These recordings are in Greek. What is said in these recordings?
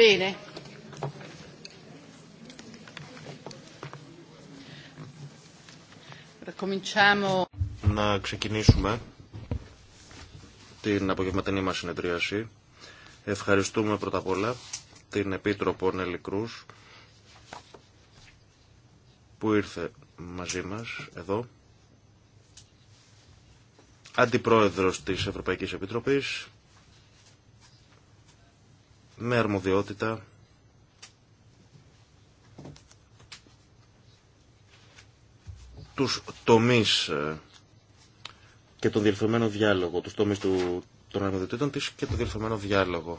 Bene. Να ξεκινήσουμε την απογευματινή μας συνεδρίαση. Ευχαριστούμε πρώτα απ' όλα την Επίτροπο Νέλη Κρούς που ήρθε μαζί μας εδώ. Αντιπρόεδρος της Ευρωπαϊκής Επιτροπής, με αρμοδιότητα τους τομείς ε, και τον διελθωμένο διάλογο, τους τομείς του, των αρμοδιοτήτων της και τον διελθωμένο διάλογο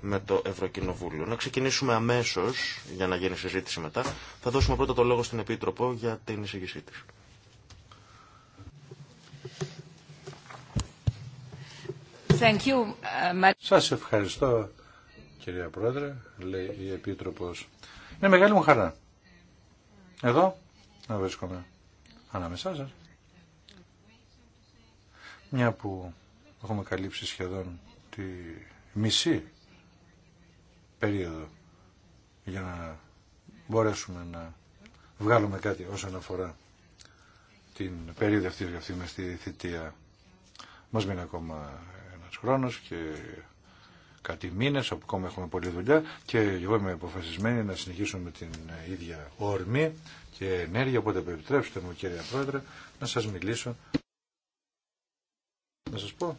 με το Ευρωκοινοβούλιο. Να ξεκινήσουμε αμέσως, για να γίνει συζήτηση μετά, θα δώσουμε πρώτα το λόγο στην Επίτροπο για την εισηγησή της. Thank you. Uh, Σας ευχαριστώ κυρία Πρόεδρε, λέει η Επίτροπος. Είναι μεγάλη μου χαρά. Εδώ να βρίσκομαι ανάμεσά σας. Μια που έχουμε καλύψει σχεδόν τη μισή περίοδο για να μπορέσουμε να βγάλουμε κάτι όσον αφορά την περίοδο αυτή, αυτή μες στη θητεία. Μας μείνει ακόμα ένας χρόνος και κάτι μήνε, ακόμα έχουμε πολλή δουλειά και εγώ είμαι αποφασισμένη να συνεχίσουμε την ίδια όρμη και ενέργεια, οπότε επιτρέψτε μου κύριε Πρόεδρε να σα μιλήσω, να σα πω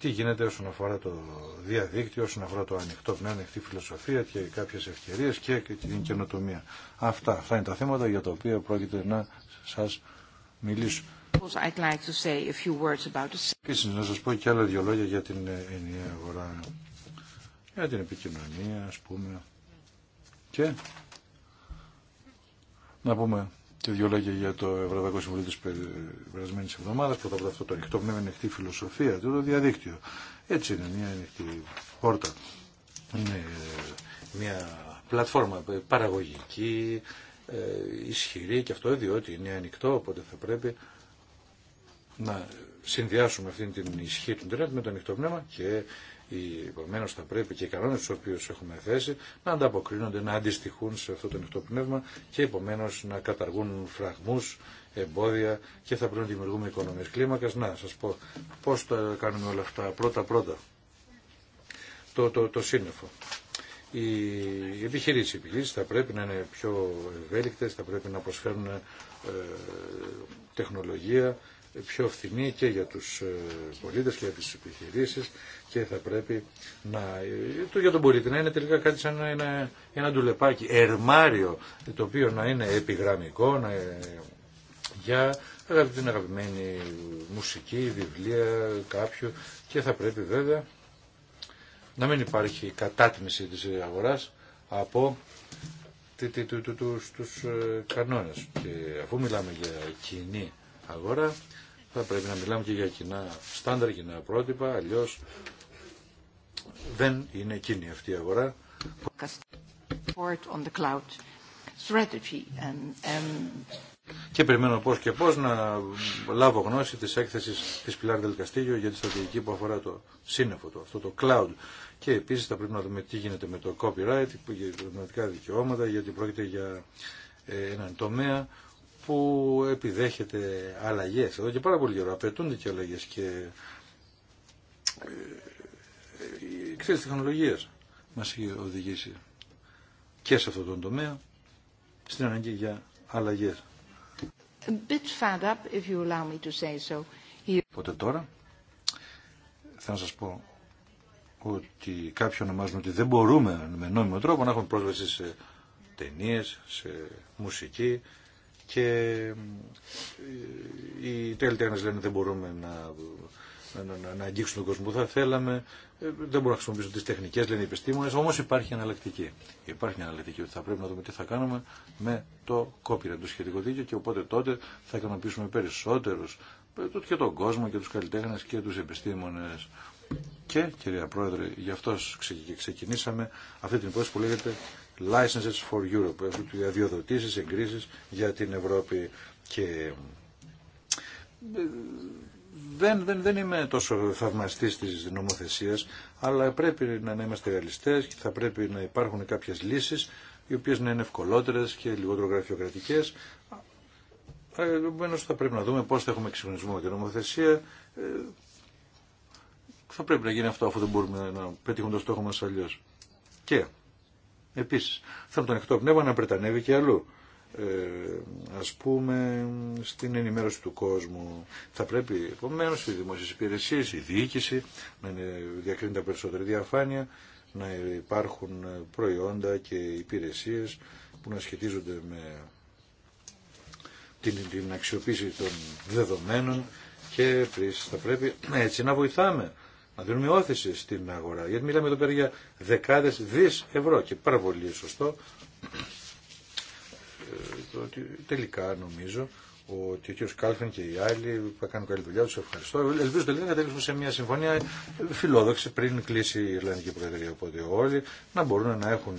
τι γίνεται όσον αφορά το διαδίκτυο, όσον αφορά το ανοιχτό πνεύμα, ανοιχτή φιλοσοφία και κάποιε ευκαιρίε και την καινοτομία. Αυτά, αυτά είναι τα θέματα για τα οποία πρόκειται να σα μιλήσω. Επίση να σα πω και άλλα δύο λόγια για την ενιαία αγορά για την επικοινωνία, ας πούμε. Και να πούμε και δύο λόγια για το Ευρωπαϊκό Συμβουλίο της περασμένης εβδομάδας. Πρώτα από αυτό το ανοιχτό πνεύμα, ανοιχτή φιλοσοφία, το διαδίκτυο. Έτσι είναι, μια ανοιχτή πόρτα. Είναι μια πλατφόρμα παραγωγική, ε, ισχυρή και αυτό διότι είναι ανοιχτό, οπότε θα πρέπει να συνδυάσουμε αυτή την ισχύ του Ιντερνετ με το ανοιχτό πνεύμα και Επομένω θα πρέπει και οι κανόνε του οποίου έχουμε θέσει να ανταποκρίνονται, να αντιστοιχούν σε αυτό το ανοιχτό πνεύμα και επομένω να καταργούν φραγμού, εμπόδια και θα πρέπει να δημιουργούμε οικονομίε κλίμακα. Να σα πω πώ τα κάνουμε όλα αυτά. Πρώτα-πρώτα το, το, το σύννεφο. Οι επιχειρήσει, οι θα πρέπει να είναι πιο ευέλικτε, θα πρέπει να προσφέρουν ε, τεχνολογία, πιο φθηνή και για τους ε, πολίτες και για τις επιχειρήσεις και θα πρέπει να, ε, το για τον πολίτη να είναι τελικά κάτι σαν ένα, ένα ντουλεπάκι ερμάριο το οποίο να είναι επιγραμμικό να, ε, για την αγαπημένη μουσική, βιβλία κάποιου και θα πρέπει βέβαια να μην υπάρχει κατάτμιση της αγοράς από τους κανόνες. Και αφού μιλάμε για κοινή αγορά θα πρέπει να μιλάμε και για κοινά στάνταρ, κοινά πρότυπα, αλλιώς δεν είναι εκείνη αυτή η αγορά. Και περιμένω πώς και πώς να λάβω γνώση της έκθεσης της Πιλάρ del για τη στρατηγική που αφορά το σύννεφο του, αυτό το cloud. Και επίσης θα πρέπει να δούμε τι γίνεται με το copyright, για δημοτικά δικαιώματα, γιατί πρόκειται για ε, έναν τομέα που επιδέχεται αλλαγές. Εδώ και πάρα πολύ καιρό απαιτούνται και αλλαγές και η ε, εξής τεχνολογίας μας έχει οδηγήσει και σε αυτόν τον τομέα στην ανάγκη για αλλαγές. Οπότε τώρα θα σας πω ότι κάποιοι ονομάζουν ότι δεν μπορούμε με νόμιμο τρόπο να έχουμε πρόσβαση σε ταινίες, σε μουσική, και ε, οι τέλτες λένε δεν μπορούμε να, να, να τον κόσμο που θα θέλαμε, ε, δεν μπορούμε να χρησιμοποιήσουμε τι τεχνικέ λένε οι επιστήμονες, όμως υπάρχει εναλλακτική. Υπάρχει αναλεκτική εναλλακτική ότι θα πρέπει να δούμε τι θα κάνουμε με το κόπηρα το σχετικό δίκαιο και οπότε τότε θα ικανοποιήσουμε περισσότερου ε, και τον κόσμο και του καλλιτέχνε και του επιστήμονε. Και κυρία Πρόεδρε, γι' αυτό ξεκινήσαμε αυτή την υπόθεση που λέγεται Licenses for Europe, ε, αδειοδοτήσεις, εγκρίσεις για την Ευρώπη και ε, δεν, δεν, δεν είμαι τόσο θαυμαστής της νομοθεσίας, αλλά πρέπει να, είμαστε ρεαλιστές και θα πρέπει να υπάρχουν κάποιες λύσεις οι οποίες να είναι ευκολότερες και λιγότερο γραφειοκρατικές. Ε, Επομένω θα πρέπει να δούμε πώς θα έχουμε εξυγχρονισμό με την νομοθεσία. θα πρέπει να γίνει αυτό αφού δεν μπορούμε να πετύχουμε το στόχο μας αλλιώς. Και Επίσης, θα τον ανοιχτό πνεύμα να πρετανεύει και αλλού. Ε, ας πούμε στην ενημέρωση του κόσμου θα πρέπει επομένω οι δημόσίε υπηρεσίε, η διοίκηση να διακρίνεται περισσότερη διαφάνεια να υπάρχουν προϊόντα και υπηρεσίες που να σχετίζονται με την, την αξιοποίηση των δεδομένων και επίση θα πρέπει έτσι να βοηθάμε να δίνουμε όθηση στην αγορά. Γιατί μιλάμε εδώ πέρα για δεκάδες δι ευρώ και πάρα πολύ σωστό ε, ότι τελικά νομίζω ότι ο κ. Κάλφεν και οι άλλοι θα κάνουν καλή δουλειά του. Ευχαριστώ. Ελπίζω τελικά να καταλήξουμε σε μια συμφωνία φιλόδοξη πριν κλείσει η Ιρλανδική Προεδρία. Οπότε όλοι να μπορούν να έχουν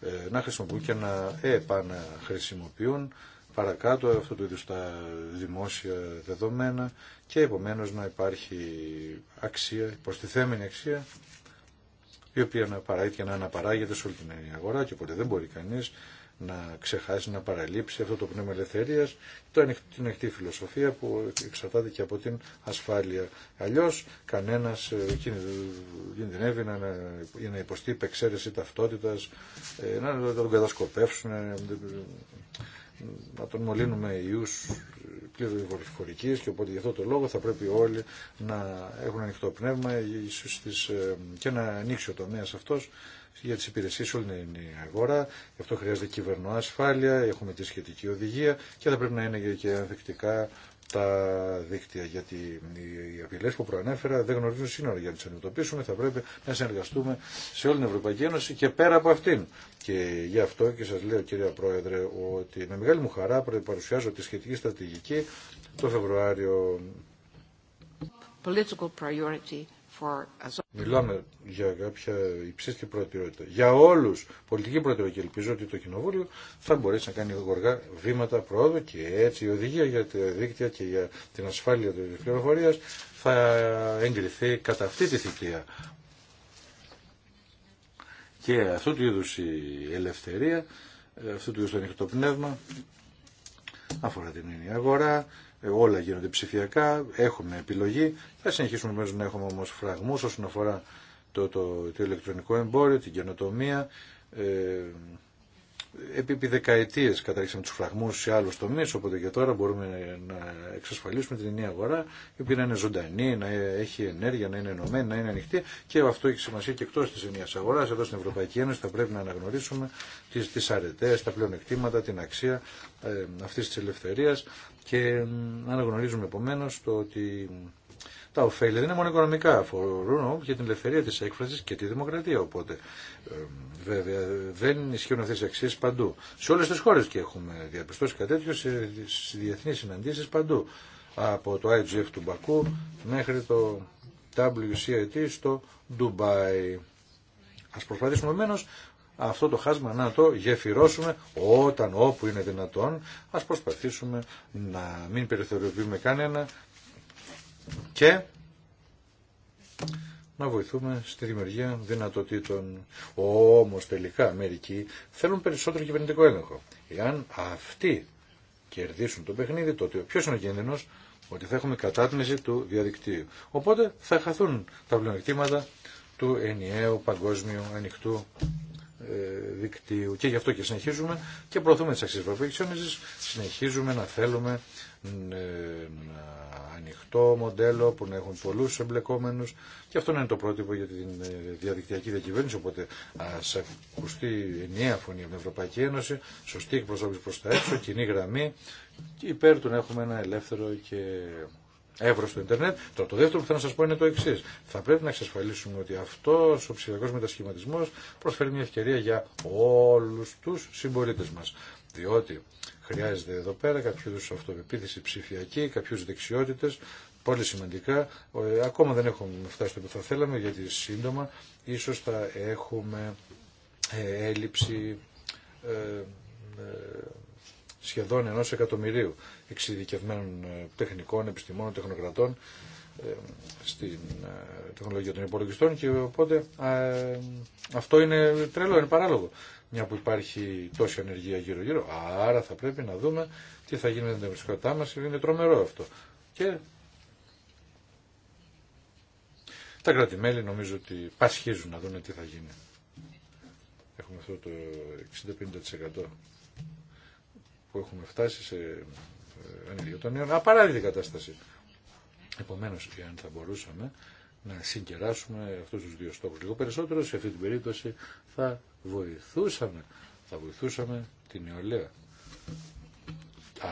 ε, να χρησιμοποιούν και να επαναχρησιμοποιούν παρακάτω αυτού του είδους τα δημόσια δεδομένα και επομένως να υπάρχει αξία, προστιθέμενη αξία η οποία να παράγεται και να αναπαράγεται σε όλη την αγορά και οπότε δεν μπορεί κανείς να ξεχάσει, να παραλείψει αυτό το πνεύμα ελευθερίας, το την ανοιχτή φιλοσοφία που εξαρτάται και από την ασφάλεια. Αλλιώς κανένας ε, κινδυνεύει να, να υποστεί υπεξαίρεση ταυτότητας, ε, να τον κατασκοπεύσουν, ε, να τον μολύνουμε Ιού πλήρω και οπότε γι' αυτό το λόγο θα πρέπει όλοι να έχουν ανοιχτό πνεύμα ε, και να ανοίξει ο τομέας αυτό για τις υπηρεσίες όλη είναι η αγορά, γι' αυτό χρειάζεται κυβερνοασφάλεια, έχουμε τη σχετική οδηγία και θα πρέπει να είναι και ανθεκτικά τα δίκτυα, γιατί οι απειλέ που προανέφερα δεν γνωρίζουν σύνορα για να τι αντιμετωπίσουμε. Θα πρέπει να συνεργαστούμε σε όλη την Ευρωπαϊκή Ένωση και πέρα από αυτήν. Και γι' αυτό και σα λέω, κυρία Πρόεδρε, ότι με μεγάλη μου χαρά παρουσιάζω τη σχετική στρατηγική το Φεβρουάριο. Political priority Μιλάμε για κάποια υψίστη προτεραιότητα. Για όλους πολιτική προτεραιότητα και ελπίζω ότι το Κοινοβούλιο θα μπορέσει να κάνει γοργά βήματα προόδου και έτσι η οδηγία για τη δίκτυα και για την ασφάλεια της πληροφορίας θα εγκριθεί κατά αυτή τη θητεία. Και αυτού του είδους η ελευθερία, ε, αυτού του είδους το ανοιχτό πνεύμα αφορά την ίδια αγορά, ε, όλα γίνονται ψηφιακά, έχουμε επιλογή. Θα συνεχίσουμε μέσα να έχουμε όμως φραγμούς όσον αφορά το, το, το ηλεκτρονικό εμπόριο, την καινοτομία. Ε, επί δεκαετίες καταρρίξαμε τους φραγμούς σε άλλους τομείς, οπότε και τώρα μπορούμε να εξασφαλίσουμε την νέα αγορά, η οποία να είναι ζωντανή, να έχει ενέργεια, να είναι ενωμένη, να είναι ανοιχτή και αυτό έχει σημασία και εκτός της ενιαία αγοράς, εδώ στην Ευρωπαϊκή Ένωση θα πρέπει να αναγνωρίσουμε τις, τις αρετές, τα πλεονεκτήματα, την αξία αυτή ε, αυτής της και αναγνωρίζουμε επομένω το ότι τα ωφέλη δεν είναι μόνο οικονομικά, αφορούν και την ελευθερία της έκφρασης και τη δημοκρατία. Οπότε, ε, βέβαια, δεν ισχύουν αυτές οι αξίες παντού. Σε όλες τις χώρες και έχουμε διαπιστώσει κάτι τέτοιο σε διεθνείς συναντήσεις παντού. Από το IGF του Μπακού μέχρι το WCIT στο Ντουμπάι. Ας προσπαθήσουμε αυτό το χάσμα να το γεφυρώσουμε όταν, όπου είναι δυνατόν, ας προσπαθήσουμε να μην περιθωριοποιούμε κανένα και να βοηθούμε στη δημιουργία δυνατοτήτων. Όμως τελικά μερικοί θέλουν περισσότερο κυβερνητικό έλεγχο. Εάν αυτοί κερδίσουν το παιχνίδι, τότε ποιο είναι ο κίνδυνος ότι θα έχουμε κατάτμιση του διαδικτύου. Οπότε θα χαθούν τα πλεονεκτήματα του ενιαίου παγκόσμιου ανοιχτού ε, δικτύου. Και γι' αυτό και συνεχίζουμε και προωθούμε τις αξίες Ευρωπαϊκής συνεχίζουμε να θέλουμε ε, ένα ανοιχτό μοντέλο που να έχουν πολλούς εμπλεκόμενους και αυτό να είναι το πρότυπο για τη ε, διαδικτυακή διακυβέρνηση οπότε ας ακουστεί ενιαία φωνή από την Ευρωπαϊκή Ένωση σωστή εκπροσώπηση προς τα έξω, κοινή γραμμή και υπέρ του να έχουμε ένα ελεύθερο και εύρο στο Ιντερνετ. Τώρα, το δεύτερο που θέλω να σα πω είναι το εξή. Θα πρέπει να εξασφαλίσουμε ότι αυτό ο ψηφιακό μετασχηματισμό προσφέρει μια ευκαιρία για όλου του συμπολίτε μα. Διότι χρειάζεται εδώ πέρα κάποιο είδου αυτοπεποίθηση ψηφιακή, κάποιου δεξιότητε. Πολύ σημαντικά. Ε, ακόμα δεν έχουμε φτάσει στο που θα θέλαμε, γιατί σύντομα ίσω θα έχουμε ε, έλλειψη ε, σχεδόν ενός εκατομμυρίου εξειδικευμένων ε, τεχνικών, επιστημών, τεχνοκρατών ε, στην ε, τεχνολογία των υπολογιστών και οπότε αυτό είναι τρελό, είναι παράλογο μια που υπάρχει τόση ανεργία γύρω γύρω άρα θα πρέπει να δούμε τι θα γίνει με την ευρυσκοτά μας είναι τρομερό αυτό και τα κρατημέλη νομίζω ότι πασχίζουν να δουν τι θα γίνει έχουμε αυτό το 60-50% που έχουμε φτάσει σε ε, νέων, Απαράδειγη κατάσταση. Επομένω αν θα μπορούσαμε να συγκεράσουμε αυτού του δύο στόχου λίγο περισσότερο, σε αυτή την περίπτωση θα βοηθούσαμε, θα βοηθούσαμε την νεολαία.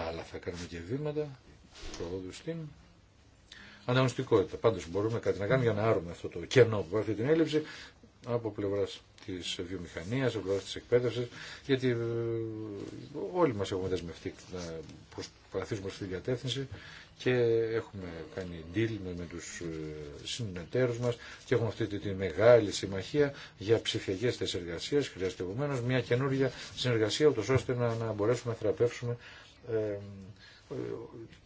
Αλλά θα κάνουμε και βήματα προόδου στην ανταγωνιστικότητα. Πάντω μπορούμε κάτι να κάνουμε για να άρουμε αυτό το κενό που υπάρχει την έλλειψη από πλευρά τη βιομηχανία, από πλευρά τη εκπαίδευση, γιατί ε, όλοι μα έχουμε δεσμευτεί να προσπαθήσουμε αυτή την και έχουμε κάνει deal με, με τους ε, συνεταίρους μας και έχουμε αυτή τη, μεγάλη συμμαχία για ψηφιακές θέσεις Χρειάζεται επομένω μια καινούργια συνεργασία ώστε να, μπορέσουμε να θεραπεύσουμε ε,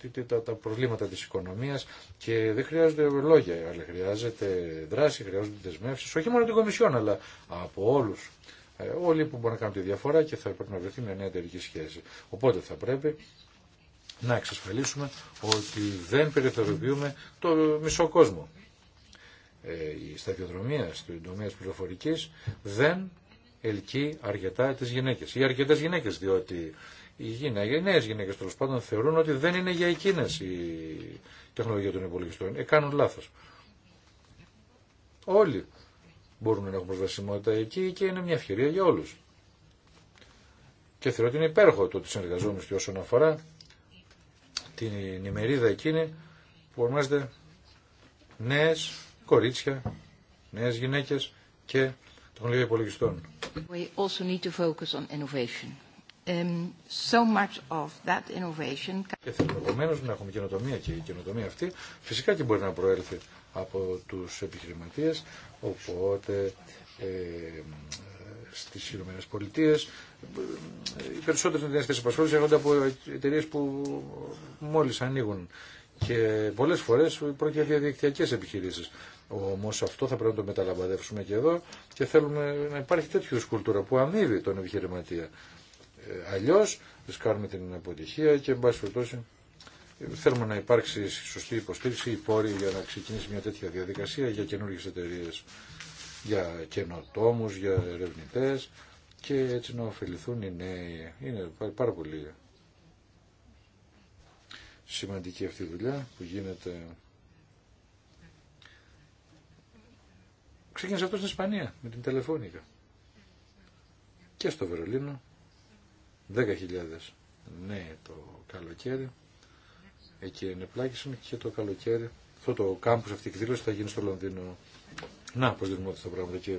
ε, τα, τα προβλήματα της οικονομίας και δεν χρειάζονται λόγια, αλλά χρειάζεται δράση, χρειάζονται δεσμεύσεις, όχι μόνο την Κομισιόν, αλλά από όλους. Ε, όλοι που μπορούν να κάνουν τη διαφορά και θα πρέπει να βρεθεί μια νέα εταιρική σχέση. Οπότε θα πρέπει να εξασφαλίσουμε ότι δεν περιθωριοποιούμε το μισό κόσμο. Ε, η σταδιοδρομία στην τομέα της πληροφορικής δεν ελκύει αρκετά τις γυναίκες ή αρκετές γυναίκες, διότι οι γυναίκε, οι νέε γυναίκε τέλο πάντων, θεωρούν ότι δεν είναι για εκείνε η τεχνολογία των υπολογιστών. Ε, κάνουν λάθο. Όλοι μπορούν να έχουν προσβασιμότητα εκεί και είναι μια ευκαιρία για όλου. Και θεωρώ ότι είναι υπέροχο το ότι συνεργαζόμαστε όσον αφορά την ημερίδα εκείνη που ονομάζεται νέε κορίτσια, νέε γυναίκε και τεχνολογία υπολογιστών. We also need to focus on innovation. Um, so much of επομένω να έχουμε καινοτομία και η καινοτομία αυτή φυσικά και μπορεί να προέλθει από του επιχειρηματίε, οπότε ε, στι Ηνωμένε Πολιτείε οι περισσότερε εταιρείε τη απασχόληση έρχονται από εταιρείε που μόλι ανοίγουν και πολλέ φορέ πρόκειται για διαδικτυακέ επιχειρήσει. Όμω αυτό θα πρέπει να το μεταλαμπαδεύσουμε και εδώ και θέλουμε να υπάρχει τέτοιου κουλτούρα που αμείβει τον επιχειρηματία. Αλλιώ ρισκάρουμε την αποτυχία και εν πάση περιπτώσει θέλουμε να υπάρξει σωστή υποστήριξη, ή πόροι για να ξεκινήσει μια τέτοια διαδικασία για καινούργιε εταιρείε, για καινοτόμου, για ερευνητέ και έτσι να ωφεληθούν οι νέοι. Είναι πάρα πολύ σημαντική αυτή η δουλειά που γίνεται. Ξεκίνησε αυτό στην Ισπανία με την τηλεφώνικα και στο Βερολίνο 10.000 Ναι, το καλοκαίρι. Εκεί είναι πλάκισμα και το καλοκαίρι αυτό το κάμπους αυτή η εκδήλωση θα γίνει στο Λονδίνο. Να, πώ δημιουργούνται τα πράγματα, και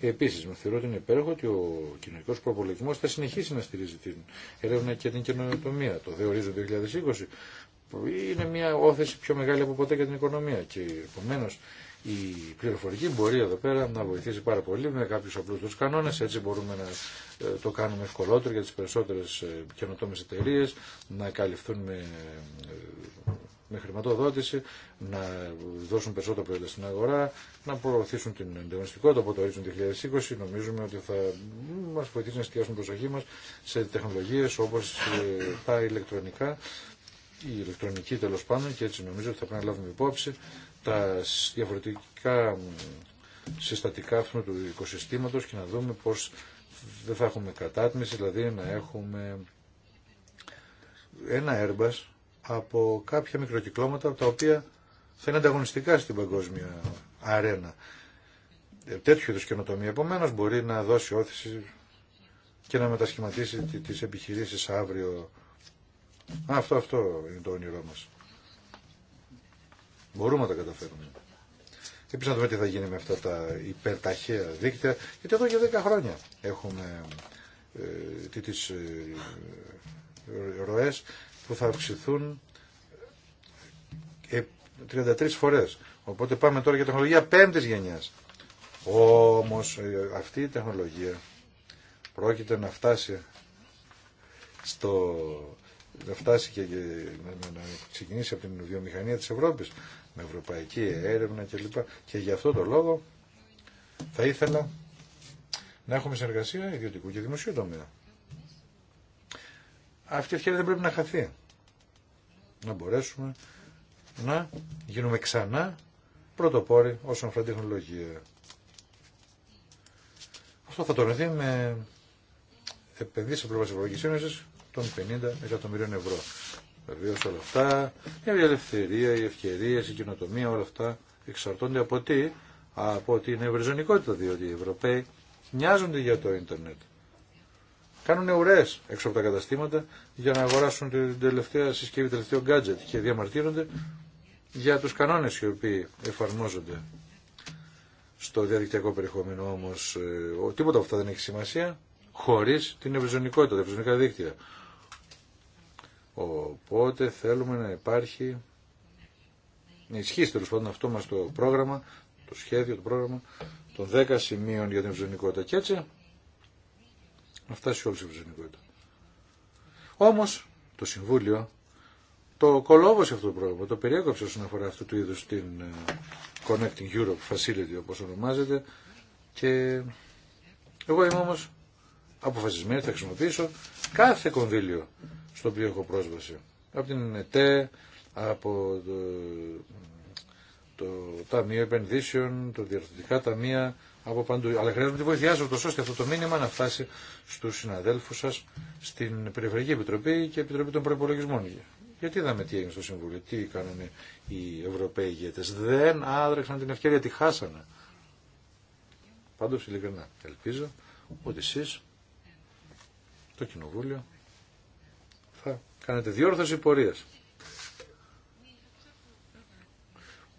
Επίσης, με θεωρώ ότι είναι υπέροχο ότι ο κοινωνικός προπολογισμός θα συνεχίσει να στηρίζει την έρευνα και την καινοτομία. Το Δεορίζον 2020 είναι μια όθεση πιο μεγάλη από ποτέ για την οικονομία. Και επομένω, η πληροφορική μπορεί εδώ πέρα να βοηθήσει πάρα πολύ με κάποιους απλούς κανόνες, έτσι μπορούμε να ε, το κάνουμε ευκολότερο για τις περισσότερες ε, καινοτόμε εταιρείε, να καλυφθούν ε, με, χρηματοδότηση, να δώσουν περισσότερο προϊόντα στην αγορά, να προωθήσουν την ανταγωνιστικότητα από το ορίζον 2020. Νομίζουμε ότι θα μας βοηθήσει να την προσοχή μας σε τεχνολογίες όπως τα ηλεκτρονικά, η ηλεκτρονική τελος πάντων και έτσι νομίζω ότι θα πρέπει να λάβουμε υπόψη τα διαφορετικά συστατικά αυτού του οικοσυστήματος και να δούμε πως δεν θα έχουμε κατάτμιση, δηλαδή να έχουμε ένα έρμπας από κάποια μικροκυκλώματα τα οποία θα είναι ανταγωνιστικά στην παγκόσμια αρένα. Ε, τέτοιου είδου καινοτομία επομένω μπορεί να δώσει όθηση και να μετασχηματίσει τις επιχειρήσεις αύριο. Αυτό, αυτό είναι το όνειρό μας. Μπορούμε να τα καταφέρουμε. Επίσης να δούμε τι θα γίνει με αυτά τα υπερταχαία δίκτυα, γιατί εδώ για 10 χρόνια έχουμε ε, τις ε, που θα αυξηθούν 33 ε, φορές. Οπότε πάμε τώρα για τεχνολογία πέμπτης γενιάς. Όμως ε, αυτή η τεχνολογία πρόκειται να φτάσει στο να φτάσει και να ξεκινήσει από την βιομηχανία της Ευρώπης με ευρωπαϊκή έρευνα κλπ. Και γι' αυτό το λόγο θα ήθελα να έχουμε συνεργασία ιδιωτικού και δημοσίου τομέα. Αυτή η ευκαιρία δεν πρέπει να χαθεί. Να μπορέσουμε να γίνουμε ξανά πρωτοπόροι όσον αφορά τεχνολογία. Αυτό θα τονωθεί με επενδύσει από την Ευρωπαϊκή Ένωση των 50 εκατομμυρίων ευρώ. Βεβαίω όλα αυτά, η ελευθερία, οι ευκαιρίε, η κοινοτομία, όλα αυτά εξαρτώνται από τι, από την ευρυζωνικότητα, διότι οι Ευρωπαίοι νοιάζονται για το ίντερνετ. Κάνουν ουρέ έξω από τα καταστήματα για να αγοράσουν την τελευταία συσκευή, τελευταίο gadget και διαμαρτύρονται για τους κανόνες οι οποίοι εφαρμόζονται στο διαδικτυακό περιεχόμενο όμως ε, τίποτα από αυτά δεν έχει σημασία χωρίς την ευρυζωνικότητα, τα ευρυζωνικά δίκτυα. Οπότε θέλουμε να υπάρχει, να ισχύσει τέλο πάντων αυτό μας το πρόγραμμα, το σχέδιο, το πρόγραμμα των 10 σημείων για την ευζωνικότητα. Και έτσι να φτάσει όλη η ευζωνικότητα. Όμω, το Συμβούλιο το κολόβωσε αυτό το πρόγραμμα, το περιέκοψε όσον αφορά αυτού του είδου την ε, Connecting Europe Facility όπω ονομάζεται και εγώ είμαι όμω αποφασισμένη, θα χρησιμοποιήσω κάθε κονδύλιο στο οποίο έχω πρόσβαση. Από την ΕΤΕ, από το, το Ταμείο Επενδύσεων, το Διαρθωτικά Ταμεία, από παντού. Αλλά χρειάζομαι τη βοήθειά σα, ώστε αυτό το μήνυμα να φτάσει στου συναδέλφου σα στην Περιφερειακή Επιτροπή και Επιτροπή των Προπολογισμών. Γιατί είδαμε τι έγινε στο Συμβούλιο, τι έκαναν οι Ευρωπαίοι ηγέτε. Δεν άδρεξαν την ευκαιρία, τη χάσανε. Πάντω, ειλικρινά, ελπίζω ότι εσεί, το Κοινοβούλιο, Κάνετε διόρθωση πορείας.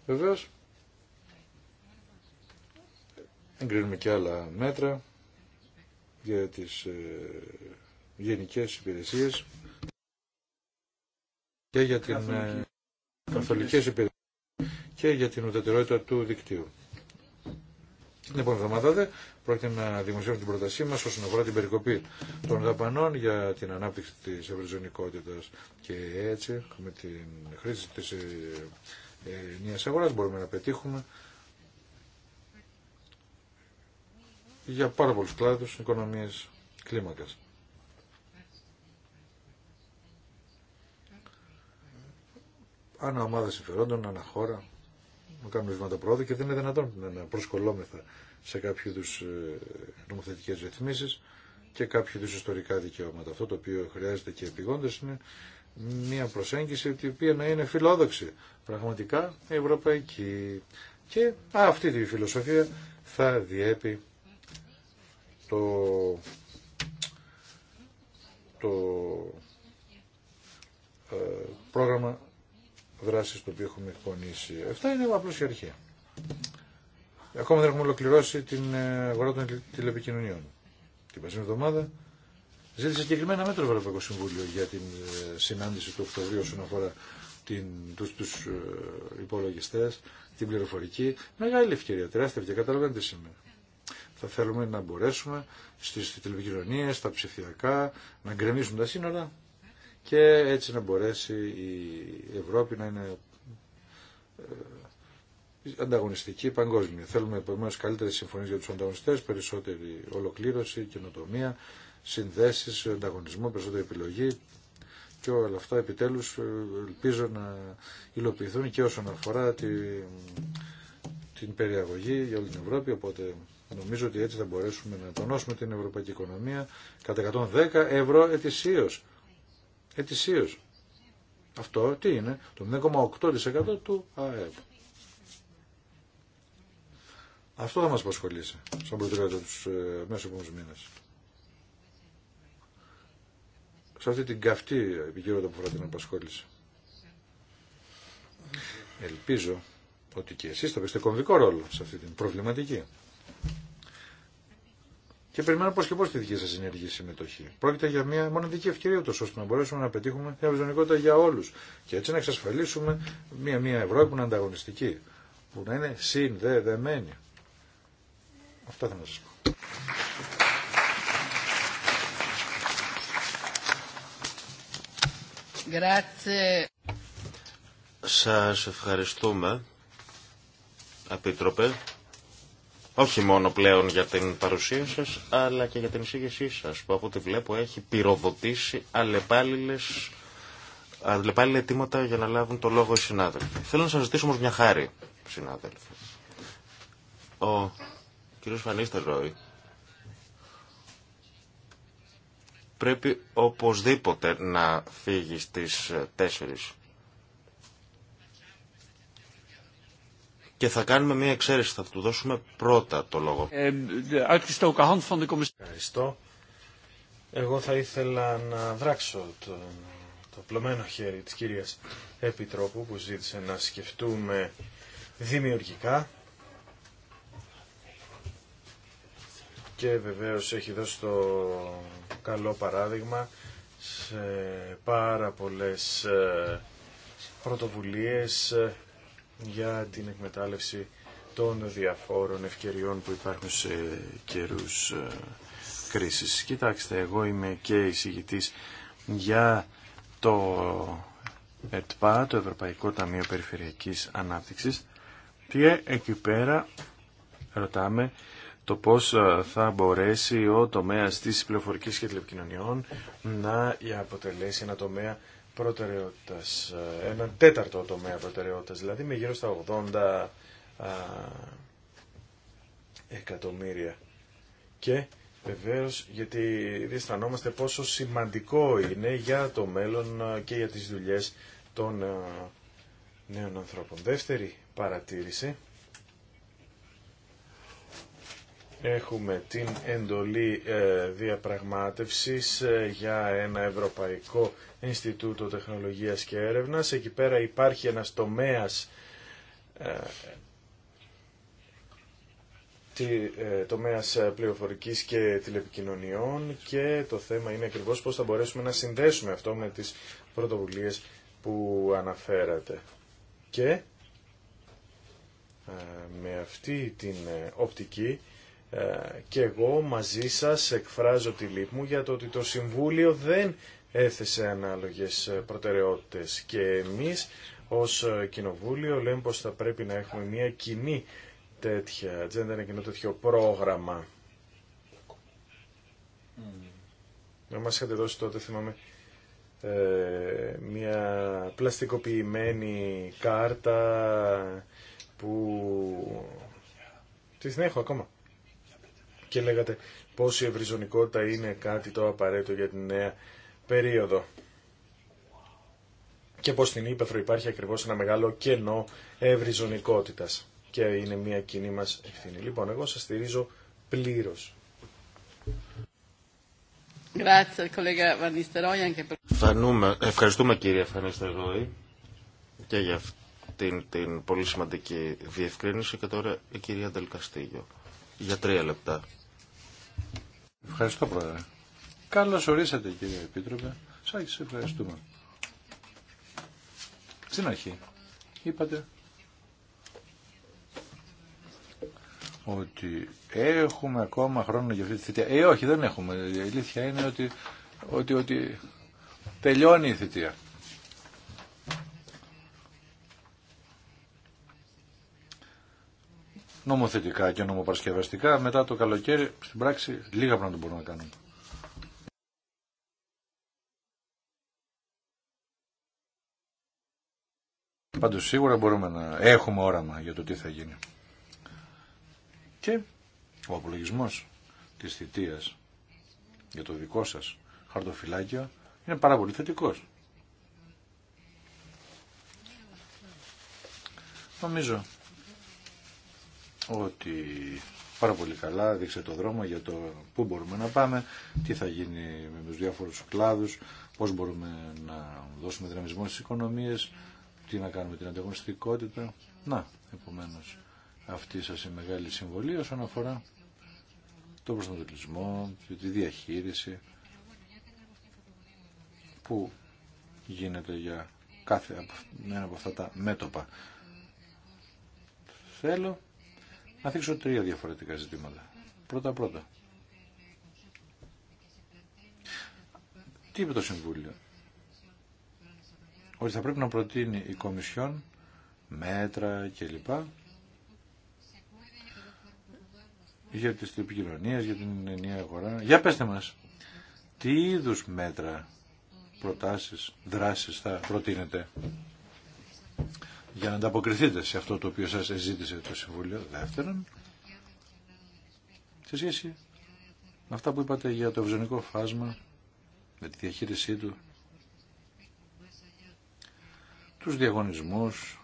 Βεβαίω. εγκρίνουμε και άλλα μέτρα για τις ε, γενικές υπηρεσίες και για την ε, καθολικές υπηρεσίε και για την ουδετερότητα του δικτύου. Την επόμενη εβδομάδα δε πρόκειται να δημοσιεύσουμε την πρότασή μα όσον αφορά την περικοπή των δαπανών για την ανάπτυξη τη ευρυζωνικότητα. Και έτσι, με την χρήση τη ενιαία ε, αγορά, μπορούμε να πετύχουμε για πάρα πολλού κλάδου οικονομίε κλίμακα. Ανά ομάδα συμφερόντων, ανά χώρα να κάνουμε βήματα πρόοδο και δεν είναι δυνατόν να προσκολόμεθα σε κάποιου είδου ε, νομοθετικέ ρυθμίσει και κάποιου είδου ιστορικά δικαιώματα. Αυτό το οποίο χρειάζεται και επιγόντω είναι μια προσέγγιση η οποία να είναι φιλόδοξη, πραγματικά ευρωπαϊκή. Και αυτή τη φιλοσοφία θα διέπει το, το ε, πρόγραμμα δράσεις το οποίο έχουμε εκπονήσει. Αυτά είναι απλώ η αρχή. Ακόμα δεν έχουμε ολοκληρώσει την ε, αγορά των τηλεπικοινωνιών. Την περσμένη εβδομάδα ζήτησε συγκεκριμένα μέτρα το Ευρωπαϊκό Συμβούλιο για την ε, συνάντηση του Οκτωβρίου όσον αφορά την, τους, τους ε, την πληροφορική. Μεγάλη ευκαιρία, τεράστια ευκαιρία, καταλαβαίνετε σήμερα. Θα θέλουμε να μπορέσουμε στις τηλεπικοινωνίες, στα ψηφιακά, να γκρεμίσουν τα σύνορα, και έτσι να μπορέσει η Ευρώπη να είναι ε, ανταγωνιστική παγκόσμια. Θέλουμε επομένως καλύτερες συμφωνίες για τους ανταγωνιστές, περισσότερη ολοκλήρωση, καινοτομία, συνδέσεις, ανταγωνισμό, περισσότερη επιλογή και όλα αυτά επιτέλους ε, ελπίζω να υλοποιηθούν και όσον αφορά τη, την περιαγωγή για όλη την Ευρώπη, οπότε νομίζω ότι έτσι θα μπορέσουμε να τονώσουμε την ευρωπαϊκή οικονομία κατά 110 ευρώ ετησίως. Ετησίω. Αυτό τι είναι, το 0,8% του ΑΕΠ. Αυτό θα μας απασχολήσει σαν προτεραιότητα τους ε, μέσω επόμενους μήνες. Σε αυτή την καυτή επικαιρότητα που αφορά την απασχόληση. Ελπίζω ότι και εσείς θα παίξετε κομβικό ρόλο σε αυτή την προβληματική. Και περιμένω πώ και πώ τη δική σα ενεργή συμμετοχή. Πρόκειται για μια μοναδική ευκαιρία του, ώστε να μπορέσουμε να πετύχουμε μια βιζονικότητα για όλου. Και έτσι να εξασφαλίσουμε μια, μια Ευρώπη που είναι ανταγωνιστική, που να είναι συνδεδεμένη. Αυτά θα να σα πω. Σας ευχαριστούμε, Επίτροπε όχι μόνο πλέον για την παρουσία σας, αλλά και για την εισήγησή σας, που από ό,τι βλέπω έχει πυροδοτήσει αλλεπάλληλες, αιτήματα για να λάβουν το λόγο οι συνάδελφοι. Θέλω να σας ζητήσω όμως μια χάρη, συνάδελφοι. Ο κύριος Φανίστερ Ρόι πρέπει οπωσδήποτε να φύγει στις 4 και θα κάνουμε μια εξαίρεση, θα του δώσουμε πρώτα το λόγο. Ε, Ευχαριστώ. Εγώ θα ήθελα να δράξω το, το πλωμένο χέρι της κυρίας Επιτρόπου που ζήτησε να σκεφτούμε δημιουργικά και βεβαίως έχει δώσει το καλό παράδειγμα σε πάρα πολλές ε, πρωτοβουλίες ε, για την εκμετάλλευση των διαφόρων ευκαιριών που υπάρχουν σε καιρούς ε, κρίσης. Κοιτάξτε, εγώ είμαι και εισηγητής για το ΕΤΠΑ, το Ευρωπαϊκό Ταμείο Περιφερειακής Ανάπτυξης και εκεί πέρα ρωτάμε το πώς ε, θα μπορέσει ο τομέας της πληροφορικής και τηλεπικοινωνιών να αποτελέσει ένα τομέα προτεραιότητας, ε, έναν τέταρτο τομέα προτεραιότητα, δηλαδή με γύρω στα 80 εκατομμύρια. Και βεβαίω γιατί αισθανόμαστε πόσο σημαντικό είναι για το μέλλον και για τις δουλειές των νέων ανθρώπων. Δεύτερη παρατήρηση Έχουμε την εντολή ε, διαπραγμάτευσης ε, για ένα Ευρωπαϊκό Ινστιτούτο Τεχνολογίας και Έρευνας. Εκεί πέρα υπάρχει ένας τομέας ε, τομέας πληροφορικής και τηλεπικοινωνιών και το θέμα είναι ακριβώς πώς θα μπορέσουμε να συνδέσουμε αυτό με τις πρωτοβουλίες που αναφέρατε. Και με αυτή την οπτική ε, και εγώ μαζί σας εκφράζω τη λύπη μου για το ότι το Συμβούλιο δεν έθεσε ανάλογες προτεραιότητες και εμείς ως Κοινοβούλιο λέμε πως θα πρέπει να έχουμε μια κοινή τέτοια ατζέντα, ένα κοινό τέτοιο πρόγραμμα. Να μας είχατε δώσει τότε, θυμάμαι, ε, μια πλαστικοποιημένη κάρτα που... Τι την έχω ακόμα και λέγατε πως η ευρυζωνικότητα είναι κάτι το απαραίτητο για την νέα περίοδο. Και πως στην Ήπεθρο υπάρχει ακριβώς ένα μεγάλο κενό ευρυζωνικότητας και είναι μια κοινή μας ευθύνη. Λοιπόν, εγώ σας στηρίζω πλήρως. Ευχαριστούμε κύριε Φανίστεροι και για αυτήν την πολύ σημαντική διευκρίνηση και τώρα η κυρία Ντελκαστήγιο για τρία λεπτά. Ευχαριστώ πρόεδρε. Καλώς ορίσατε κύριε Επίτροπε. Σας ευχαριστούμε. Στην αρχή είπατε ότι έχουμε ακόμα χρόνο για αυτή τη θητεία. Ε, όχι, δεν έχουμε. Η αλήθεια είναι ότι, ότι, ότι τελειώνει η θητεία. νομοθετικά και νομοπαρασκευαστικά μετά το καλοκαίρι στην πράξη λίγα πράγματα μπορούμε να κάνουμε. Πάντως σίγουρα μπορούμε να έχουμε όραμα για το τι θα γίνει. Και ο απολογισμό τη θητεία για το δικό σας χαρτοφυλάκιο είναι πάρα πολύ θετικό. Νομίζω ότι πάρα πολύ καλά δείξε το δρόμο για το πού μπορούμε να πάμε, τι θα γίνει με τους διάφορους κλάδους, πώς μπορούμε να δώσουμε δυναμισμό στις οικονομίες, τι να κάνουμε την ανταγωνιστικότητα. Να, επομένως, αυτή σας η μεγάλη συμβολή όσον αφορά το προσανατολισμό, τη διαχείριση που γίνεται για κάθε ένα από αυτά τα μέτωπα. Θέλω να θίξω τρία διαφορετικά ζητήματα. Πρώτα-πρώτα. Τι είπε το Συμβούλιο. Ότι θα πρέπει να προτείνει η Κομισιόν μέτρα κλπ. Για τις επικοινωνίες, για την ενιαία αγορά. Για πέστε μας. Τι είδους μέτρα, προτάσεις, δράσεις θα προτείνετε για να ανταποκριθείτε σε αυτό το οποίο σας ζήτησε το Συμβούλιο. Δεύτερον, σε σχέση με αυτά που είπατε για το ευζωνικό φάσμα, με τη διαχείρισή του, τους διαγωνισμούς,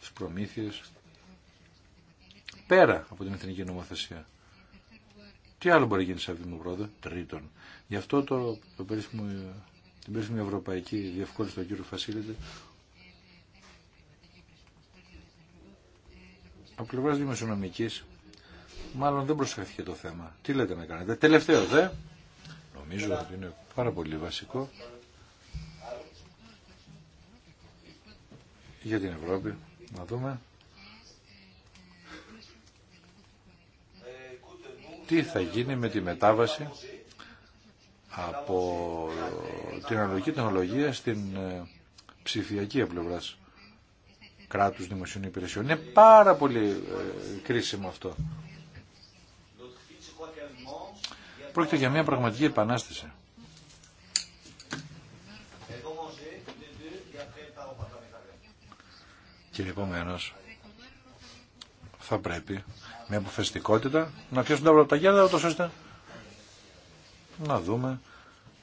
τις προμήθειες, πέρα από την εθνική νομοθεσία. Τι άλλο μπορεί να γίνει σε αυτή μου τρίτον. Γι' αυτό το, το περίφημο, την περίφημη ευρωπαϊκή διευκόλυνση του κύριου Φασίλητη από πλευρά δημοσιονομική, μάλλον δεν προσεχθήκε το θέμα. Τι λέτε να κάνετε. Τελευταίο δε, νομίζω ότι είναι πάρα πολύ βασικό για την Ευρώπη. Να δούμε. Τι θα γίνει με τη μετάβαση από την αναλογική τεχνολογία στην ε, ψηφιακή απλευράση κράτους δημοσίων υπηρεσιών. Είναι πάρα πολύ ε, κρίσιμο αυτό. Πρόκειται για μια πραγματική επανάσταση. Και επομένω θα πρέπει με αποφασιστικότητα να πιάσουν τα πρωταγιάρδα, ώστε να δούμε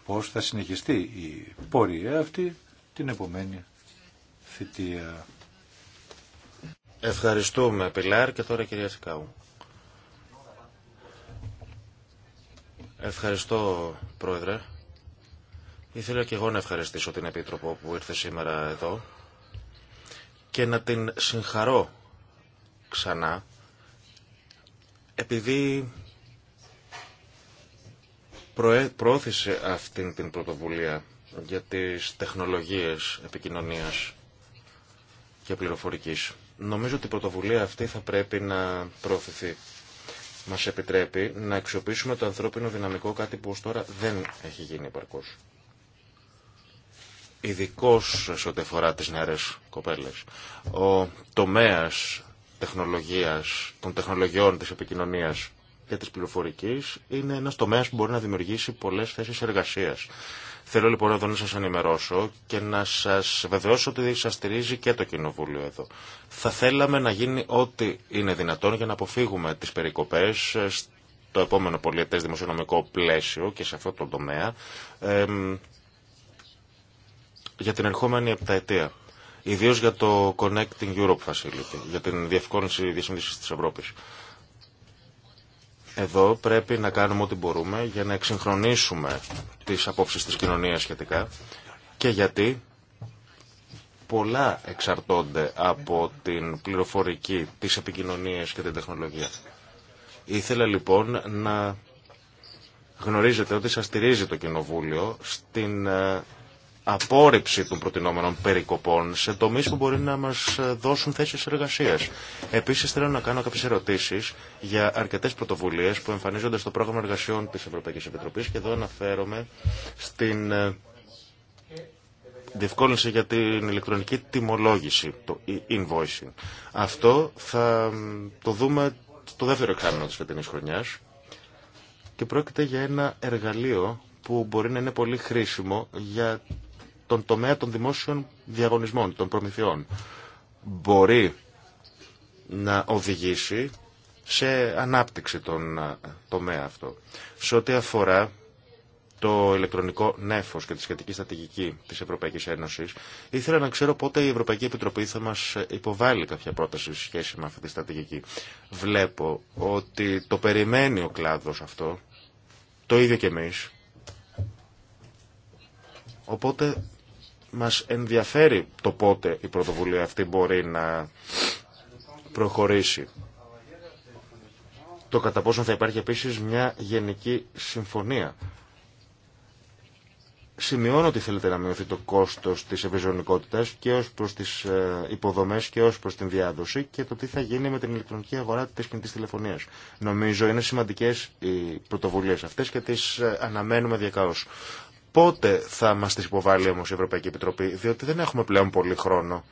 πώς θα συνεχιστεί η πορεία αυτή την επομένη θητεία. Ευχαριστούμε, Πιλάρ. Και τώρα, κυρία Σικάου. Ευχαριστώ, Πρόεδρε. Ήθελα και εγώ να ευχαριστήσω την Επίτροπο που ήρθε σήμερα εδώ και να την συγχαρώ ξανά επειδή προώθησε αυτή την πρωτοβουλία για τις τεχνολογίες επικοινωνίας και πληροφορικής. Νομίζω ότι η πρωτοβουλία αυτή θα πρέπει να προωθηθεί. Μας επιτρέπει να αξιοποιήσουμε το ανθρώπινο δυναμικό, κάτι που ω τώρα δεν έχει γίνει επαρκώ. Ειδικώ σε ό,τι αφορά τι νεαρέ κοπέλε, Ο τομέας τεχνολογίας, των τεχνολογιών της επικοινωνίας και της πληροφορικής είναι ένας τομέας που μπορεί να δημιουργήσει πολλέ θέσει εργασία. Θέλω λοιπόν εδώ να σας ενημερώσω και να σας βεβαιώσω ότι σας στηρίζει και το Κοινοβούλιο εδώ. Θα θέλαμε να γίνει ό,τι είναι δυνατόν για να αποφύγουμε τις περικοπές ε, στο επόμενο πολιετές δημοσιονομικό πλαίσιο και σε αυτό το τομέα για την ερχόμενη επταετία. Ιδίω για το Connecting Europe Facility, για την διευκόλυνση διασύνδεση τη Ευρώπη. Εδώ πρέπει να κάνουμε ό,τι μπορούμε για να εξυγχρονίσουμε τις απόψεις της κοινωνίας σχετικά και γιατί πολλά εξαρτώνται από την πληροφορική, τις επικοινωνίες και την τεχνολογία. Ήθελα λοιπόν να γνωρίζετε ότι σας στηρίζει το Κοινοβούλιο στην ε, απόρριψη των προτινόμενων περικοπών σε τομεί που μπορεί να μα δώσουν θέσει εργασία. Επίση, θέλω να κάνω κάποιε ερωτήσει για αρκετέ πρωτοβουλίε που εμφανίζονται στο πρόγραμμα εργασιών τη Ευρωπαϊκή Επιτροπή και εδώ αναφέρομαι στην ε, διευκόλυνση για την ηλεκτρονική τιμολόγηση, το invoicing. Αυτό θα το δούμε το δεύτερο εξάμεινο της φετινής χρονιάς και πρόκειται για ένα εργαλείο που μπορεί να είναι πολύ χρήσιμο για τον τομέα των δημόσιων διαγωνισμών, των προμηθειών. Μπορεί να οδηγήσει σε ανάπτυξη τον ε, τομέα αυτό. Σε ό,τι αφορά το ηλεκτρονικό νέφος και τη σχετική στρατηγική της Ευρωπαϊκής Ένωσης, ήθελα να ξέρω πότε η Ευρωπαϊκή Επιτροπή θα μας υποβάλει κάποια πρόταση σε σχέση με αυτή τη στρατηγική. Βλέπω ότι το περιμένει ο κλάδος αυτό, το ίδιο και εμείς. Οπότε μας ενδιαφέρει το πότε η πρωτοβουλία αυτή μπορεί να προχωρήσει. Το κατά πόσο θα υπάρχει επίσης μια γενική συμφωνία. Σημειώνω ότι θέλετε να μειωθεί το κόστος της ευρυζωνικότητας και ως προς τις ε, υποδομές και ως προς την διάδοση και το τι θα γίνει με την ηλεκτρονική αγορά της κινητής τηλεφωνίας. Νομίζω είναι σημαντικές οι πρωτοβουλίες αυτές και τις ε, αναμένουμε διακάως. Πότε θα μας τις υποβάλει όμως η Ευρωπαϊκή Επιτροπή, διότι δεν έχουμε πλέον πολύ χρόνο.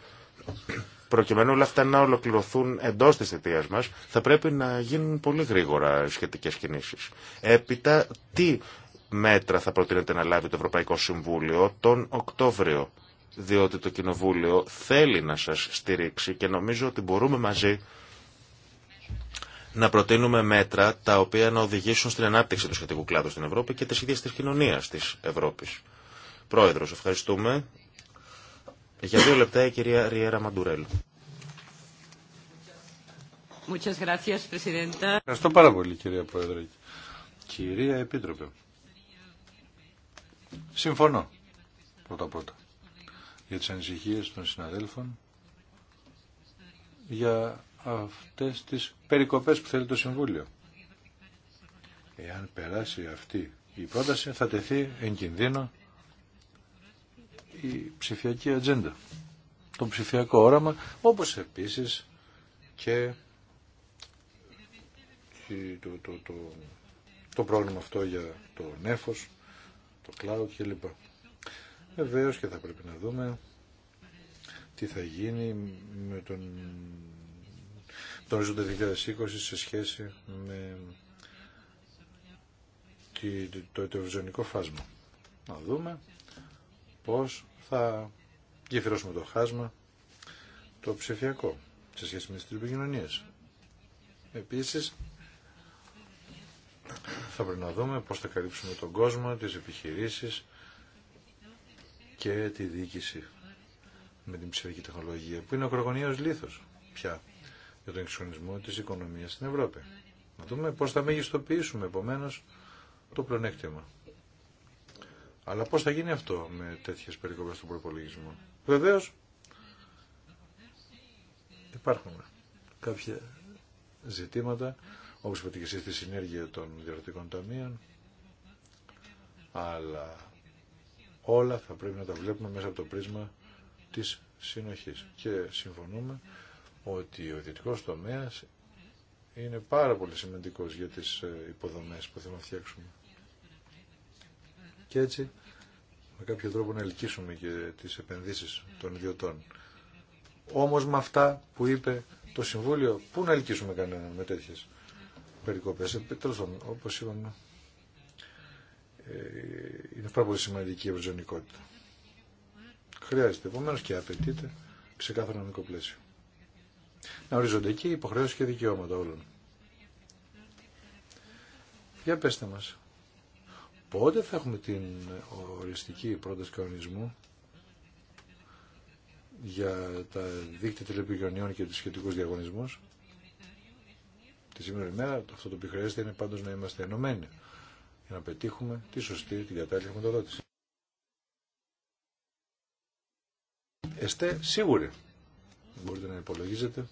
Προκειμένου όλα αυτά να ολοκληρωθούν εντό τη θητεία μα, θα πρέπει να γίνουν πολύ γρήγορα σχετικέ κινήσει. Έπειτα, τι μέτρα θα προτείνετε να λάβει το Ευρωπαϊκό Συμβούλιο τον Οκτώβριο, διότι το Κοινοβούλιο θέλει να σας στηρίξει και νομίζω ότι μπορούμε μαζί να προτείνουμε μέτρα τα οποία να οδηγήσουν στην ανάπτυξη του σχετικού κλάδου στην Ευρώπη και τη ίδια τη κοινωνία τη Ευρώπη. Πρόεδρο, ευχαριστούμε. Για δύο λεπτά η κυρία Ριέρα Μαντουρέλ. Ευχαριστώ πάρα πολύ κυρία Πρόεδρε. Κυρία Επίτροπε, συμφωνώ πρώτα-πρώτα για τις ανησυχίες των συναδέλφων για αυτές τις περικοπές που θέλει το Συμβούλιο. Εάν περάσει αυτή η πρόταση θα τεθεί εν κινδύνο η ψηφιακή ατζέντα, το ψηφιακό όραμα, όπως επίσης και το, το, το, το πρόγραμμα αυτό για το νέφος, το cloud κλπ. Βεβαίω και θα πρέπει να δούμε τι θα γίνει με τον τον ορίζοντα 2020 σε σχέση με το ετεροζωνικό φάσμα. Να δούμε πώς θα γεφυρώσουμε το χάσμα το ψηφιακό σε σχέση με τις τριπικοινωνίες. Επίσης, θα πρέπει να δούμε πώς θα καλύψουμε τον κόσμο, τις επιχειρήσεις και τη διοίκηση με την ψηφιακή τεχνολογία, που είναι ο ακρογωνιαίος λίθος πια για τον εξυγχρονισμό της οικονομίας στην Ευρώπη. Να δούμε πώς θα μεγιστοποιήσουμε επομένω το πλονέκτημα. Αλλά πώς θα γίνει αυτό με τέτοιες περικοπές του προπολογισμού. Βεβαίω, υπάρχουν κάποια ζητήματα όπως είπατε και εσείς στη συνέργεια των διορθωτικών ταμείων αλλά όλα θα πρέπει να τα βλέπουμε μέσα από το πρίσμα της συνοχής και συμφωνούμε ότι ο ιδιωτικό τομέα είναι πάρα πολύ σημαντικός για τις ε, υποδομές που θέλουμε να φτιάξουμε. Και έτσι με κάποιο τρόπο να ελκύσουμε και τις επενδύσεις των ιδιωτών. Όμως με αυτά που είπε το Συμβούλιο, πού να ελκύσουμε κανέναν με τέτοιες περικοπές. Ε, τέλος πάντων, όπως είπαμε, ε, είναι πάρα πολύ σημαντική η ευρυζωνικότητα. Χρειάζεται επομένως και απαιτείται ξεκάθαρο νομικό πλαίσιο να ορίζονται εκεί υποχρεώσεις και δικαιώματα όλων. Για πέστε μας. Πότε θα έχουμε την οριστική πρόταση κανονισμού για τα δίκτυα τηλεπικοινωνιών και τους σχετικούς διαγωνισμούς. Τη σήμερα ημέρα αυτό το οποίο χρειάζεται είναι πάντως να είμαστε ενωμένοι για να πετύχουμε τη σωστή, την κατάλληλη χρηματοδότηση. Εστέ σίγουροι μπορείτε να υπολογίζετε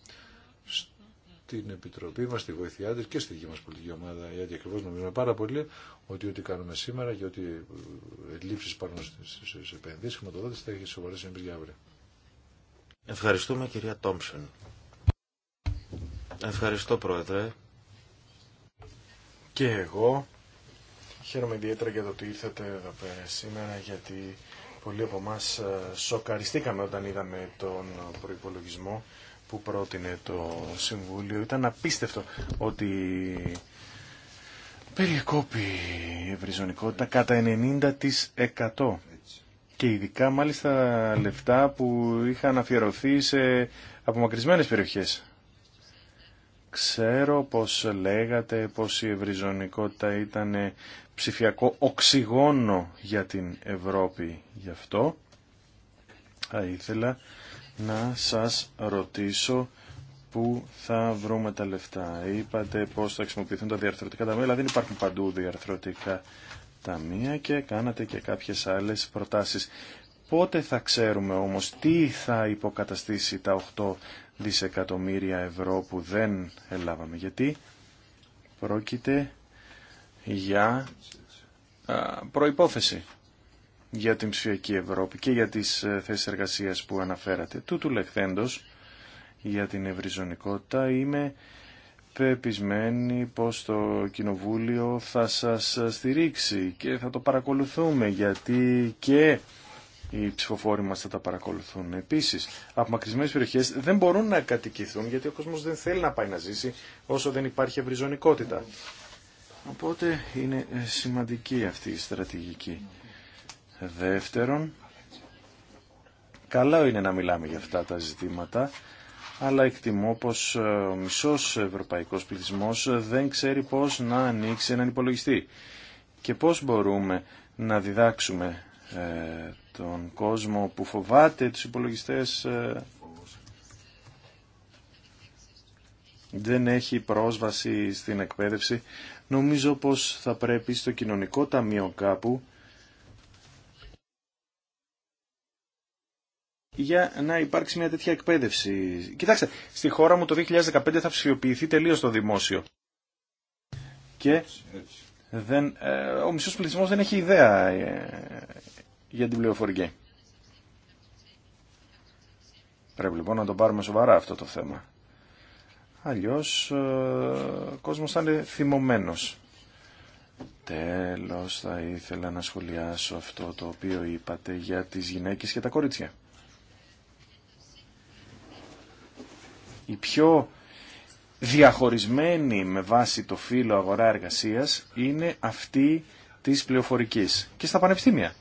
στην Επιτροπή μας, στη βοήθειά της και στη δική μας πολιτική ομάδα, γιατί ακριβώς νομίζουμε πάρα πολύ ότι ό,τι κάνουμε σήμερα και ότι ε, λήψεις πάνω στις επενδύσεις χρηματοδότης θα έχει σοβαρές εμπειρία αύριο. Ευχαριστούμε κυρία Τόμψεν. Ευχαριστώ πρόεδρε. Και εγώ χαίρομαι ιδιαίτερα για το ότι ήρθατε εδώ πέρα σήμερα γιατί πολλοί από εμά ε, σοκαριστήκαμε όταν είδαμε τον προπολογισμό που πρότεινε το Συμβούλιο. Ήταν απίστευτο ότι περιεκόπη η ευρυζωνικότητα κατά 90% και ειδικά μάλιστα λεφτά που είχαν αφιερωθεί σε απομακρυσμένες περιοχές. Ξέρω πως λέγατε πως η ευρυζωνικότητα ήταν ψηφιακό οξυγόνο για την Ευρώπη γι' αυτό. Θα ήθελα να σας ρωτήσω πού θα βρούμε τα λεφτά. Είπατε πώς θα χρησιμοποιηθούν τα διαρθρωτικά ταμεία, αλλά δεν υπάρχουν παντού διαρθρωτικά ταμεία και κάνατε και κάποιες άλλες προτάσεις. Πότε θα ξέρουμε όμως τι θα υποκαταστήσει τα 8 δισεκατομμύρια ευρώ που δεν ελάβαμε. Γιατί πρόκειται για προϋπόθεση για την ψηφιακή Ευρώπη και για τις ε, θέσεις εργασίας που αναφέρατε. Τούτου λεχθέντος για την ευρυζωνικότητα είμαι πεπισμένη πως το Κοινοβούλιο θα σας στηρίξει και θα το παρακολουθούμε γιατί και οι ψηφοφόροι μας θα τα παρακολουθούν. Επίσης, απομακρυσμένες περιοχές δεν μπορούν να κατοικηθούν γιατί ο κόσμος δεν θέλει να πάει να ζήσει όσο δεν υπάρχει ευρυζωνικότητα. Οπότε είναι ε, σημαντική αυτή η στρατηγική. Δεύτερον, καλά είναι να μιλάμε για αυτά τα ζητήματα, αλλά εκτιμώ πως ε, ο μισός ευρωπαϊκός πληθυσμός ε, δεν ξέρει πώς να ανοίξει έναν υπολογιστή και πώς μπορούμε να διδάξουμε τον κόσμο που φοβάται τους υπολογιστές ε, δεν έχει πρόσβαση στην εκπαίδευση. Νομίζω πως θα πρέπει στο κοινωνικό ταμείο κάπου για να υπάρξει μια τέτοια εκπαίδευση. Κοιτάξτε, στη χώρα μου το 2015 θα ψηφιοποιηθεί τελείως το δημόσιο. Και δεν, ε, ο μισός πληθυσμός δεν έχει ιδέα ε, για την πληροφορική. Πρέπει λοιπόν να το πάρουμε σοβαρά αυτό το θέμα. Αλλιώς ε, ο κόσμος θα είναι θυμωμένος. Τέλος θα ήθελα να σχολιάσω αυτό το οποίο είπατε για τις γυναίκες και τα κορίτσια. Η πιο διαχωρισμένη με βάση το φύλλο αγορά εργασίας είναι αυτή της πληροφορικής και στα πανεπιστήμια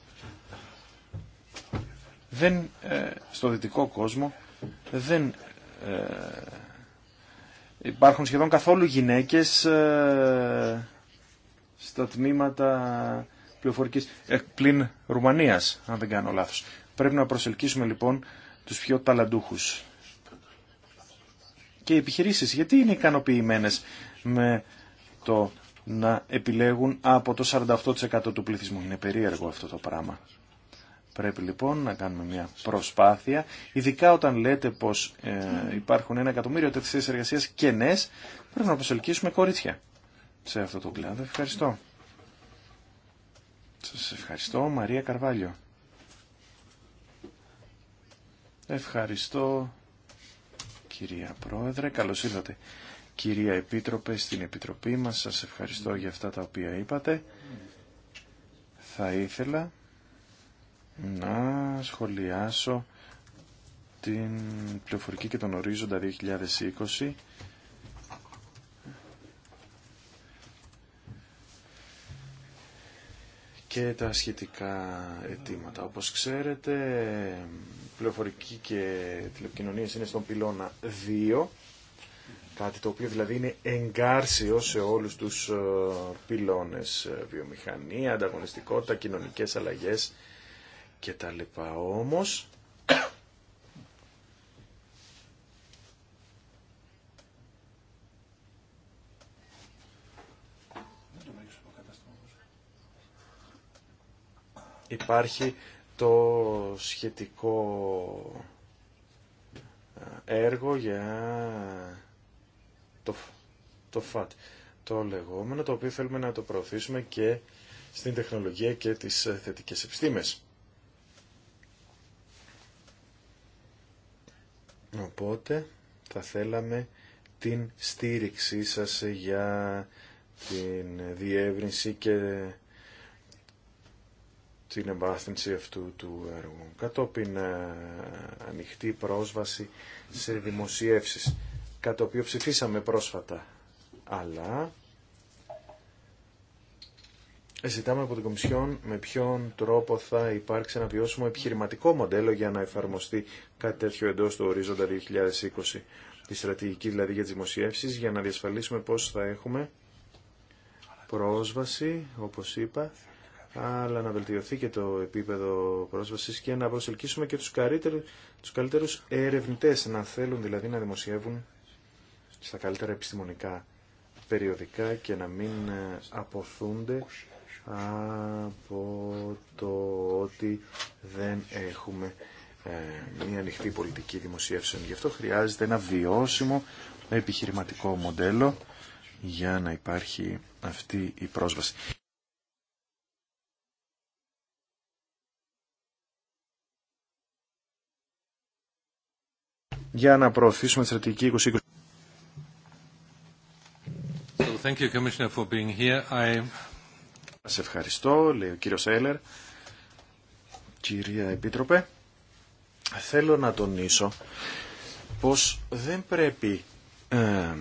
δεν, ε, στο δυτικό κόσμο δεν ε, υπάρχουν σχεδόν καθόλου γυναίκες ε, στα τμήματα πληροφορικής πλην Ρουμανίας, αν δεν κάνω λάθος. Πρέπει να προσελκύσουμε λοιπόν τους πιο ταλαντούχους και οι επιχειρήσεις. Γιατί είναι ικανοποιημένες με το να επιλέγουν από το 48% του πληθυσμού. Είναι περίεργο αυτό το πράγμα. Πρέπει λοιπόν να κάνουμε μια προσπάθεια, ειδικά όταν λέτε πως ε, υπάρχουν ένα εκατομμύριο τέτοιες εργασίες κενές, πρέπει να προσελκύσουμε κορίτσια σε αυτό το κλάδο. Ευχαριστώ. Σας ευχαριστώ, Μαρία Καρβάλιο. Ευχαριστώ, κυρία Πρόεδρε. Καλώς ήρθατε, κυρία Επίτροπε, στην Επιτροπή μας. Σας ευχαριστώ για αυτά τα οποία είπατε. Θα ήθελα να σχολιάσω την πληροφορική και τον ορίζοντα 2020 και τα σχετικά αιτήματα. Όπως ξέρετε, πληροφορική και τηλεπικοινωνία είναι στον πυλώνα 2, κάτι το οποίο δηλαδή είναι εγκάρσιο σε όλους τους ε, πυλώνες ε, βιομηχανία, ανταγωνιστικότητα, κοινωνικές αλλαγές και τα λοιπά. Όμως, υπάρχει το σχετικό ε, έργο για το, το ΦΑΤ, το λεγόμενο, το οποίο θέλουμε να το προωθήσουμε και στην τεχνολογία και τις ε, θετικές επιστήμες. Οπότε θα θέλαμε την στήριξή σας για την διεύρυνση και την εμπάθυνση αυτού του έργου. Κατόπιν ε, ανοιχτή πρόσβαση σε δημοσιεύσεις, κατά το οποίο ψηφίσαμε πρόσφατα. Αλλά ε, ζητάμε από την Κομισιόν με ποιον τρόπο θα υπάρξει ένα βιώσιμο επιχειρηματικό μοντέλο για να εφαρμοστεί κάτι τέτοιο εντό του ορίζοντα 2020, τη στρατηγική δηλαδή για τι δημοσιεύσει, για να διασφαλίσουμε πώ θα έχουμε πρόσβαση, όπω είπα, αλλά να βελτιωθεί και το επίπεδο πρόσβαση και να προσελκύσουμε και του καλύτερου τους να θέλουν δηλαδή να δημοσιεύουν στα καλύτερα επιστημονικά περιοδικά και να μην ε, αποθούνται από το ότι δεν έχουμε ε, μια ανοιχτή πολιτική δημοσίευση. Γι' αυτό χρειάζεται ένα βιώσιμο επιχειρηματικό μοντέλο για να υπάρχει αυτή η πρόσβαση. για να προωθήσουμε τη στρατηγική 2020. thank you, Commissioner, for being here. I... Σας ευχαριστώ, λέει ο κύριος Έλερ. Κυρία Επίτροπε, θέλω να τονίσω πως δεν πρέπει ε,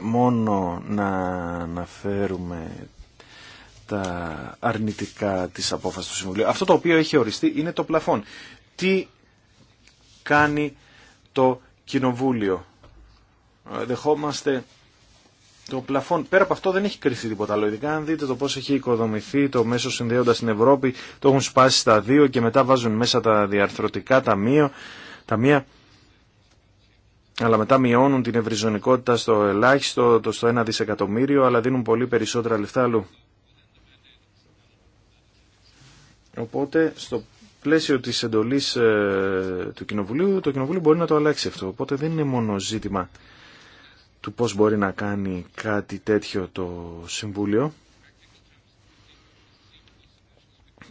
μόνο να αναφέρουμε τα αρνητικά της απόφασης του Συμβουλίου. Αυτό το οποίο έχει οριστεί είναι το πλαφόν. Τι κάνει το Κοινοβούλιο. Ε, δεχόμαστε το πλαφόν. Πέρα από αυτό δεν έχει κρυφθεί τίποτα άλλο. Ειδικά αν δείτε το πώ έχει οικοδομηθεί το μέσο συνδέοντα στην Ευρώπη, το έχουν σπάσει στα δύο και μετά βάζουν μέσα τα διαρθρωτικά ταμείο, ταμεία. Αλλά μετά μειώνουν την ευρυζωνικότητα στο ελάχιστο, το στο ένα δισεκατομμύριο, αλλά δίνουν πολύ περισσότερα λεφτά αλλού. Οπότε στο πλαίσιο της εντολής ε, του Κοινοβουλίου, το Κοινοβούλιο μπορεί να το αλλάξει αυτό. Οπότε δεν είναι μόνο ζήτημα του πώς μπορεί να κάνει κάτι τέτοιο το Συμβούλιο.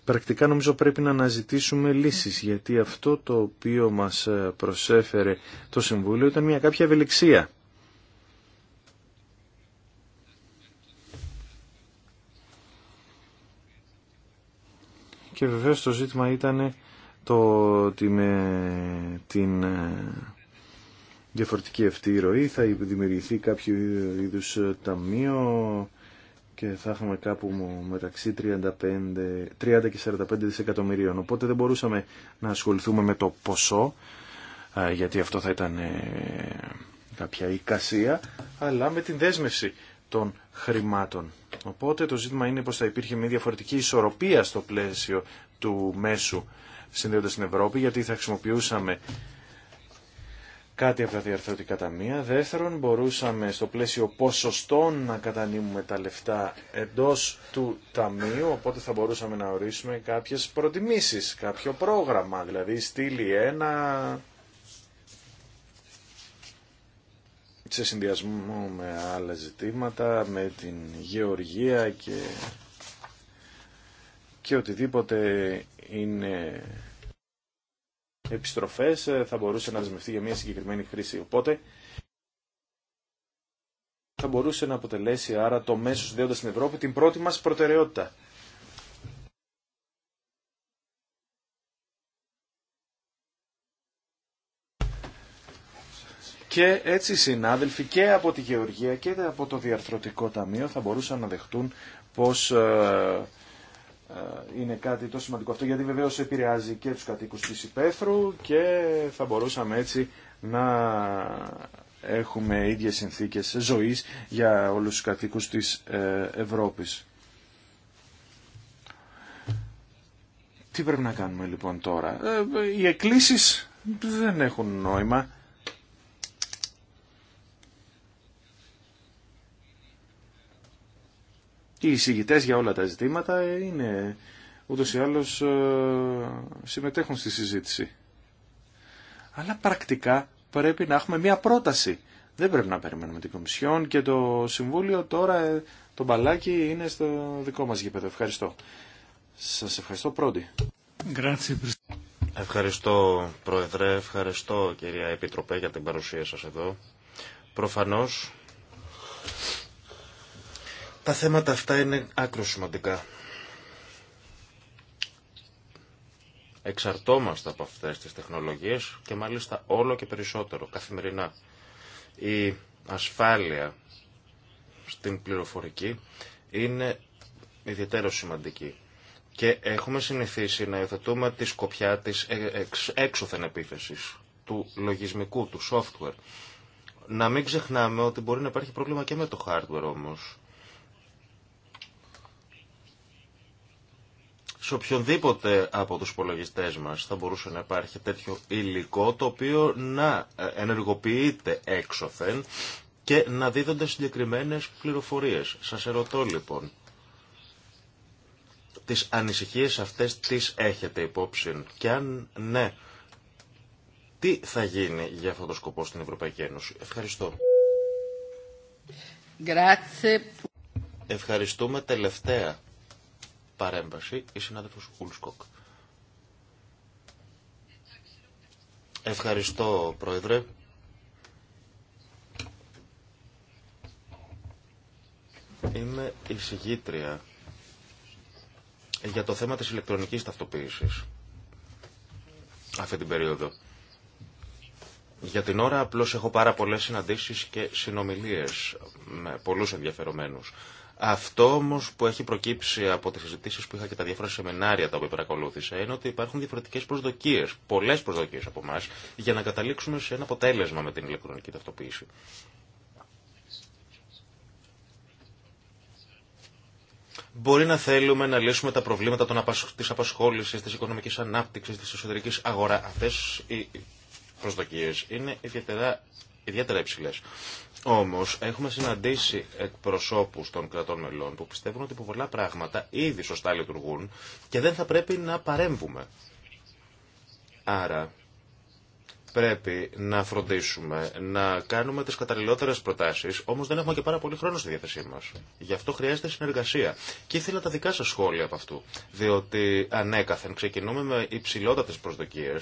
Πρακτικά νομίζω πρέπει να αναζητήσουμε λύσεις, γιατί αυτό το οποίο μας προσέφερε το Συμβούλιο ήταν μια κάποια ευελιξία. Και βεβαίως το ζήτημα ήταν το ότι με την ε, διαφορετική αυτή θα δημιουργηθεί κάποιο είδους ε, ταμείο και θα έχουμε κάπου μεταξύ 35, 30 και 45 δισεκατομμυρίων. Οπότε δεν μπορούσαμε να ασχοληθούμε με το ποσό, ε, γιατί αυτό θα ήταν ε, κάποια εικασία, αλλά με την δέσμευση των χρημάτων. Οπότε το ζήτημα είναι πως θα υπήρχε μια διαφορετική ισορροπία στο πλαίσιο του μέσου συνδέοντας την Ευρώπη, γιατί θα χρησιμοποιούσαμε κάτι από τα διαρθρωτικά ταμεία. Δεύτερον, μπορούσαμε στο πλαίσιο ποσοστών να κατανείμουμε τα λεφτά εντός του ταμείου, οπότε θα μπορούσαμε να ορίσουμε κάποιες προτιμήσεις, κάποιο πρόγραμμα, δηλαδή στείλει ένα σε συνδυασμό με άλλα ζητήματα, με την γεωργία και, και οτιδήποτε είναι επιστροφές ε, θα μπορούσε να δεσμευτεί για μια συγκεκριμένη χρήση. Οπότε θα μπορούσε να αποτελέσει άρα το μέσο συνδέοντα στην Ευρώπη την πρώτη μας προτεραιότητα. Και έτσι οι συνάδελφοι και από τη Γεωργία και από το Διαρθρωτικό Ταμείο θα μπορούσαν να δεχτούν πως ε, ε, είναι κάτι το σημαντικό αυτό γιατί βεβαίως επηρεάζει και τους κατοίκους της Υπέθρου και θα μπορούσαμε έτσι να έχουμε ίδιες συνθήκες ζωής για όλους τους κατοίκους της ε, Ευρώπης. Τι πρέπει να κάνουμε λοιπόν τώρα. Ε, οι εκκλήσεις δεν έχουν νόημα. οι εισηγητές για όλα τα ζητήματα είναι ούτως ή άλλως ε, συμμετέχουν στη συζήτηση. Αλλά πρακτικά πρέπει να έχουμε μία πρόταση. Δεν πρέπει να περιμένουμε την Κομισιόν και το Συμβούλιο τώρα ε, το μπαλάκι είναι στο δικό μας γήπεδο. Ευχαριστώ. Σας ευχαριστώ πρώτη. Ευχαριστώ Πρόεδρε, ευχαριστώ κυρία Επίτροπε για την παρουσία σας εδώ. Προφανώς τα θέματα αυτά είναι άκρο σημαντικά. Εξαρτόμαστε από αυτές τις τεχνολογίες και μάλιστα όλο και περισσότερο, καθημερινά. Η ασφάλεια στην πληροφορική είναι ιδιαίτερο σημαντική. Και έχουμε συνηθίσει να υιοθετούμε τη σκοπιά της έξωθεν επίθεσης, του λογισμικού, του software. Να μην ξεχνάμε ότι μπορεί να υπάρχει πρόβλημα και με το hardware όμως. σε οποιονδήποτε από τους υπολογιστέ μας θα μπορούσε να υπάρχει τέτοιο υλικό το οποίο να ε, ενεργοποιείται έξωθεν και να δίδονται συγκεκριμένες πληροφορίες. Σας ερωτώ λοιπόν, τις ανησυχίες αυτές τις έχετε υπόψη και αν ναι, τι θα γίνει για αυτό το σκοπό στην Ευρωπαϊκή Ένωση. Ευχαριστώ. Ευχαριστούμε τελευταία παρέμβαση η συνάδελφος Ουλσκοκ. Ευχαριστώ, Πρόεδρε. Είμαι συγγήτρια για το θέμα της ηλεκτρονικής ταυτοποίησης αυτή την περίοδο. Για την ώρα απλώς έχω πάρα πολλές συναντήσεις και συνομιλίες με πολλούς ενδιαφερομένους. Αυτό όμω που έχει προκύψει από τι συζητήσει που είχα και τα διάφορα σεμινάρια τα οποία παρακολούθησα είναι ότι υπάρχουν διαφορετικέ προσδοκίε, πολλέ προσδοκίε από εμά, για να καταλήξουμε σε ένα αποτέλεσμα με την ηλεκτρονική ταυτοποίηση. Μπορεί να θέλουμε να λύσουμε τα προβλήματα τη απασχόληση, τη οικονομική ανάπτυξη, τη εσωτερική αγορά. Αυτέ οι προσδοκίε είναι ιδιαίτερα, ιδιαίτερα υψηλέ. Όμως έχουμε συναντήσει εκπροσώπους των κρατών μελών που πιστεύουν ότι πολλά πράγματα ήδη σωστά λειτουργούν και δεν θα πρέπει να παρέμβουμε. Άρα πρέπει να φροντίσουμε να κάνουμε τις καταλληλότερε προτάσεις, όμως δεν έχουμε και πάρα πολύ χρόνο στη διάθεσή μας. Γι' αυτό χρειάζεται συνεργασία. Και ήθελα τα δικά σα σχόλια από αυτού, διότι ανέκαθεν ξεκινούμε με υψηλότερε προσδοκίε.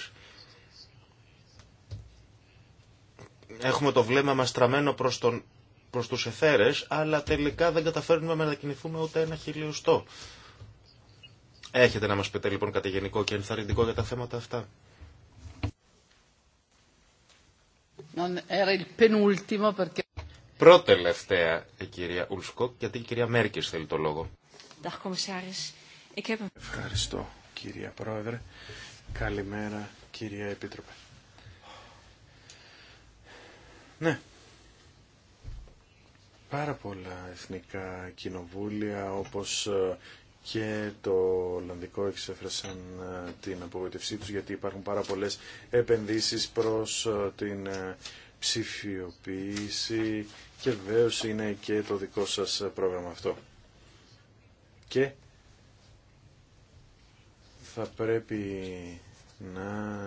έχουμε το βλέμμα μας τραμμένο προς, τον, προς τους εθέρες, αλλά τελικά δεν καταφέρνουμε να μετακινηθούμε ούτε ένα χιλιοστό. Έχετε να μας πείτε λοιπόν κάτι γενικό και ενθαρρυντικό για τα θέματα αυτά. Πρώτη τελευταία η κυρία Ουλσκοκ, γιατί η κυρία Μέρκης θέλει το λόγο. Ευχαριστώ κυρία Πρόεδρε. Καλημέρα κυρία Επίτροπε. Ναι. Πάρα πολλά εθνικά κοινοβούλια όπως ε, και το Ολλανδικό εξέφρασαν ε, την απογοητευσή τους γιατί υπάρχουν πάρα πολλές επενδύσεις προς ε, την ψηφιοποίηση και βεβαίω είναι και το δικό σας πρόγραμμα αυτό. Και θα πρέπει να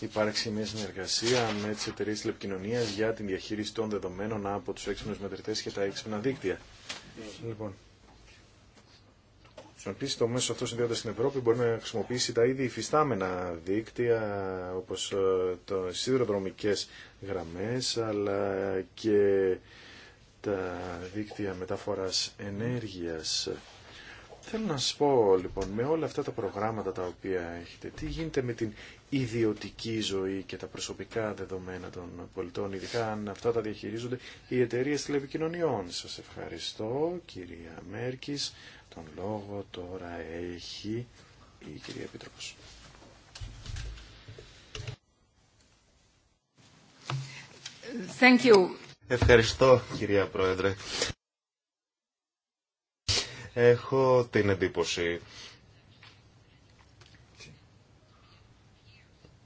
υπάρξει μια συνεργασία με τι εταιρείε τηλεπικοινωνία για την διαχείριση των δεδομένων από του έξυπνου μετρητέ και τα έξυπνα δίκτυα. Λοιπόν. Επίση, το μέσο αυτό συνδέοντα στην Ευρώπη μπορεί να χρησιμοποιήσει τα ήδη υφιστάμενα δίκτυα, όπω ε, το σιδηροδρομικέ γραμμέ, αλλά και τα δίκτυα μεταφορά ενέργεια. Θέλω να σα πω λοιπόν με όλα αυτά τα προγράμματα τα οποία έχετε, τι γίνεται με την ιδιωτική ζωή και τα προσωπικά δεδομένα των πολιτών, ειδικά αν αυτά τα διαχειρίζονται οι εταιρείε τηλεπικοινωνιών. Σας ευχαριστώ, κυρία Μέρκης. Τον λόγο τώρα έχει η κυρία Επίτροπος. Thank you. Ευχαριστώ, κυρία Πρόεδρε. Έχω την εντύπωση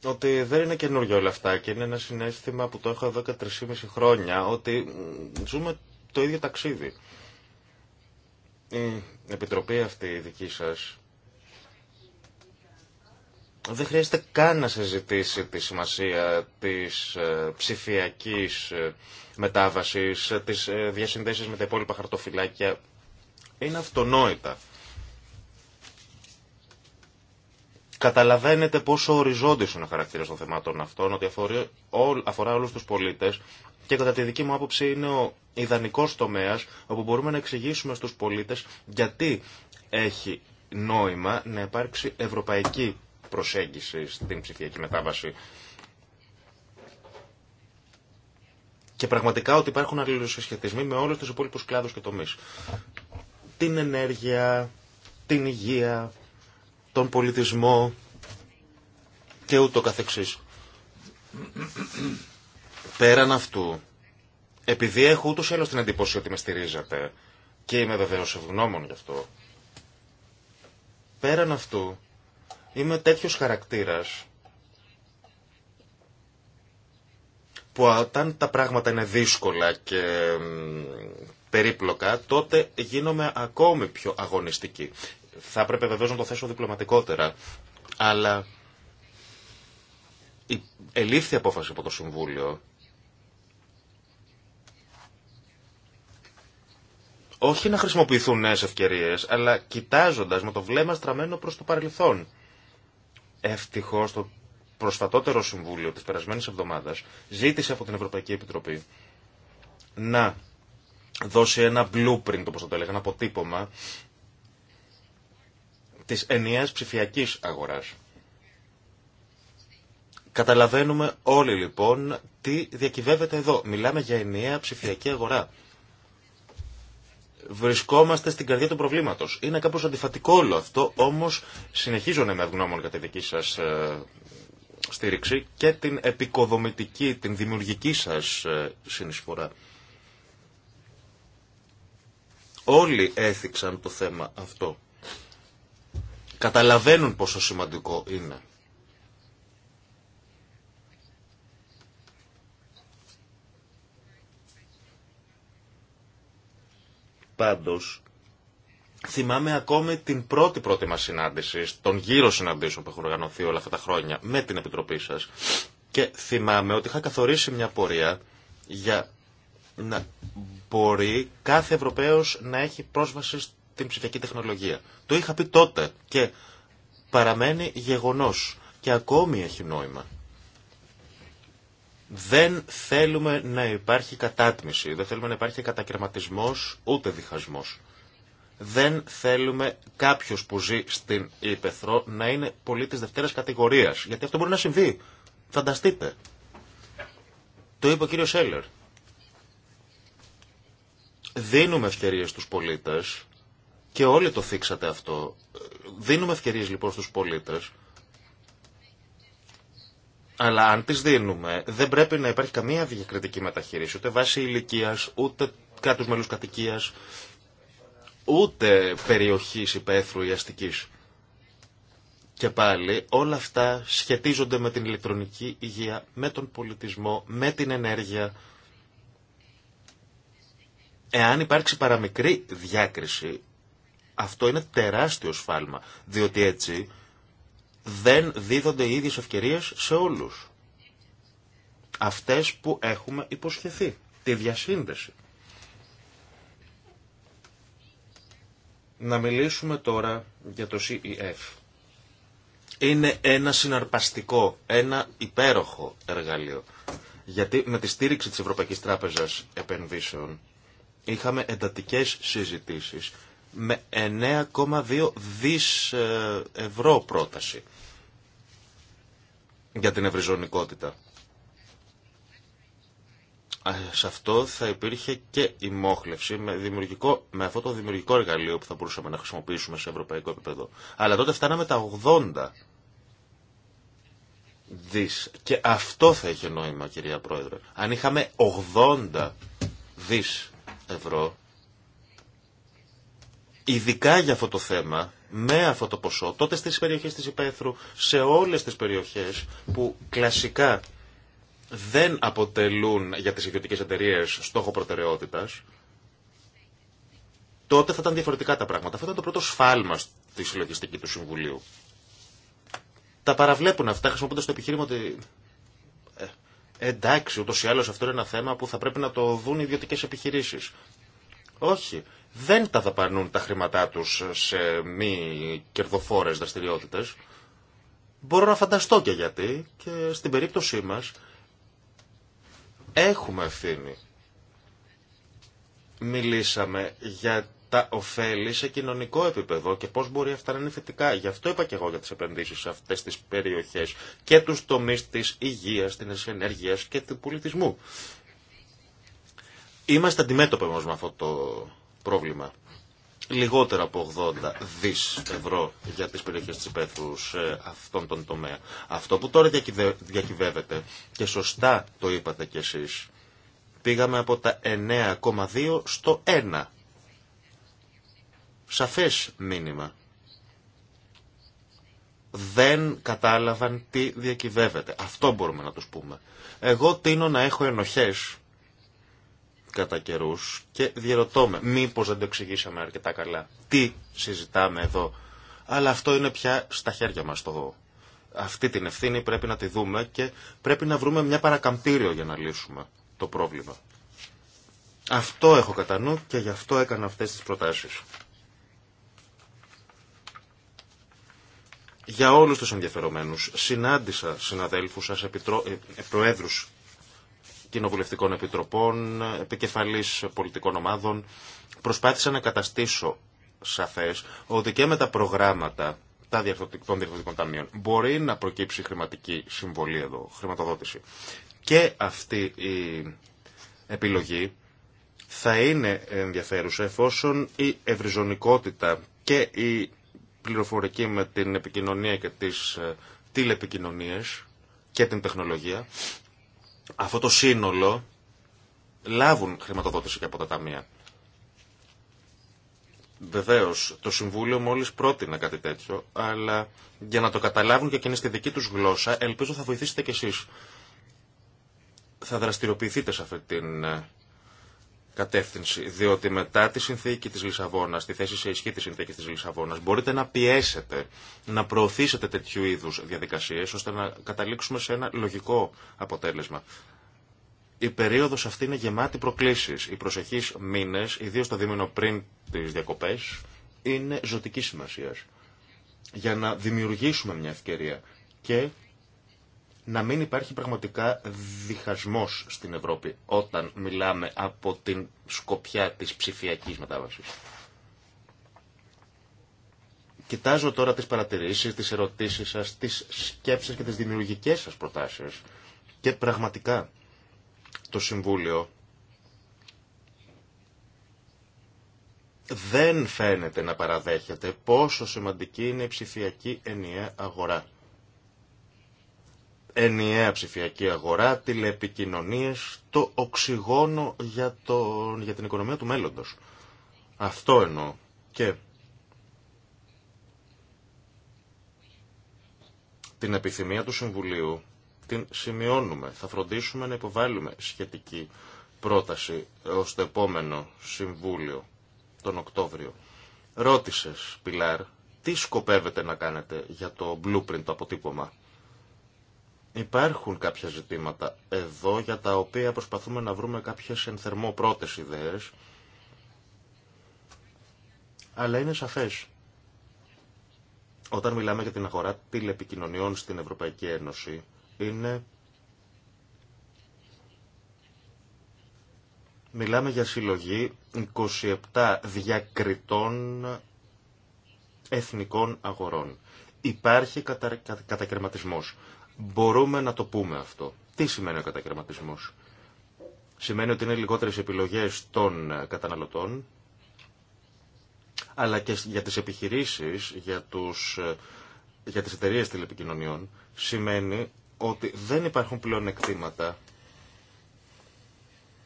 ότι δεν είναι καινούργιο όλα αυτά και είναι ένα συνέστημα που το έχω εδώ και 3,5 χρόνια, ότι ζούμε το ίδιο ταξίδι. Η επιτροπή αυτή δική σας δεν χρειάζεται καν να συζητήσει τη σημασία της ε, ψηφιακής ε, μετάβασης, ε, της διασυνδέσεις με τα υπόλοιπα χαρτοφυλάκια. Είναι αυτονόητα. Καταλαβαίνετε πόσο οριζόντιος είναι ο χαρακτήρα των θεμάτων αυτών, ότι αφορά όλους τους πολίτες και κατά τη δική μου άποψη είναι ο ιδανικός τομέας όπου μπορούμε να εξηγήσουμε στους πολίτες γιατί έχει νόημα να υπάρξει ευρωπαϊκή προσέγγιση στην ψηφιακή μετάβαση. Και πραγματικά ότι υπάρχουν αλληλοσυσχετισμοί με όλους τους υπόλοιπους κλάδους και τομείς. Την ενέργεια, την υγεία, τον πολιτισμό και ούτω καθεξής. Πέραν αυτού, επειδή έχω ούτως ή την εντύπωση ότι με στηρίζατε και είμαι βεβαίως ευγνώμων γι' αυτό, πέραν αυτού είμαι τέτοιος χαρακτήρας που όταν τα πράγματα είναι δύσκολα και περίπλοκα, τότε γίνομαι ακόμη πιο αγωνιστική. Θα έπρεπε βεβαίω να το θέσω διπλωματικότερα. Αλλά η ελήφθη απόφαση από το Συμβούλιο όχι να χρησιμοποιηθούν νέε ευκαιρίε, αλλά κοιτάζοντα με το βλέμμα στραμμένο προ το παρελθόν. Ευτυχώ το προσφατότερο συμβούλιο τη περασμένη εβδομάδα ζήτησε από την Ευρωπαϊκή Επιτροπή να δώσει ένα blueprint, όπω το έλεγα, ένα αποτύπωμα της ενιαίας ψηφιακής αγοράς. Καταλαβαίνουμε όλοι λοιπόν τι διακυβεύεται εδώ. Μιλάμε για ενιαία ψηφιακή αγορά. Βρισκόμαστε στην καρδιά του προβλήματο. Είναι κάπως αντιφατικό όλο αυτό, όμω συνεχίζω να είμαι ευγνώμων για τη δική σα ε, στήριξη και την επικοδομητική, την δημιουργική σα ε, συνεισφορά. Όλοι έθιξαν το θέμα αυτό καταλαβαίνουν πόσο σημαντικό είναι. Πάντως, θυμάμαι ακόμη την πρώτη πρώτη μας συνάντηση, τον γύρο συναντήσεων που έχουν οργανωθεί όλα αυτά τα χρόνια με την Επιτροπή σας και θυμάμαι ότι είχα καθορίσει μια πορεία για να μπορεί κάθε Ευρωπαίος να έχει πρόσβαση την ψηφιακή τεχνολογία. Το είχα πει τότε και παραμένει γεγονός και ακόμη έχει νόημα. Δεν θέλουμε να υπάρχει κατάτμιση, δεν θέλουμε να υπάρχει κατακαιρματισμός ούτε διχασμός. Δεν θέλουμε κάποιο που ζει στην Ήπεθρο να είναι πολίτη δευτέρα κατηγορία. Γιατί αυτό μπορεί να συμβεί. Φανταστείτε. Το είπε ο κύριο Σέλλερ. Δίνουμε ευκαιρίε στου πολίτε και όλοι το θίξατε αυτό. Δίνουμε ευκαιρίες λοιπόν στους πολίτες. Αλλά αν τις δίνουμε, δεν πρέπει να υπάρχει καμία διακριτική μεταχείριση, ούτε βάση ηλικία ούτε κάτω μέλους κατοικία, ούτε περιοχής υπαίθρου ή αστικής. Και πάλι όλα αυτά σχετίζονται με την ηλεκτρονική υγεία, με τον πολιτισμό, με την ενέργεια. Εάν υπάρξει παραμικρή διάκριση, αυτό είναι τεράστιο σφάλμα, διότι έτσι δεν δίδονται οι ίδιες ευκαιρίες σε όλους. Αυτές που έχουμε υποσχεθεί, τη διασύνδεση. Να μιλήσουμε τώρα για το CEF. Είναι ένα συναρπαστικό, ένα υπέροχο εργαλείο. Γιατί με τη στήριξη της Ευρωπαϊκής Τράπεζας Επενδύσεων είχαμε εντατικές συζητήσεις με 9,2 δις ε, ευρώ πρόταση για την ευρυζωνικότητα. Σε αυτό θα υπήρχε και η μόχλευση με, δημιουργικό, με αυτό το δημιουργικό εργαλείο που θα μπορούσαμε να χρησιμοποιήσουμε σε ευρωπαϊκό επίπεδο. Αλλά τότε φτάναμε τα 80 δις. Και αυτό θα είχε νόημα κυρία Πρόεδρε. Αν είχαμε 80 δις ευρώ ειδικά για αυτό το θέμα, με αυτό το ποσό, τότε στις περιοχές της Υπέθρου, σε όλες τις περιοχές που κλασικά δεν αποτελούν για τις ιδιωτικέ εταιρείε στόχο προτεραιότητας, τότε θα ήταν διαφορετικά τα πράγματα. Αυτό ήταν το πρώτο σφάλμα στη συλλογιστική του Συμβουλίου. Τα παραβλέπουν αυτά χρησιμοποιώντα το επιχείρημα ότι ε, εντάξει, ούτω ή άλλω αυτό είναι ένα θέμα που θα πρέπει να το δουν οι ιδιωτικέ επιχειρήσει. Όχι δεν τα δαπανούν τα χρήματά τους σε μη κερδοφόρες δραστηριότητε. Μπορώ να φανταστώ και γιατί και στην περίπτωσή μας έχουμε ευθύνη. Μιλήσαμε για τα ωφέλη σε κοινωνικό επίπεδο και πώς μπορεί αυτά να είναι θετικά. Γι' αυτό είπα και εγώ για τις επενδύσεις σε αυτές τις περιοχές και τους τομείς της υγείας, της ενέργειας και του πολιτισμού. Είμαστε αντιμέτωποι με αυτό το πρόβλημα. Λιγότερα από 80 δις ευρώ για τις περιοχές της υπαίθρου σε αυτόν τον τομέα. Αυτό που τώρα διακυβεύεται και σωστά το είπατε κι εσείς, πήγαμε από τα 9,2 στο 1. Σαφές μήνυμα δεν κατάλαβαν τι διακυβεύεται. Αυτό μπορούμε να τους πούμε. Εγώ τίνω να έχω ενοχές κατά καιρού και διαρωτώ με μήπως δεν το εξηγήσαμε αρκετά καλά τι συζητάμε εδώ αλλά αυτό είναι πια στα χέρια μα. το Αυτή την ευθύνη πρέπει να τη δούμε και πρέπει να βρούμε μια παρακαμπτήριο για να λύσουμε το πρόβλημα. Αυτό έχω κατά νου και γι' αυτό έκανα αυτές τις προτάσεις. Για όλους τους ενδιαφερομένους, συνάντησα συναδέλφους σας, επιτρο... Ε, προέδρους κοινοβουλευτικών επιτροπών, επικεφαλής πολιτικών ομάδων, προσπάθησα να καταστήσω σαφές ότι και με τα προγράμματα τα των διευθυντικών ταμείων μπορεί να προκύψει χρηματική συμβολή εδώ, χρηματοδότηση. Και αυτή η επιλογή θα είναι ενδιαφέρουσα εφόσον η ευρυζωνικότητα και η πληροφορική με την επικοινωνία και τις ε, τηλεπικοινωνίες και την τεχνολογία αυτό το σύνολο λάβουν χρηματοδότηση και από τα ταμεία. Βεβαίω, το Συμβούλιο μόλι πρότεινε κάτι τέτοιο, αλλά για να το καταλάβουν και εκείνοι στη δική του γλώσσα, ελπίζω θα βοηθήσετε κι εσεί. Θα δραστηριοποιηθείτε σε αυτή την ε, κατεύθυνση, διότι μετά τη συνθήκη της Λισαβόνας, τη θέση σε ισχύ της συνθήκης της Λισαβόνας, μπορείτε να πιέσετε, να προωθήσετε τέτοιου είδους διαδικασίες, ώστε να καταλήξουμε σε ένα λογικό αποτέλεσμα. Η περίοδος αυτή είναι γεμάτη προκλήσεις. Οι προσεχείς μήνες, ιδίως το δίμηνο πριν τις διακοπές, είναι ζωτική σημασία για να δημιουργήσουμε μια ευκαιρία και να μην υπάρχει πραγματικά διχασμός στην Ευρώπη όταν μιλάμε από την σκοπιά της ψηφιακής μετάβασης. Κοιτάζω τώρα τις παρατηρήσεις, τις ερωτήσεις σας, τις σκέψεις και τις δημιουργικές σας προτάσεις και πραγματικά το Συμβούλιο δεν φαίνεται να παραδέχεται πόσο σημαντική είναι η ψηφιακή ενιαία αγορά ενιαία ψηφιακή αγορά, τηλεπικοινωνίες, το οξυγόνο για, το, για την οικονομία του μέλλοντος. Αυτό εννοώ. Και την επιθυμία του Συμβουλίου την σημειώνουμε. Θα φροντίσουμε να υποβάλουμε σχετική πρόταση ως το επόμενο Συμβούλιο τον Οκτώβριο. Ρώτησες, Πιλάρ, τι σκοπεύετε να κάνετε για το blueprint, το αποτύπωμα. Υπάρχουν κάποια ζητήματα εδώ για τα οποία προσπαθούμε να βρούμε κάποιες πρώτες ιδέες, αλλά είναι σαφές. Όταν μιλάμε για την αγορά τηλεπικοινωνιών στην Ευρωπαϊκή Ένωση, είναι... Μιλάμε για συλλογή 27 διακριτών εθνικών αγορών. Υπάρχει κατα... κατακαιρματισμός μπορούμε να το πούμε αυτό. Τι σημαίνει ο κατακαιρματισμός. Σημαίνει ότι είναι λιγότερες επιλογές των καταναλωτών, αλλά και για τις επιχειρήσεις, για, τους, ε, για τις εταιρείες τηλεπικοινωνιών, σημαίνει ότι δεν υπάρχουν πλέον εκτήματα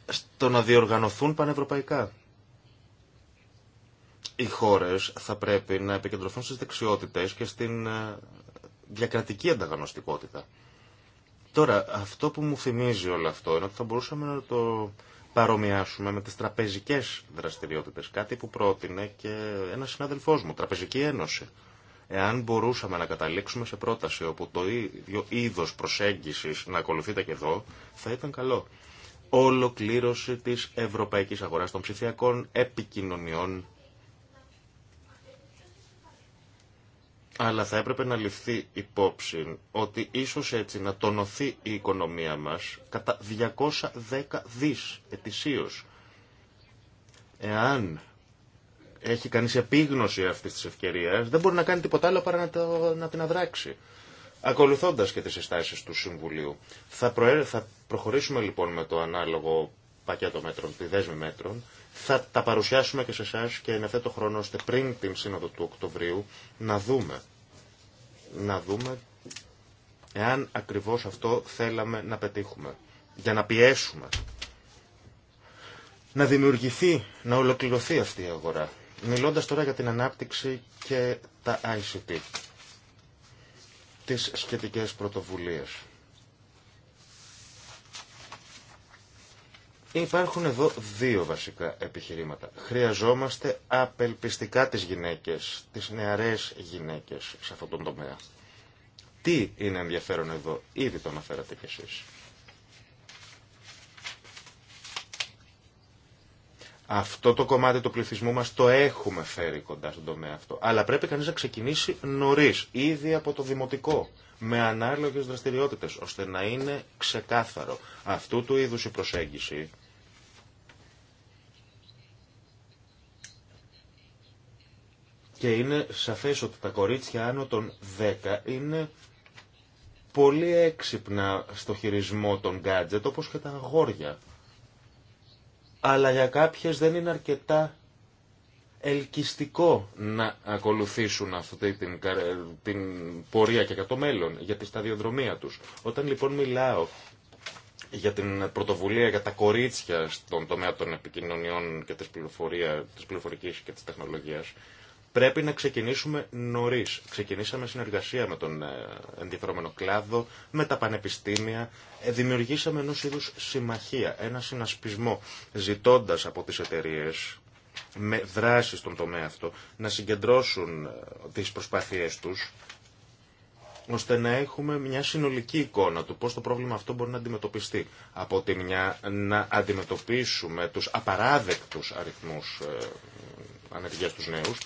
στο να διοργανωθούν πανευρωπαϊκά. Οι χώρες θα πρέπει να επικεντρωθούν στις δεξιότητες και στην ε, διακρατική ανταγωνιστικότητα. Τώρα, αυτό που μου θυμίζει όλο αυτό είναι ότι θα μπορούσαμε να το παρομοιάσουμε με τις τραπεζικές δραστηριότητες, κάτι που πρότεινε και ένας συνάδελφός μου, Τραπεζική Ένωση. Εάν μπορούσαμε να καταλήξουμε σε πρόταση όπου το ίδιο είδος προσέγγισης να ακολουθείται και εδώ, θα ήταν καλό. Ολοκλήρωση της ευρωπαϊκής αγοράς των ψηφιακών επικοινωνιών αλλά θα έπρεπε να ληφθεί υπόψη ότι ίσως έτσι να τονωθεί η οικονομία μας κατά 210 δις ετησίως. Εάν έχει κανείς επίγνωση αυτής της ευκαιρίας, δεν μπορεί να κάνει τίποτα άλλο παρά να, το, να την αδράξει. Ακολουθώντας και τις συστάσεις του Συμβουλίου, θα, θα προχωρήσουμε λοιπόν με το ανάλογο πακέτο μέτρων, τη δέσμη μέτρων, θα τα παρουσιάσουμε και σε εσά και είναι το χρόνο ώστε πριν την σύνοδο του Οκτωβρίου να δούμε, να δούμε εάν ακριβώς αυτό θέλαμε να πετύχουμε, για να πιέσουμε. Να δημιουργηθεί, να ολοκληρωθεί αυτή η αγορά. Μιλώντας τώρα για την ανάπτυξη και τα ICT, τις σχετικές πρωτοβουλίες. Υπάρχουν εδώ δύο βασικά επιχειρήματα. Χρειαζόμαστε απελπιστικά τις γυναίκες, τις νεαρές γυναίκες σε αυτόν τον τομέα. Τι είναι ενδιαφέρον εδώ, ήδη το αναφέρατε κι εσείς. Αυτό το κομμάτι του πληθυσμού μας το έχουμε φέρει κοντά στον τομέα αυτό. Αλλά πρέπει κανείς να ξεκινήσει νωρίς, ήδη από το δημοτικό, με ανάλογες δραστηριότητες, ώστε να είναι ξεκάθαρο. Αυτού του είδους η προσέγγιση Και είναι σαφές ότι τα κορίτσια άνω των 10 είναι πολύ έξυπνα στο χειρισμό των γκάτζετ, όπως και τα αγόρια. Αλλά για κάποιες δεν είναι αρκετά ελκυστικό να ακολουθήσουν αυτή την, την πορεία και για το μέλλον, για τη σταδιοδρομία τους. Όταν λοιπόν μιλάω για την πρωτοβουλία για τα κορίτσια στον τομέα των επικοινωνιών και της, πληροφορία, της πληροφορικής και της τεχνολογίας, Πρέπει να ξεκινήσουμε νωρί. Ξεκινήσαμε συνεργασία με τον ε, ενδιαφερόμενο κλάδο, με τα πανεπιστήμια. Ε, δημιουργήσαμε ενό είδου συμμαχία, ένα συνασπισμό, ζητώντα από τι εταιρείε με δράση στον τομέα αυτό να συγκεντρώσουν ε, τις προσπάθειές τους ώστε να έχουμε μια συνολική εικόνα του πώς το πρόβλημα αυτό μπορεί να αντιμετωπιστεί. Από τη μια να αντιμετωπίσουμε τους απαράδεκτους αριθμούς ε, ανεργίας τους νέους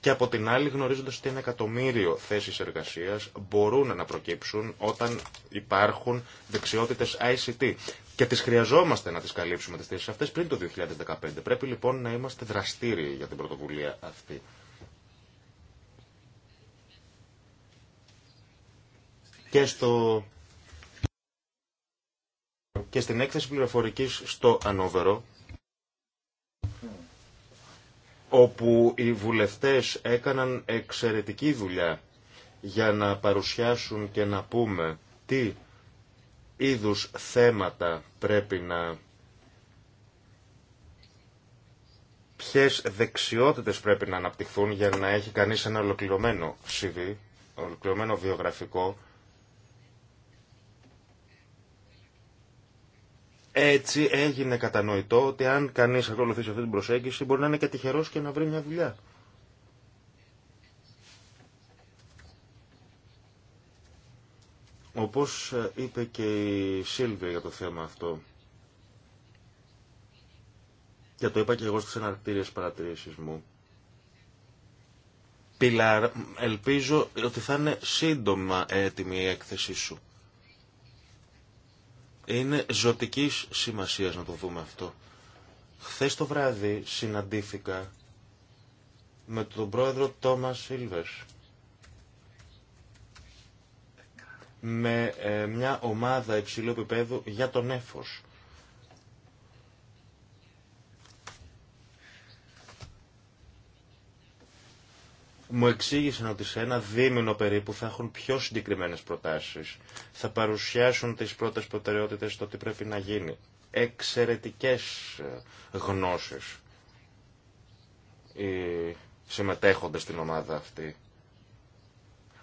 και από την άλλη γνωρίζοντας ότι ένα εκατομμύριο θέσεις εργασίας μπορούν να προκύψουν όταν υπάρχουν δεξιότητες ICT και τις χρειαζόμαστε να τις καλύψουμε τις θέσεις αυτές πριν το 2015. Πρέπει λοιπόν να είμαστε δραστήριοι για την πρωτοβουλία αυτή. Και στο και στην έκθεση πληροφορικής στο Ανόβερο όπου οι βουλευτές έκαναν εξαιρετική δουλειά για να παρουσιάσουν και να πούμε τι είδους θέματα πρέπει να ποιες δεξιότητες πρέπει να αναπτυχθούν για να έχει κανείς ένα ολοκληρωμένο CV, ολοκληρωμένο βιογραφικό Έτσι έγινε κατανοητό ότι αν κανείς ακολουθήσει αυτή την προσέγγιση μπορεί να είναι και τυχερός και να βρει μια δουλειά. Όπως ε, είπε και η Σίλβια για το θέμα αυτό, και το είπα και εγώ στις εναρκτήριες παρατηρήσεις μου, Πιλάρ, ελπίζω ότι θα είναι σύντομα έτοιμη η έκθεσή σου. Είναι ζωτική σημασία να το δούμε αυτό. Χθε το βράδυ συναντήθηκα με τον πρόεδρο Τόμα Σίλβερ. Με ε, μια ομάδα υψηλού επίπεδου για τον έφος. μου εξήγησαν ότι σε ένα δίμηνο περίπου θα έχουν πιο συγκεκριμένε προτάσεις. Θα παρουσιάσουν τις πρώτες προτεραιότητες στο τι πρέπει να γίνει. εξαιρετικέ ε, γνώσεις οι συμμετέχοντες στην ομάδα αυτή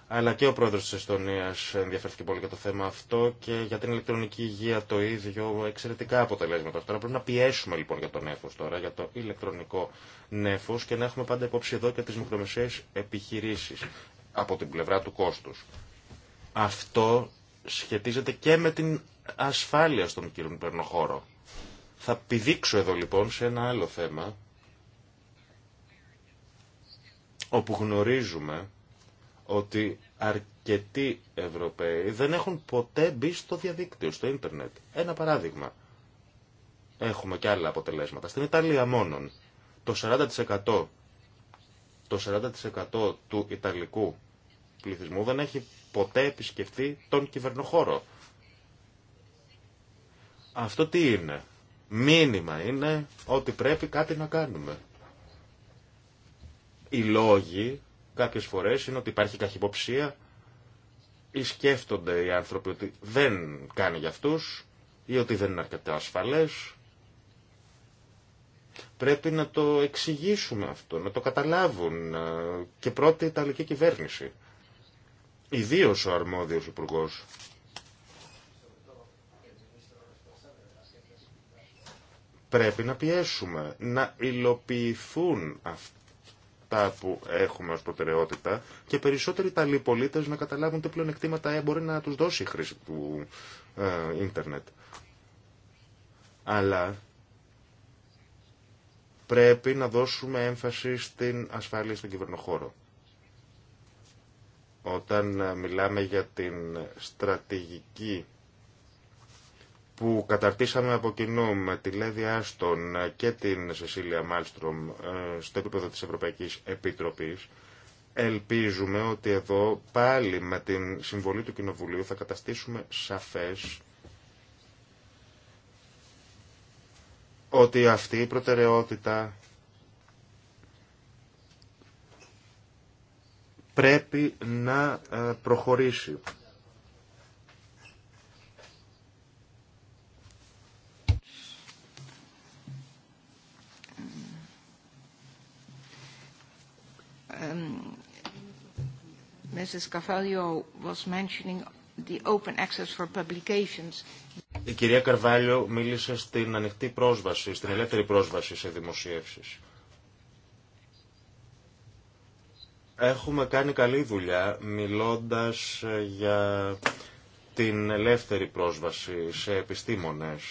αλλά και ο πρόεδρος της Εστονίας ενδιαφέρθηκε πολύ για το θέμα αυτό και για την ηλεκτρονική υγεία το ίδιο, εξαιρετικά αποτελέσματα τώρα. Πρέπει να πιέσουμε λοιπόν για το νέφος τώρα, για το ηλεκτρονικό νέφος και να έχουμε πάντα υπόψη εδώ και τις μικρομεσαίες επιχειρήσεις από την πλευρά του κόστους. Αυτό σχετίζεται και με την ασφάλεια στον χώρο. Θα πηδήξω εδώ λοιπόν σε ένα άλλο θέμα όπου γνωρίζουμε ότι αρκετοί Ευρωπαίοι δεν έχουν ποτέ μπει στο διαδίκτυο, στο ίντερνετ. Ένα παράδειγμα. Έχουμε και άλλα αποτελέσματα. Στην Ιταλία μόνον το 40%, το 40 του Ιταλικού πληθυσμού δεν έχει ποτέ επισκεφτεί τον κυβερνοχώρο. Αυτό τι είναι. Μήνυμα είναι ότι πρέπει κάτι να κάνουμε. Οι λόγοι κάποιες φορές είναι ότι υπάρχει καχυποψία ή σκέφτονται οι άνθρωποι ότι δεν κάνει για αυτούς ή ότι δεν είναι αρκετά ασφαλές. Πρέπει να το εξηγήσουμε αυτό, να το καταλάβουν ε, και πρώτη η Ιταλική κυβέρνηση. Ιδίω ο αρμόδιος υπουργό. Πρέπει να πιέσουμε, να υλοποιηθούν αυτά αυτά που έχουμε ως προτεραιότητα και περισσότεροι Ιταλοί πολίτες να καταλάβουν τι πλεονεκτήματα ε, μπορεί να τους δώσει η χρήση του ε, ίντερνετ. Αλλά πρέπει να δώσουμε έμφαση στην ασφάλεια στον κυβερνοχώρο. Όταν ε, μιλάμε για την στρατηγική που καταρτήσαμε από κοινού με τη Λέδη Άστον και την Σεσίλια Μάλστρομ ε, στο επίπεδο της Ευρωπαϊκής Επιτροπής, ελπίζουμε ότι εδώ πάλι με την συμβολή του Κοινοβουλίου θα καταστήσουμε σαφές ότι αυτή η προτεραιότητα πρέπει να ε, προχωρήσει. Mrs. Um, was for Η κυρία Καρβάλιο μίλησε στην ανοιχτή πρόσβαση, στην ελεύθερη πρόσβαση σε δημοσίευσεις. Έχουμε κάνει καλή δουλειά μιλώντας ε, για την ελεύθερη πρόσβαση σε επιστήμονες.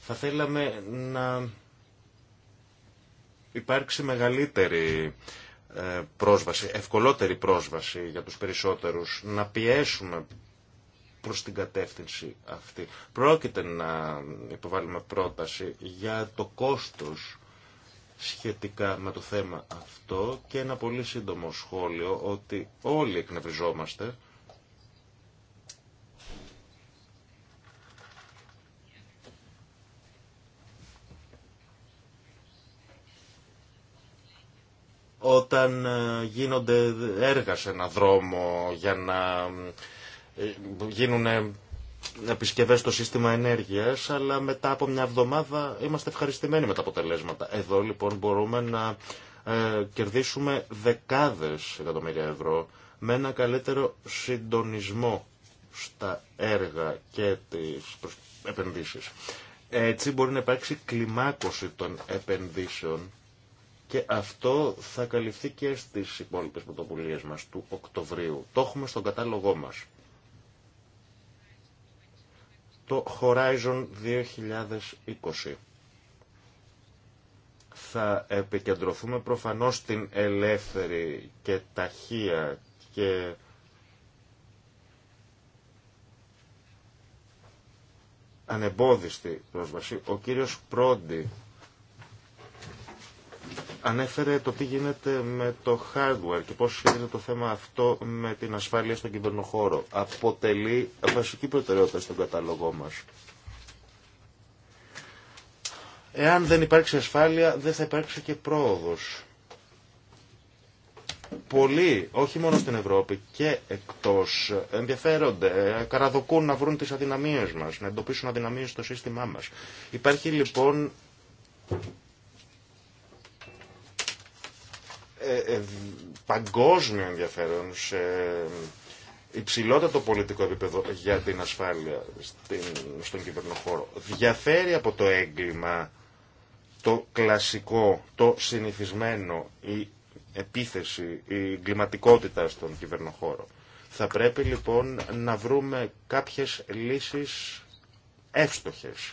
Θα θέλαμε να υπάρξει μεγαλύτερη ε, πρόσβαση, ευκολότερη πρόσβαση για τους περισσότερους, να πιέσουμε προς την κατεύθυνση αυτή. Πρόκειται να υποβάλουμε πρόταση για το κόστος σχετικά με το θέμα αυτό και ένα πολύ σύντομο σχόλιο ότι όλοι εκνευριζόμαστε όταν ε, γίνονται έργα σε ένα δρόμο για να ε, γίνουν ε, επισκευές στο σύστημα ενέργειας, αλλά μετά από μια εβδομάδα είμαστε ευχαριστημένοι με τα αποτελέσματα. Εδώ λοιπόν μπορούμε να κερδίσουμε δεκάδες εκατομμύρια ευρώ με ένα καλύτερο συντονισμό στα έργα και τις επενδύσεις. Έτσι μπορεί να υπάρξει κλιμάκωση των επενδύσεων και αυτό θα καλυφθεί και στις υπόλοιπες πρωτοβουλίε μας του Οκτωβρίου. Το έχουμε στον κατάλογό μας. Το Horizon 2020 θα επικεντρωθούμε προφανώς στην ελεύθερη και ταχεία και ανεμπόδιστη πρόσβαση. Ο κύριος Πρόντι ανέφερε το τι γίνεται με το hardware και πώς σχετίζεται το θέμα αυτό με την ασφάλεια στον κυβερνοχώρο. Αποτελεί βασική προτεραιότητα στον κατάλογό μας. Εάν δεν υπάρξει ασφάλεια, δεν θα υπάρξει και πρόοδος. Πολλοί, όχι μόνο στην Ευρώπη και εκτός, ενδιαφέρονται, καραδοκούν να βρουν τις αδυναμίες μας, να εντοπίσουν αδυναμίες στο σύστημά μας. Υπάρχει λοιπόν Ε, ε, παγκόσμιο ενδιαφέρον σε υψηλότατο πολιτικό επίπεδο για την ασφάλεια στην, στον κυβερνοχώρο. Διαφέρει από το έγκλημα το κλασικό, το συνηθισμένο, η επίθεση, η εγκληματικότητα στον κυβερνοχώρο. Θα πρέπει λοιπόν να βρούμε κάποιες λύσεις εύστοχες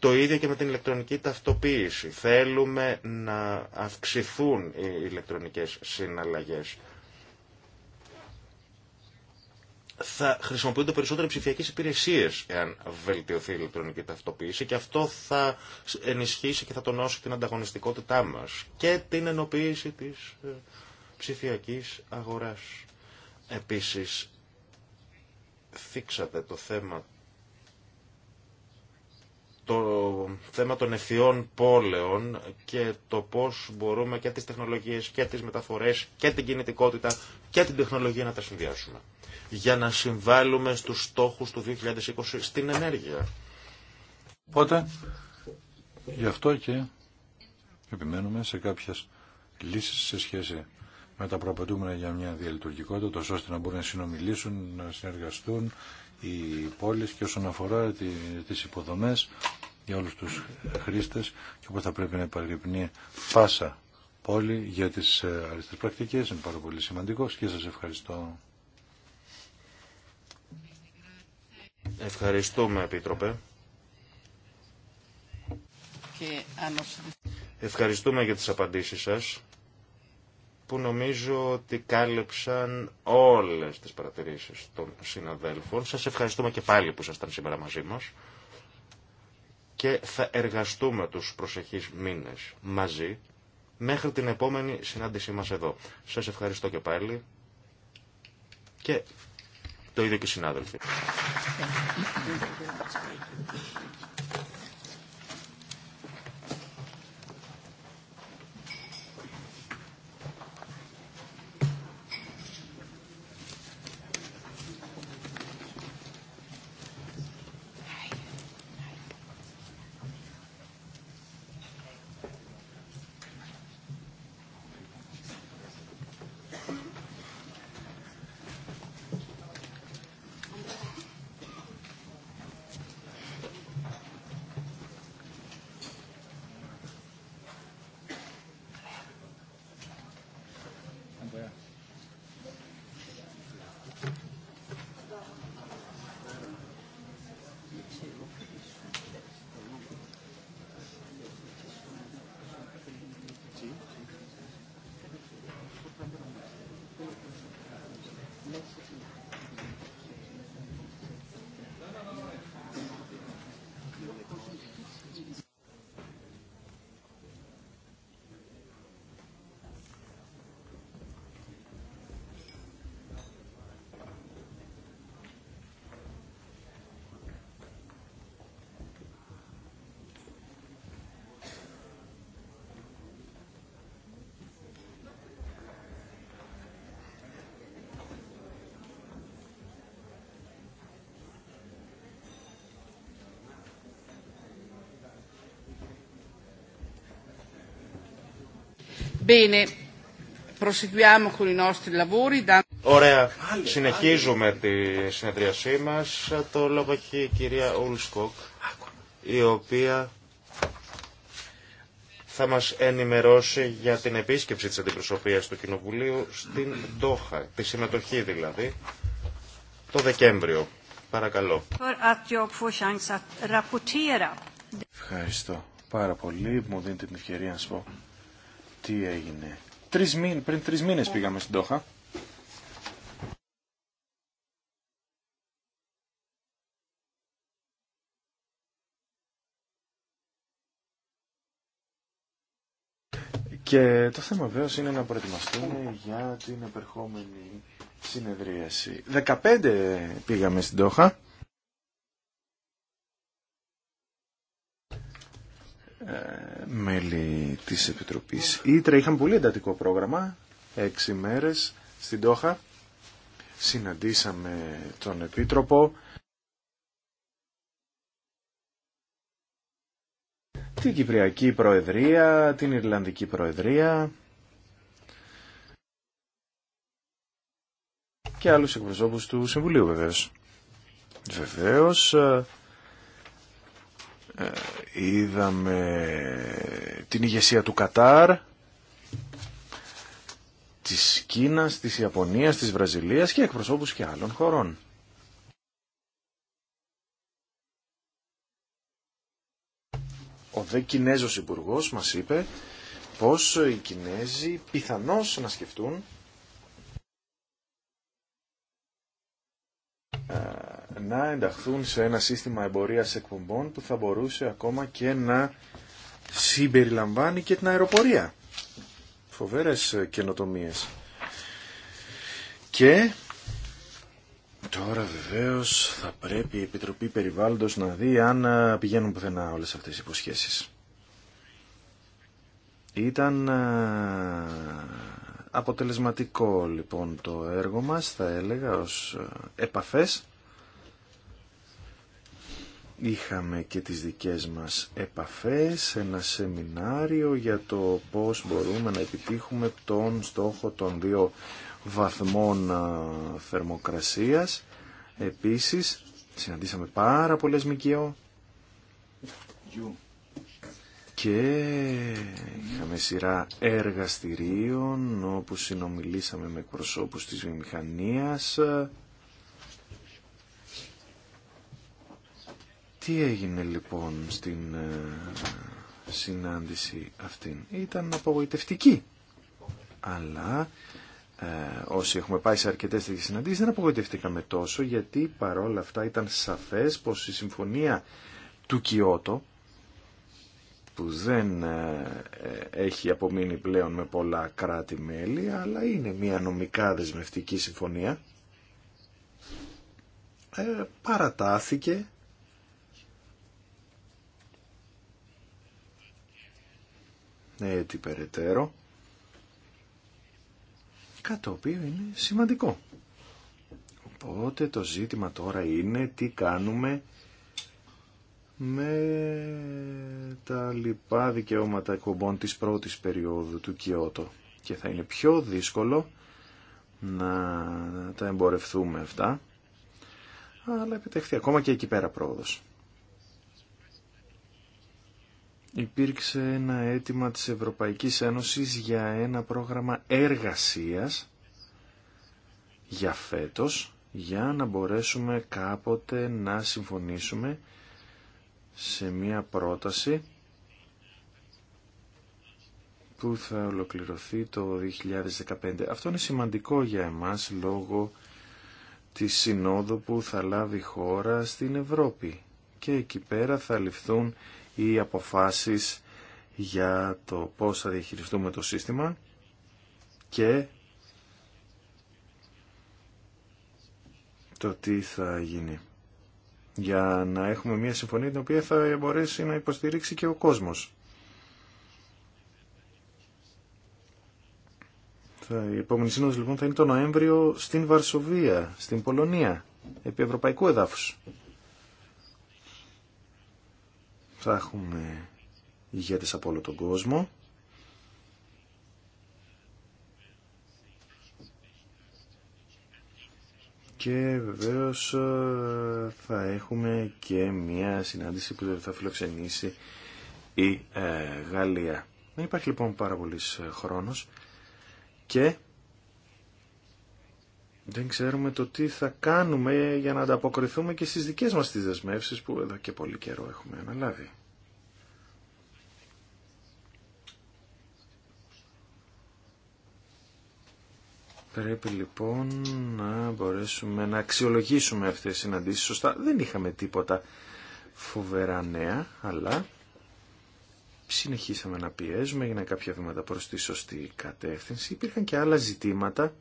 το ίδιο και με την ηλεκτρονική ταυτοποίηση. Θέλουμε να αυξηθούν οι ηλεκτρονικές συναλλαγές. Θα χρησιμοποιούνται περισσότερο ψηφιακές υπηρεσίες εάν βελτιωθεί η ηλεκτρονική ταυτοποίηση και αυτό θα ενισχύσει και θα τονώσει την ανταγωνιστικότητά μας και την ενοποίηση της ε, ψηφιακής αγοράς. Επίσης, θίξατε το θέμα το θέμα των ευθειών πόλεων και το πώς μπορούμε και τις τεχνολογίες και τις μεταφορές και την κινητικότητα και την τεχνολογία να τα συνδυάσουμε. Για να συμβάλλουμε στους στόχους του 2020 στην ενέργεια. Οπότε, γι' αυτό και επιμένουμε σε κάποιες λύσεις σε σχέση με τα προαπαιτούμενα για μια διαλειτουργικότητα, ώστε να μπορούν να συνομιλήσουν, να συνεργαστούν οι πόλεις και όσον αφορά τις υποδομές για όλους τους χρήστες και όπως θα πρέπει να υπαρρυπνεί πάσα πόλη για τις αριστερές ε, πρακτικές. Είναι πάρα πολύ σημαντικό και σας ευχαριστώ. Ευχαριστούμε, Επίτροπε. Ευχαριστούμε για τις απαντήσεις σας που νομίζω ότι κάλεψαν όλες τις παρατηρήσεις των συναδέλφων. Σας ευχαριστούμε και πάλι που ήσασταν σήμερα μαζί μας και θα εργαστούμε τους προσεχείς μήνες μαζί μέχρι την επόμενη συνάντησή μας εδώ. Σας ευχαριστώ και πάλι και το ίδιο και οι συνάδελφοι. Bene, con i nostri lavori. Ωραία. Συνεχίζουμε τη συνεδρίασή μας. Το λόγο έχει η κυρία Ουλσκοκ, η οποία θα μας ενημερώσει για την επίσκεψη της αντιπροσωπείας του Κοινοβουλίου στην Ντόχα, τη συμμετοχή δηλαδή, το Δεκέμβριο. Παρακαλώ. Ευχαριστώ πάρα πολύ που μου δίνετε την ευκαιρία να σας πω τι έγινε. Τρεις πριν τρεις μήνες πήγαμε στην Τόχα. Και το θέμα βέβαια είναι να προετοιμαστούμε για την επερχόμενη συνεδρίαση. 15 πήγαμε στην Τόχα. Ε, μέλη της Επιτροπής. Ήτρα είχαν πολύ εντατικό πρόγραμμα, έξι μέρες στην Τόχα. Συναντήσαμε τον Επίτροπο. Την Κυπριακή Προεδρία, την Ιρλανδική Προεδρία και άλλους εκπροσώπους του Συμβουλίου βεβαίως. Βεβαίως, ε, ε, είδαμε την ηγεσία του Κατάρ, της Κίνας, της Ιαπωνίας, της Βραζιλίας και εκπροσώπους και άλλων χωρών. Ο δε Κινέζος Υπουργός μας είπε πως οι Κινέζοι πιθανώς να σκεφτούν ε, να ενταχθούν σε ένα σύστημα εμπορίας εκπομπών που θα μπορούσε ακόμα και να συμπεριλαμβάνει και την αεροπορία. Φοβέρες καινοτομίες. Και τώρα βεβαίως θα πρέπει η Επιτροπή Περιβάλλοντος να δει αν ε, πηγαίνουν πουθενά όλες αυτές οι υποσχέσεις. Ήταν ε, αποτελεσματικό λοιπόν το έργο μας, θα έλεγα, ως ε, επαφές είχαμε και τις δικές μας επαφές, ένα σεμινάριο για το πώς μπορούμε να επιτύχουμε τον στόχο των δύο βαθμών θερμοκρασίας. Επίσης, συναντήσαμε πάρα πολλές ΜΚΙΟ και είχαμε σειρά εργαστηρίων όπου συνομιλήσαμε με προσώπους της βιομηχανίας, Τι έγινε λοιπόν στην ε, συνάντηση αυτήν. Ήταν απογοητευτική. Αλλά ε, όσοι έχουμε πάει σε αρκετέ τέτοιε συναντήσει δεν απογοητευτήκαμε τόσο γιατί παρόλα αυτά ήταν σαφές πως η συμφωνία του Κιώτο που δεν ε, έχει απομείνει πλέον με πολλά κράτη-μέλη αλλά είναι μια νομικά δεσμευτική συμφωνία παρατάθηκε έτσι περαιτέρω, κάτι το οποίο είναι σημαντικό. Οπότε το ζήτημα τώρα είναι τι κάνουμε με τα λοιπά δικαιώματα εκπομπών της πρώτης περίοδου του Κιώτο και θα είναι πιο δύσκολο να τα εμπορευθούμε αυτά αλλά επιτευχθεί ακόμα και εκεί πέρα πρόοδος υπήρξε ένα αίτημα της Ευρωπαϊκής Ένωσης για ένα πρόγραμμα εργασίας για φέτος, για να μπορέσουμε κάποτε να συμφωνήσουμε σε μία πρόταση που θα ολοκληρωθεί το 2015. Αυτό είναι σημαντικό για εμάς λόγω της συνόδου που θα λάβει χώρα στην Ευρώπη. Και εκεί πέρα θα ληφθούν η αποφάσεις για το πώς θα διαχειριστούμε το σύστημα και το τι θα γίνει για να έχουμε μια συμφωνία την οποία θα μπορέσει να υποστηρίξει και ο κόσμος. Η επόμενη σύνοδος λοιπόν θα είναι το Νοέμβριο στην Βαρσοβία, στην Πολωνία, επί ευρωπαϊκού εδάφους θα έχουμε ηγέτες από όλο τον κόσμο. Και βεβαίως ε, θα έχουμε και μια συνάντηση που θα φιλοξενήσει η ε, Γαλλία. Δεν υπάρχει λοιπόν πάρα πολύς ε, χρόνος και δεν ξέρουμε το τι θα κάνουμε για να ανταποκριθούμε και στις δικές μας τις δεσμεύσεις που εδώ και πολύ καιρό έχουμε αναλάβει. Πρέπει λοιπόν να μπορέσουμε να αξιολογήσουμε αυτές τις συναντήσεις σωστά. Δεν είχαμε τίποτα φοβερά νέα, αλλά συνεχίσαμε να πιέζουμε, έγιναν κάποια βήματα προς τη σωστή κατεύθυνση. Υπήρχαν και άλλα ζητήματα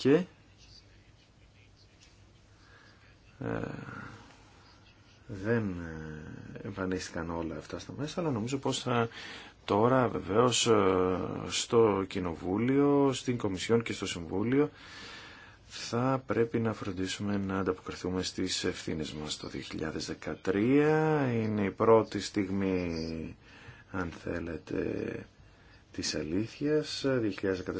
και ε, δεν ε, εμφανίστηκαν όλα αυτά στα μέσα, αλλά νομίζω πως ε, τώρα βεβαίως στο Κοινοβούλιο, στην Κομισιόν και στο Συμβούλιο θα πρέπει να φροντίσουμε να ανταποκριθούμε στις ευθύνες μας. Το 2013 είναι η πρώτη στιγμή, αν θέλετε, Τη αλήθεια. 2014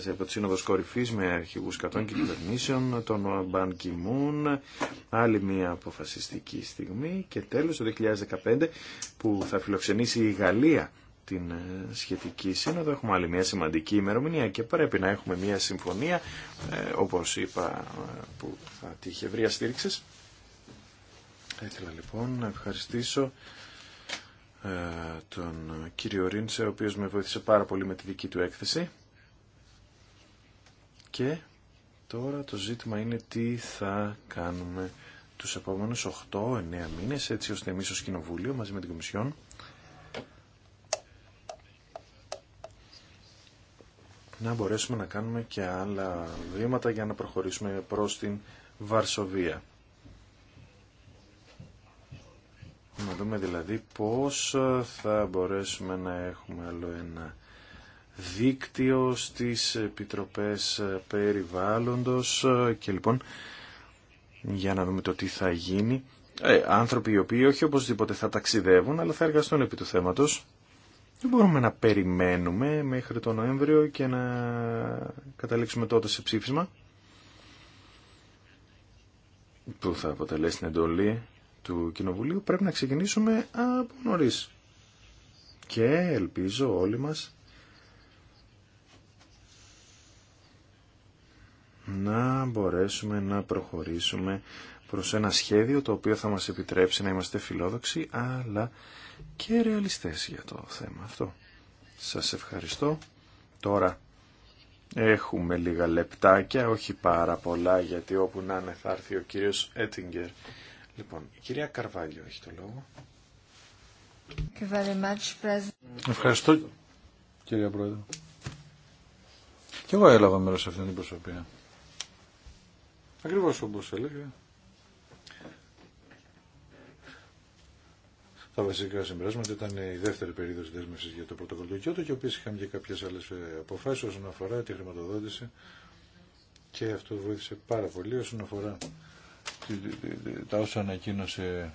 από τη Σύνοδο Κορυφή με αρχηγού κατών και κυβερνήσεων τον Μπαν Κιμούν άλλη μια αποφασιστική στιγμή και τέλο το 2015 που θα φιλοξενήσει η Γαλλία την ε, σχετική σύνοδο έχουμε άλλη μια σημαντική ημερομηνία και πρέπει να έχουμε μια συμφωνία ε, όπως είπα ε, που θα τύχει ευρεία στήριξης θα ήθελα λοιπόν να ευχαριστήσω ε, τον κύριο Ρίντσε, ο οποίος με βοήθησε πάρα πολύ με τη δική του έκθεση. Και τώρα το ζήτημα είναι τι θα κάνουμε τους επόμενους 8-9 μήνες, έτσι ώστε εμείς ως Κοινοβούλιο μαζί με την Κομισιόν να μπορέσουμε να κάνουμε και άλλα βήματα για να προχωρήσουμε προς την Βαρσοβία. Να δούμε δηλαδή πώς θα μπορέσουμε να έχουμε άλλο ένα δίκτυο στις επιτροπές περιβάλλοντος και λοιπόν για να δούμε το τι θα γίνει. Ε, άνθρωποι οι οποίοι όχι οπωσδήποτε θα ταξιδεύουν αλλά θα εργαστούν επί του θέματος. Δεν μπορούμε να περιμένουμε μέχρι τον Νοέμβριο και να καταλήξουμε τότε σε ψήφισμα που θα αποτελέσει την εντολή του Κοινοβουλίου πρέπει να ξεκινήσουμε από νωρίς. Και ελπίζω όλοι μας να μπορέσουμε να προχωρήσουμε προς ένα σχέδιο το οποίο θα μας επιτρέψει να είμαστε φιλόδοξοι αλλά και ρεαλιστές για το θέμα αυτό. Σας ευχαριστώ. Τώρα έχουμε λίγα λεπτάκια, όχι πάρα πολλά γιατί όπου να είναι θα έρθει ο κύριος Έτιγκερ Λοιπόν, η κυρία Καρβάλιο έχει το λόγο. Ευχαριστώ, κύριε Πρόεδρε. Και εγώ έλαβα μέρο σε αυτήν την προσωπία. Ακριβώς όπως έλεγα. Τα βασικά συμπεράσματα ήταν η δεύτερη περίοδο δέσμευση για το πρωτοκόλλο του Κιώτο και επίση είχαμε και κάποιε άλλε αποφάσει όσον αφορά τη χρηματοδότηση και αυτό βοήθησε πάρα πολύ όσον αφορά τα όσα ανακοίνωσε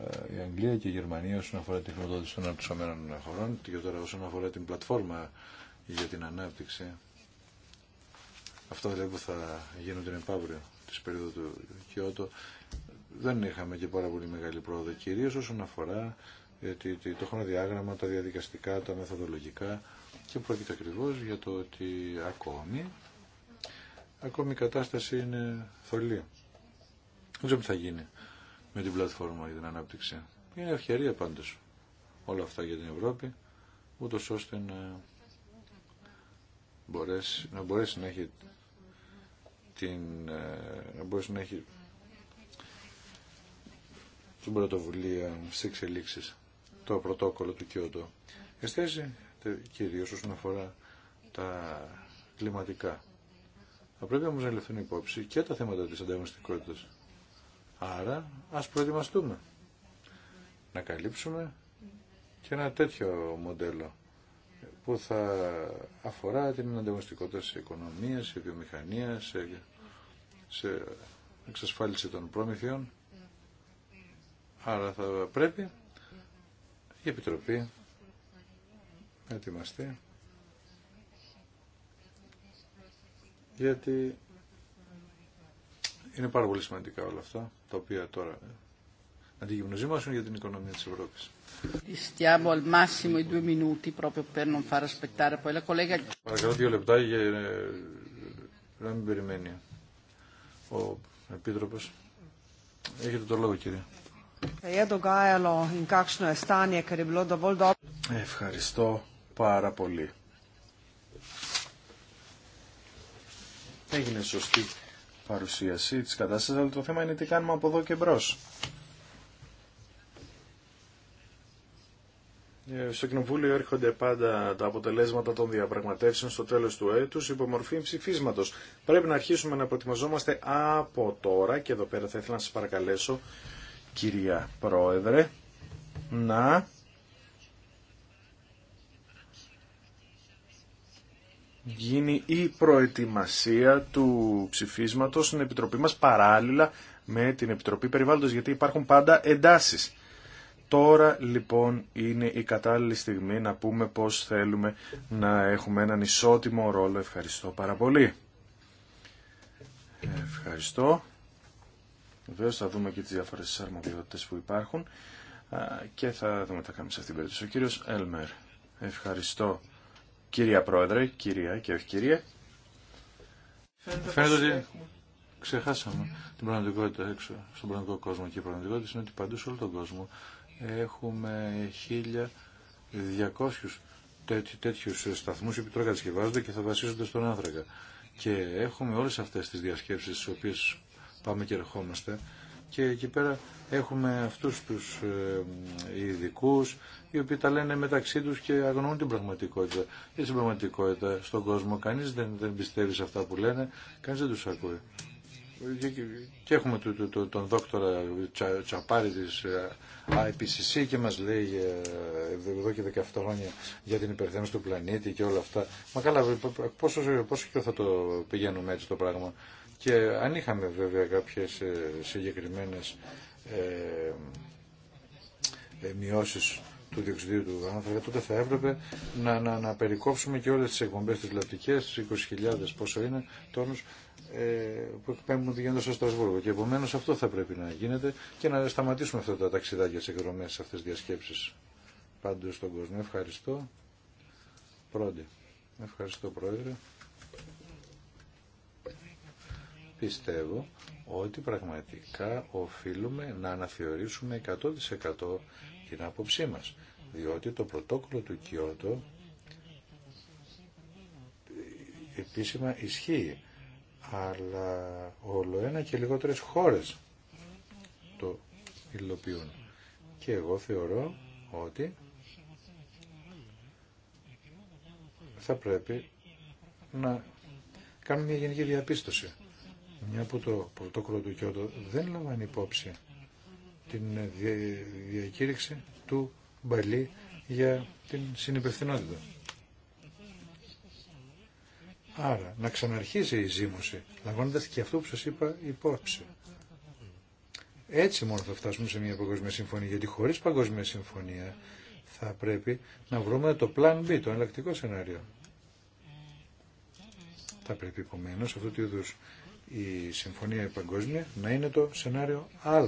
ε, η Αγγλία και η Γερμανία όσον αφορά τη χρηματοδότηση των αναπτυσσομένων χωρών και τώρα όσον αφορά την πλατφόρμα για την ανάπτυξη. Αυτά δηλαδή που θα γίνουν την επαύριο της περίοδου του Κιώτο δεν είχαμε και πάρα πολύ μεγάλη πρόοδο κυρίω όσον αφορά ε, το χρονοδιάγραμμα, τα διαδικαστικά, τα μεθοδολογικά και πρόκειται ακριβώ για το ότι ακόμη, ακόμη η κατάσταση είναι θολή. Δεν ξέρω τι θα γίνει με την πλατφόρμα για την ανάπτυξη. Είναι ευκαιρία πάντω όλα αυτά για την Ευρώπη, ούτω ώστε να μπορέσει, να μπορέσει να έχει την, ε, να μπορέσει να έχει την πρωτοβουλία στι εξελίξει, το πρωτόκολλο του Κιώτο. Εστέζει κυρίω όσον αφορά τα κλιματικά. Θα πρέπει όμως να λεφθούν υπόψη και τα θέματα τη ανταγωνιστικότητα. Άρα ας προετοιμαστούμε να καλύψουμε και ένα τέτοιο μοντέλο που θα αφορά την ανταγωνιστικότητα σε οικονομία, σε βιομηχανία, σε, σε εξασφάλιση των προμηθειών. Άρα θα πρέπει η Επιτροπή να ετοιμαστεί γιατί είναι πάρα πολύ σημαντικά όλα αυτά τα οποία τώρα αντιγυμνοζήμασουν για την οικονομία της Ευρώπης. Stiamo al massimo i due Παρακαλώ δύο λεπτά για ε, να μην περιμένει ο Επίτροπος. Έχετε το λόγο κύριε. Ε, Ευχαριστώ πάρα πολύ. Έγινε σωστή παρουσίαση της κατάστασης, αλλά το θέμα είναι τι κάνουμε από εδώ και μπρος. Ε, στο Κοινοβούλιο έρχονται πάντα τα αποτελέσματα των διαπραγματεύσεων στο τέλος του έτους υπό μορφή ψηφίσματος. Πρέπει να αρχίσουμε να προετοιμαζόμαστε από τώρα και εδώ πέρα θα ήθελα να σας παρακαλέσω κυρία Πρόεδρε να γίνει η προετοιμασία του ψηφίσματος στην Επιτροπή μας παράλληλα με την Επιτροπή Περιβάλλοντος, γιατί υπάρχουν πάντα εντάσεις. Τώρα λοιπόν είναι η κατάλληλη στιγμή να πούμε πώς θέλουμε να έχουμε έναν ισότιμο ρόλο. Ευχαριστώ πάρα πολύ. Ευχαριστώ. Βεβαίω θα δούμε και τις διάφορες αρμοδιότητες που υπάρχουν και θα δούμε τι θα κάνουμε σε αυτήν την περίπτωση. Ο κύριος Έλμερ, ευχαριστώ. Κυρία Πρόεδρε, κυρία και όχι κυρία. Φαίνεται, ότι ξεχάσαμε την πραγματικότητα έξω στον πραγματικό κόσμο και η πραγματικότητα είναι ότι παντού σε όλο τον κόσμο έχουμε 1200 τέτοι, τέτοιους σταθμούς οι τώρα κατασκευάζονται και θα βασίζονται στον άνθρακα. Και έχουμε όλες αυτές τις διασκέψεις στις οποίες πάμε και ερχόμαστε και εκεί πέρα έχουμε αυτούς τους ε, ειδικού οι οποίοι τα λένε μεταξύ τους και αγνοούν την πραγματικότητα. Και στην πραγματικότητα στον κόσμο κανείς δεν, δεν πιστεύει σε αυτά που λένε, κανείς δεν τους ακούει. Και, έχουμε τον δόκτορα Τσα, Τσαπάρη της IPCC ε, και μας λέει εδώ και 17 χρόνια για την υπερθέμιση του πλανήτη και όλα αυτά. Μα καλά, πόσο, πόσο και θα το πηγαίνουμε έτσι το πράγμα. Και αν είχαμε βέβαια κάποιες ε, συγκεκριμένες ε, ε, μειώσεις του διοξιδίου του άνθρακα, τότε θα έπρεπε να, να, να περικόψουμε και όλες τις εκπομπές της λαπτικές, τις 20.000 πόσο είναι τόνους, ε, που εκπέμπουν πηγαίνοντα στο Στρασβούργο. Και επομένω αυτό θα πρέπει να γίνεται και να σταματήσουμε αυτά τα ταξιδάκια σε εκδρομέ, σε αυτέ τι διασκέψει πάντω στον κόσμο. Ευχαριστώ. Πρώτη. Ευχαριστώ, Πρόεδρε πιστεύω ότι πραγματικά οφείλουμε να αναθεωρήσουμε 100% την άποψή μας, διότι το πρωτόκολλο του Κιώτο επίσημα ισχύει, αλλά όλο ένα και λιγότερες χώρες το υλοποιούν. Και εγώ θεωρώ ότι θα πρέπει να κάνουμε μια γενική διαπίστωση μια από το πρωτόκολλο του Κιώτο δεν λαμβάνει υπόψη την διακήρυξη του Μπαλί για την συνυπευθυνότητα. Άρα, να ξαναρχίσει η ζήμωση, λαμβάνοντα και αυτό που σα είπα υπόψη. Έτσι μόνο θα φτάσουμε σε μια παγκόσμια συμφωνία, γιατί χωρί παγκόσμια συμφωνία θα πρέπει να βρούμε το plan B, το εναλλακτικό σενάριο. Θα πρέπει επομένω αυτού του είδου η συμφωνία παγκόσμια να είναι το σενάριο Α.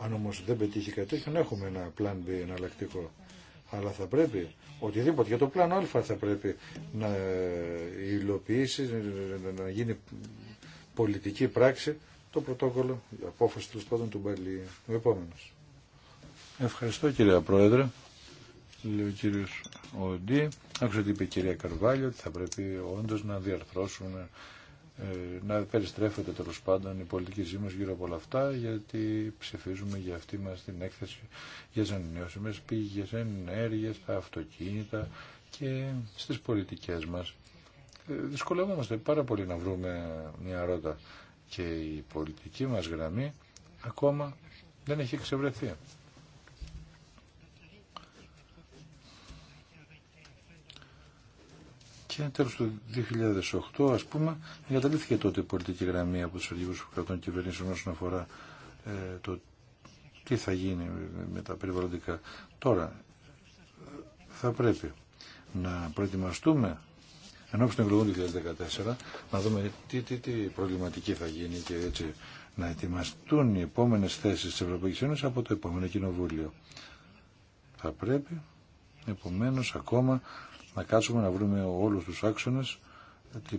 Αν όμω δεν πετύχει κάτι να έχουμε ένα πλάν B εναλλακτικό. Αλλά θα πρέπει, οτιδήποτε, για το πλάνο Α θα πρέπει να υλοποιήσει, να γίνει πολιτική πράξη το πρωτόκολλο, η απόφαση του πάντων του Μπαλί. Ο επόμενο. Ευχαριστώ κυρία Πρόεδρε. Λέει ο κύριο Οντή, Άκουσα ότι είπε η κυρία Καρβάλιο ότι θα πρέπει όντω να διαρθρώσουμε ε, να περιστρέφεται τέλο πάντων η πολιτική ζήμωση γύρω από όλα αυτά, γιατί ψηφίζουμε για αυτή μας την έκθεση για τι ανανεώσιμε πηγέ, ενέργειες, τα αυτοκίνητα και στι μας μα. Ε, Δυσκολεύομαστε πάρα πολύ να βρούμε μια ρότα και η πολιτική μας γραμμή ακόμα δεν έχει εξευρεθεί. και τέλος του 2008 ας πούμε εγκαταλείφθηκε τότε η πολιτική γραμμή από τους αρχηγούς κρατών κυβερνήσεων όσον αφορά ε, το τι θα γίνει με τα περιβαλλοντικά. Τώρα θα πρέπει να προετοιμαστούμε ενώ στην εκλογών του 2014 να δούμε τι, τι, τι προβληματική θα γίνει και έτσι να ετοιμαστούν οι επόμενες θέσεις της Ευρωπαϊκής Ένωσης από το επόμενο κοινοβούλιο. Θα πρέπει επομένως ακόμα να κάτσουμε να βρούμε όλους τους άξονες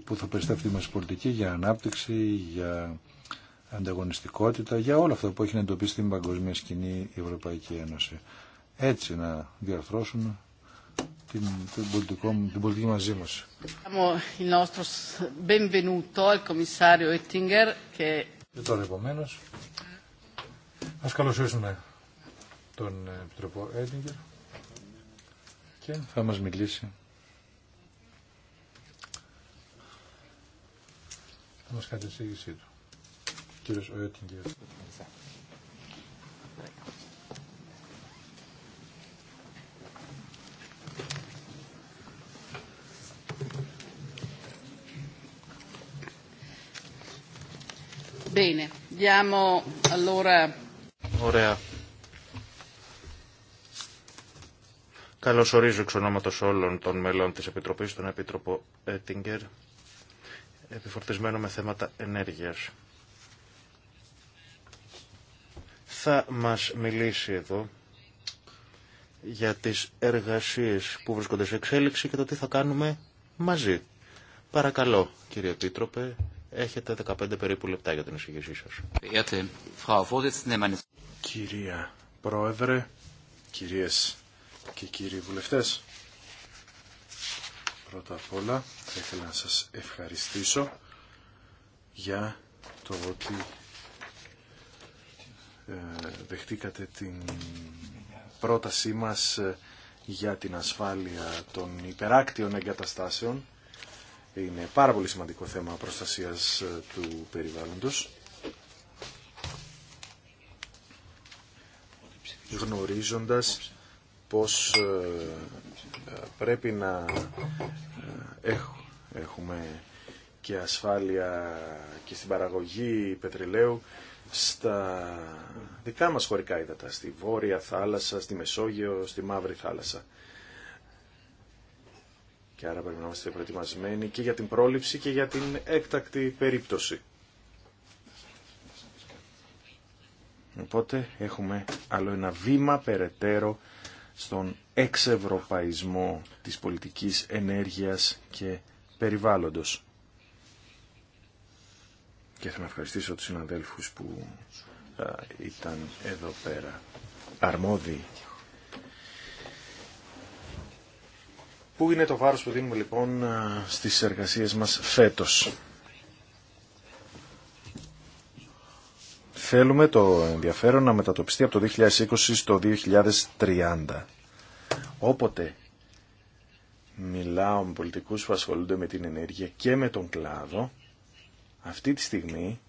που θα περιστρέφει μας μας πολιτική για ανάπτυξη, για ανταγωνιστικότητα, για όλα αυτά που έχει να εντοπίσει την παγκοσμία σκηνή η Ευρωπαϊκή Ένωση. Έτσι να διαρθρώσουν την, την, πολιτικό, την πολιτική μαζί μας. Και τώρα επομένως, ας καλωσορίσουμε τον ε, Επιτροπό Έντιγκερ και θα μας μιλήσει μας κάνει την εισήγησή του. Κύριος Οέτιγκερ. Bene, diamo allora... Ωραία. εξ ονόματος όλων των μελών της Επιτροπής, τον Επίτροπο Έτιγκερ επιφορτισμένο με θέματα ενέργειας. Θα μας μιλήσει εδώ για τις εργασίες που βρίσκονται σε εξέλιξη και το τι θα κάνουμε μαζί. Παρακαλώ, κύριε Επίτροπε, έχετε 15 περίπου λεπτά για την εισηγήσή σας. Κυρία Πρόεδρε, κυρίες και κύριοι βουλευτές, Πρώτα απ' όλα ήθελα να σας ευχαριστήσω για το ότι ε, δεχτήκατε την πρότασή μας ε, για την ασφάλεια των υπεράκτιων εγκαταστάσεων. Είναι πάρα πολύ σημαντικό θέμα προστασίας ε, του περιβάλλοντος. Γνωρίζοντας πως πρέπει να ε, έχουμε και ασφάλεια και στην παραγωγή πετρελαίου στα δικά μας χωρικά ύδατα, στη Βόρεια Θάλασσα, στη Μεσόγειο, στη Μαύρη Θάλασσα. Και άρα πρέπει να είμαστε προετοιμασμένοι και για την πρόληψη και για την έκτακτη περίπτωση. Οπότε έχουμε άλλο ένα βήμα περαιτέρω στον εξευρωπαϊσμό της πολιτικής ενέργειας και περιβάλλοντος. Και θα με ευχαριστήσω τους συναδέλφους που ήταν εδώ πέρα αρμόδιοι. Πού είναι το βάρος που δίνουμε λοιπόν στις εργασίες μας φέτος. θέλουμε το ενδιαφέρον να μετατοπιστεί από το 2020 στο 2030. Όποτε μιλάω με πολιτικούς που ασχολούνται με την ενέργεια και με τον κλάδο, αυτή τη στιγμή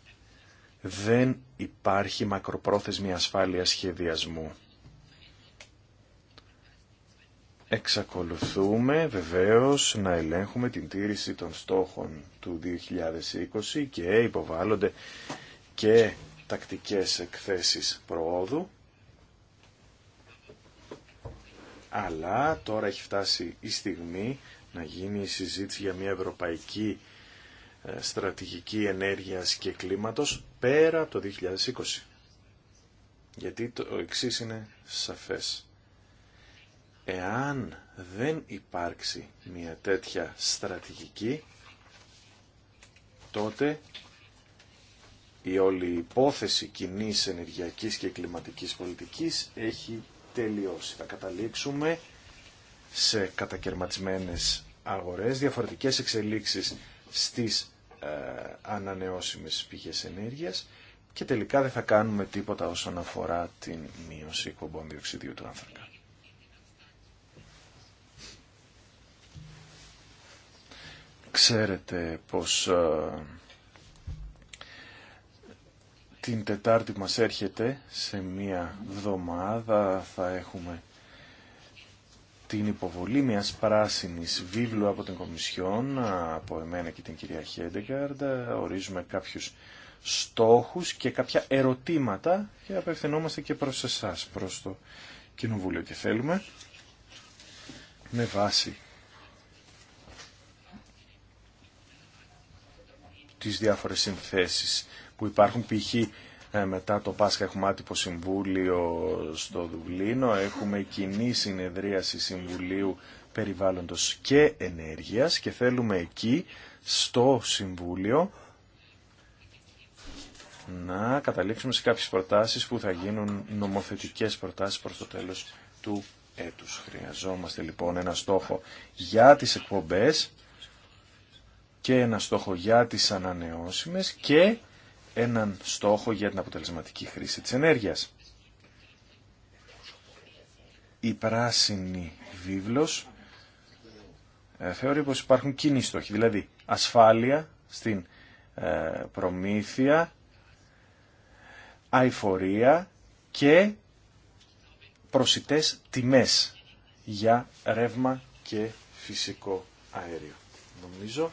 δεν υπάρχει μακροπρόθεσμη ασφάλεια σχεδιασμού. Εξακολουθούμε βεβαίως να ελέγχουμε την τήρηση των στόχων του 2020 και υποβάλλονται και τακτικές εκθέσεις προόδου. Αλλά τώρα έχει φτάσει η στιγμή να γίνει η συζήτηση για μια ευρωπαϊκή ε, στρατηγική ενέργειας και κλίματος πέρα από το 2020. Γιατί το εξή είναι σαφές. Εάν δεν υπάρξει μια τέτοια στρατηγική, τότε η όλη υπόθεση κοινή ενεργειακής και κλιματικής πολιτικής έχει τελειώσει. Θα καταλήξουμε σε κατακαιρματισμένες αγορές, διαφορετικές εξελίξεις στις ε, ανανεώσιμες πηγές ενέργειας και τελικά δεν θα κάνουμε τίποτα όσον αφορά την μείωση κομπών διοξιδίου του άνθρακα. Ξέρετε πως... Ε, την Τετάρτη που μας έρχεται, σε μία βδομάδα, θα έχουμε την υποβολή μιας πράσινης βίβλου από την Κομισιόν, από εμένα και την κυρία Χέντεγκαρντ. Ορίζουμε κάποιους στόχους και κάποια ερωτήματα και απευθυνόμαστε και προς εσάς, προς το Κοινοβούλιο. Και θέλουμε, με βάση τις διάφορες συνθέσεις που υπάρχουν. Π.χ. Ε, μετά το Πάσχα έχουμε άτυπο συμβούλιο στο Δουβλίνο, έχουμε κοινή συνεδρίαση Συμβουλίου Περιβάλλοντος και Ενέργειας και θέλουμε εκεί στο Συμβούλιο να καταλήξουμε σε κάποιες προτάσεις που θα γίνουν νομοθετικές προτάσεις προς το τέλος του έτους. Χρειαζόμαστε λοιπόν ένα στόχο για τις εκπομπές και ένα στόχο για τις ανανεώσιμες και έναν στόχο για την αποτελεσματική χρήση της ενέργειας. Η πράσινη βίβλος ε, θεωρεί πως υπάρχουν κοινοί στόχοι, δηλαδή ασφάλεια στην ε, προμήθεια, αηφορία και προσιτές τιμές για ρεύμα και φυσικό αέριο. Νομίζω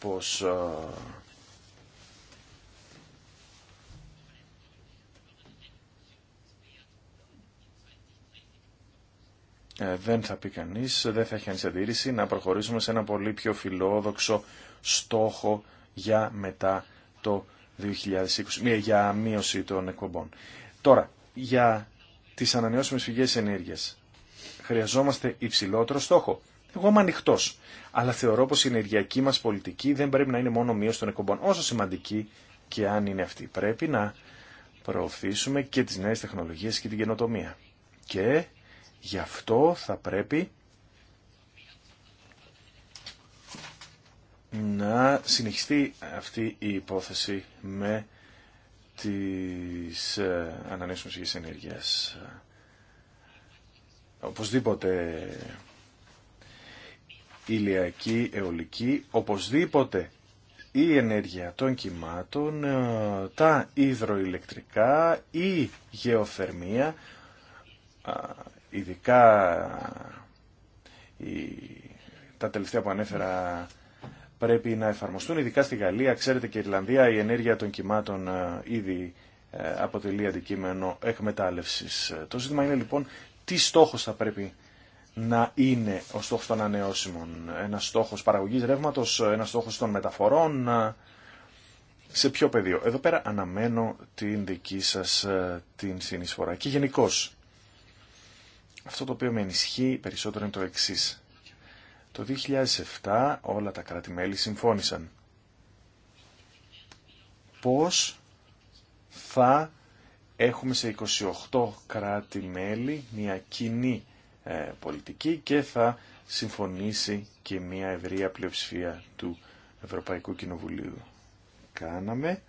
πως ε, Ε, δεν θα πει κανεί, δεν θα έχει κανεί να προχωρήσουμε σε ένα πολύ πιο φιλόδοξο στόχο για μετά το 2020, ε, για μείωση των εκπομπών. Τώρα, για τι ανανεώσιμε πηγέ ενέργεια. Χρειαζόμαστε υψηλότερο στόχο. Εγώ είμαι ανοιχτό. Αλλά θεωρώ πω η ενεργειακή μα πολιτική δεν πρέπει να είναι μόνο μείωση των εκπομπών. Όσο σημαντική και αν είναι αυτή, πρέπει να προωθήσουμε και τι νέε τεχνολογίε και την καινοτομία. Και Γι' αυτό θα πρέπει να συνεχιστεί αυτή η υπόθεση με τις ε, ανανέσιμες πηγές ενέργειας. Οπωσδήποτε ηλιακή, αιωλική, οπωσδήποτε η ενέργεια των κυμάτων, ε, τα υδροηλεκτρικά, η γεωθερμία, ειδικά τα τελευταία που ανέφερα πρέπει να εφαρμοστούν, ειδικά στη Γαλλία, ξέρετε και η Ιρλανδία, η ενέργεια των κυμάτων ε, ήδη ε, αποτελεί αντικείμενο εκμετάλλευσης. Το ζήτημα είναι λοιπόν τι στόχος θα πρέπει να είναι ο στόχος των ανανεώσιμων. Ένας στόχος παραγωγής ρεύματος, ένας στόχος των μεταφορών, ε, σε ποιο πεδίο. Εδώ πέρα αναμένω την δική σας την συνεισφορά και γενικώ αυτό το οποίο με ενισχύει περισσότερο είναι το εξής. Το 2007 όλα τα κράτη-μέλη συμφώνησαν. Πώς θα έχουμε σε 28 κράτη-μέλη μια κοινή ε, πολιτική και θα συμφωνήσει και μια ευρεία πλειοψηφία του Ευρωπαϊκού Κοινοβουλίου. Κάναμε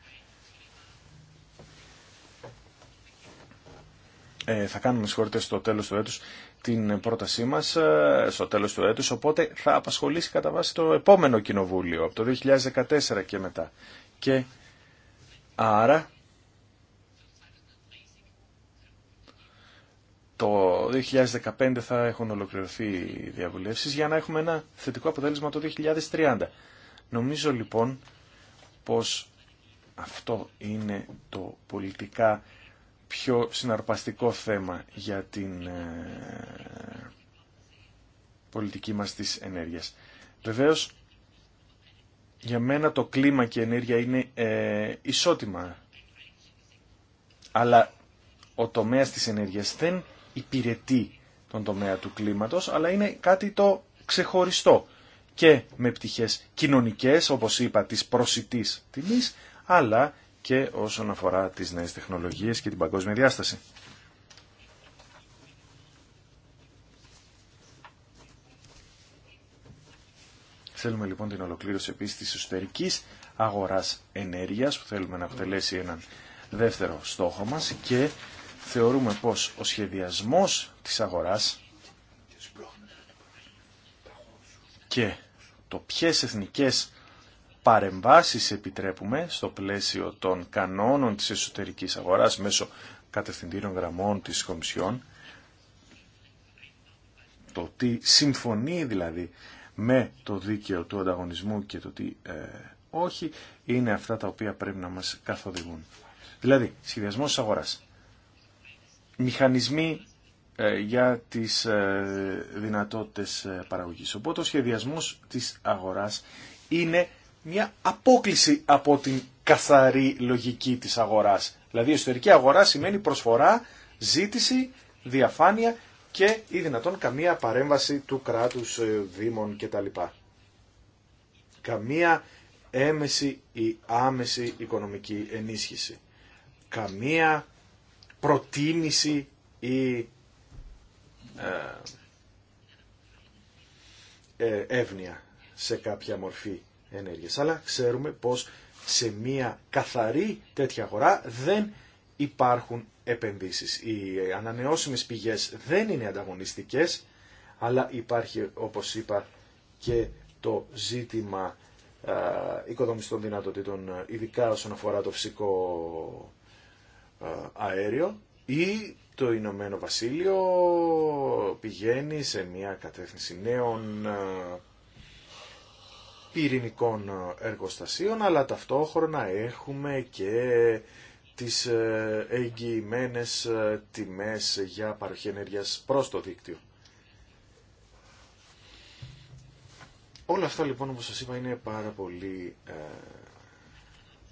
Ε, θα κάνουμε συγχωρείτε στο τέλος του έτους την πρότασή μας ε, στο τέλος του έτους, οπότε θα απασχολήσει κατά βάση το επόμενο κοινοβούλιο από το 2014 και μετά. Και άρα το 2015 θα έχουν ολοκληρωθεί οι διαβουλεύσεις για να έχουμε ένα θετικό αποτέλεσμα το 2030. Νομίζω λοιπόν πως αυτό είναι το πολιτικά πιο συναρπαστικό θέμα για την ε, πολιτική μας της ενέργειας. Βεβαίως, για μένα το κλίμα και η ενέργεια είναι ε, ισότιμα. Αλλά ο τομέας της ενέργειας δεν υπηρετεί τον τομέα του κλίματος, αλλά είναι κάτι το ξεχωριστό και με πτυχές κοινωνικές, όπως είπα, της προσιτής τιμής, αλλά και όσον αφορά τις νέες τεχνολογίες και την παγκόσμια διάσταση. Θέλουμε λοιπόν την ολοκλήρωση επίσης της εσωτερικής αγοράς ενέργειας που θέλουμε να αποτελέσει έναν δεύτερο στόχο μας και θεωρούμε πως ο σχεδιασμός της αγοράς και το ποιες εθνικές παρεμβάσεις επιτρέπουμε στο πλαίσιο των κανόνων της εσωτερικής αγοράς μέσω κατευθυντήρων γραμμών της Κομισιόν, το τι συμφωνεί δηλαδή με το δίκαιο του ανταγωνισμού και το τι ε, όχι, είναι αυτά τα οποία πρέπει να μας καθοδηγούν. Δηλαδή, σχεδιασμός αγοράς, μηχανισμοί ε, για τις ε, δυνατότητες παραγωγής. Οπότε ο σχεδιασμός της αγοράς είναι μια απόκληση από την καθαρή λογική της αγοράς. Δηλαδή η εσωτερική αγορά σημαίνει προσφορά, ζήτηση, διαφάνεια και ή δυνατόν καμία παρέμβαση του κράτους, ε, δήμων κτλ. Καμία έμεση ή άμεση οικονομική ενίσχυση. Καμία προτίμηση ή ε, ε, εύνοια σε κάποια μορφή ενέργειες. Αλλά ξέρουμε πως σε μια καθαρή τέτοια αγορά δεν υπάρχουν επενδύσεις. Οι ανανεώσιμες πηγές δεν είναι ανταγωνιστικές, αλλά υπάρχει, όπως είπα, και το ζήτημα οικοδομιστών δυνατοτήτων, ειδικά όσον αφορά το φυσικό αέριο ή το Ηνωμένο Βασίλειο πηγαίνει σε μια κατεύθυνση νέων πυρηνικών ε, εργοστασίων, αλλά ταυτόχρονα έχουμε και τις ε, εγγυημένε ε, τιμές για παροχή ενέργειας προς το δίκτυο. Όλα αυτά λοιπόν όπως σας είπα είναι πάρα πολύ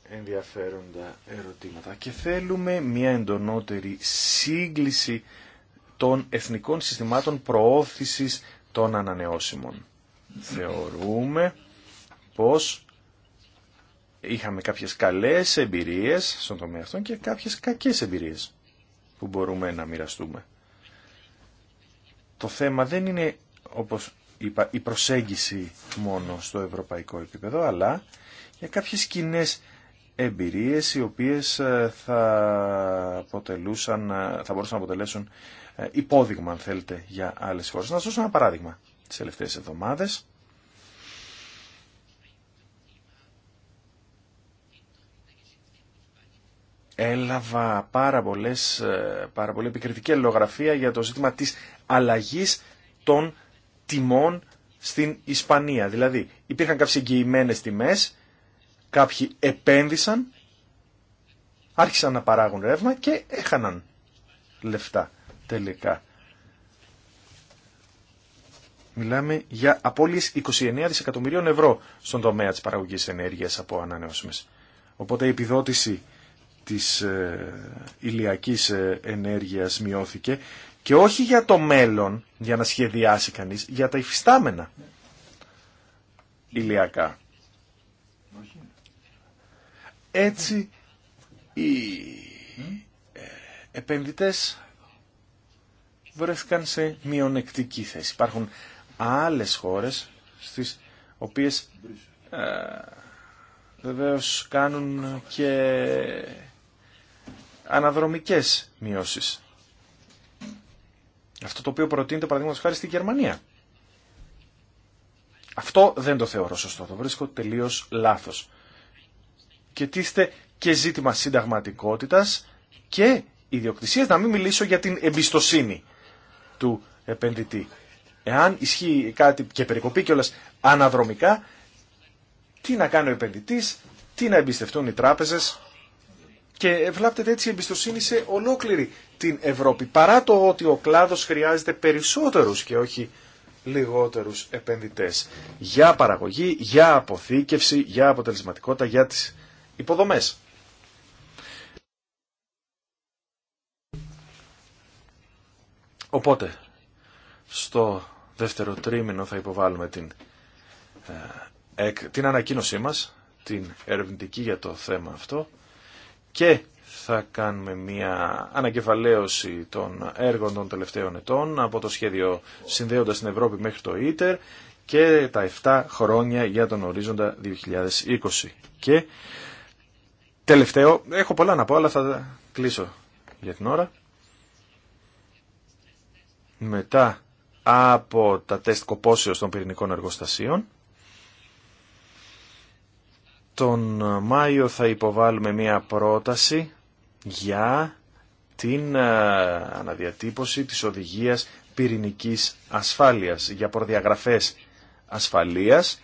ενδιαφέροντα ερωτήματα και θέλουμε μια εντονότερη σύγκληση των εθνικών συστημάτων προώθησης των ανανεώσιμων. Θεωρούμε πως είχαμε κάποιες καλές εμπειρίες στον τομέα αυτών και κάποιες κακές εμπειρίες που μπορούμε να μοιραστούμε. Το θέμα δεν είναι, όπως είπα, η προσέγγιση μόνο στο ευρωπαϊκό επίπεδο, αλλά για κάποιες κοινέ εμπειρίες οι οποίες ε, θα, αποτελούσαν, ε, θα μπορούσαν να αποτελέσουν ε, υπόδειγμα, αν θέλετε, για άλλες χώρες. Να σας δώσω ένα παράδειγμα. Τις τελευταίες εβδομάδες έλαβα πάρα, πολλές, ε, πάρα πολύ επικριτική για το ζήτημα της αλλαγής των τιμών στην Ισπανία. Δηλαδή υπήρχαν κάποιες εγγυημένε τιμές, κάποιοι επένδυσαν, άρχισαν να παράγουν ρεύμα και έχαναν λεφτά τελικά. Μιλάμε για απόλυες 29 δισεκατομμυρίων ευρώ στον τομέα της παραγωγής ενέργειας από ανανεώσιμες. Οπότε η επιδότηση της ε, ηλιακής ε, ενέργειας μειώθηκε και όχι για το μέλλον, για να σχεδιάσει κανείς, για τα υφιστάμενα ηλιακά. Έτσι οι ε, επενδυτές βρέθηκαν σε μειονεκτική θέση. Υπάρχουν άλλες χώρες στις οποίες ε, κάνουν και αναδρομικές μειώσεις. Αυτό το οποίο προτείνεται παραδείγματος χάρη στη Γερμανία. Αυτό δεν το θεωρώ σωστό, το βρίσκω τελείως λάθος. Και τίστε και ζήτημα συνταγματικότητας και ιδιοκτησίας, να μην μιλήσω για την εμπιστοσύνη του επενδυτή. Εάν ισχύει κάτι και περικοπεί κιόλα αναδρομικά, τι να κάνει ο επενδυτής, τι να εμπιστευτούν οι τράπεζες, και βλάπτεται έτσι η εμπιστοσύνη σε ολόκληρη την Ευρώπη. Παρά το ότι ο κλάδος χρειάζεται περισσότερους και όχι λιγότερους επενδυτές για παραγωγή, για αποθήκευση, για αποτελεσματικότητα, για τις υποδομές. Οπότε, στο δεύτερο τρίμηνο θα υποβάλουμε την, ε, την ανακοίνωσή μας, την ερευνητική για το θέμα αυτό και θα κάνουμε μια ανακεφαλαίωση των έργων των τελευταίων ετών από το σχέδιο Συνδέοντα την Ευρώπη μέχρι το ΙΤΕΡ και τα 7 χρόνια για τον ορίζοντα 2020. Και τελευταίο, έχω πολλά να πω αλλά θα κλείσω για την ώρα. Μετά από τα τεστ κοπόσεως των πυρηνικών εργοστασίων τον Μάιο θα υποβάλουμε μία πρόταση για την ε, αναδιατύπωση της οδηγίας πυρηνικής ασφάλειας, για προδιαγραφές ασφαλείας,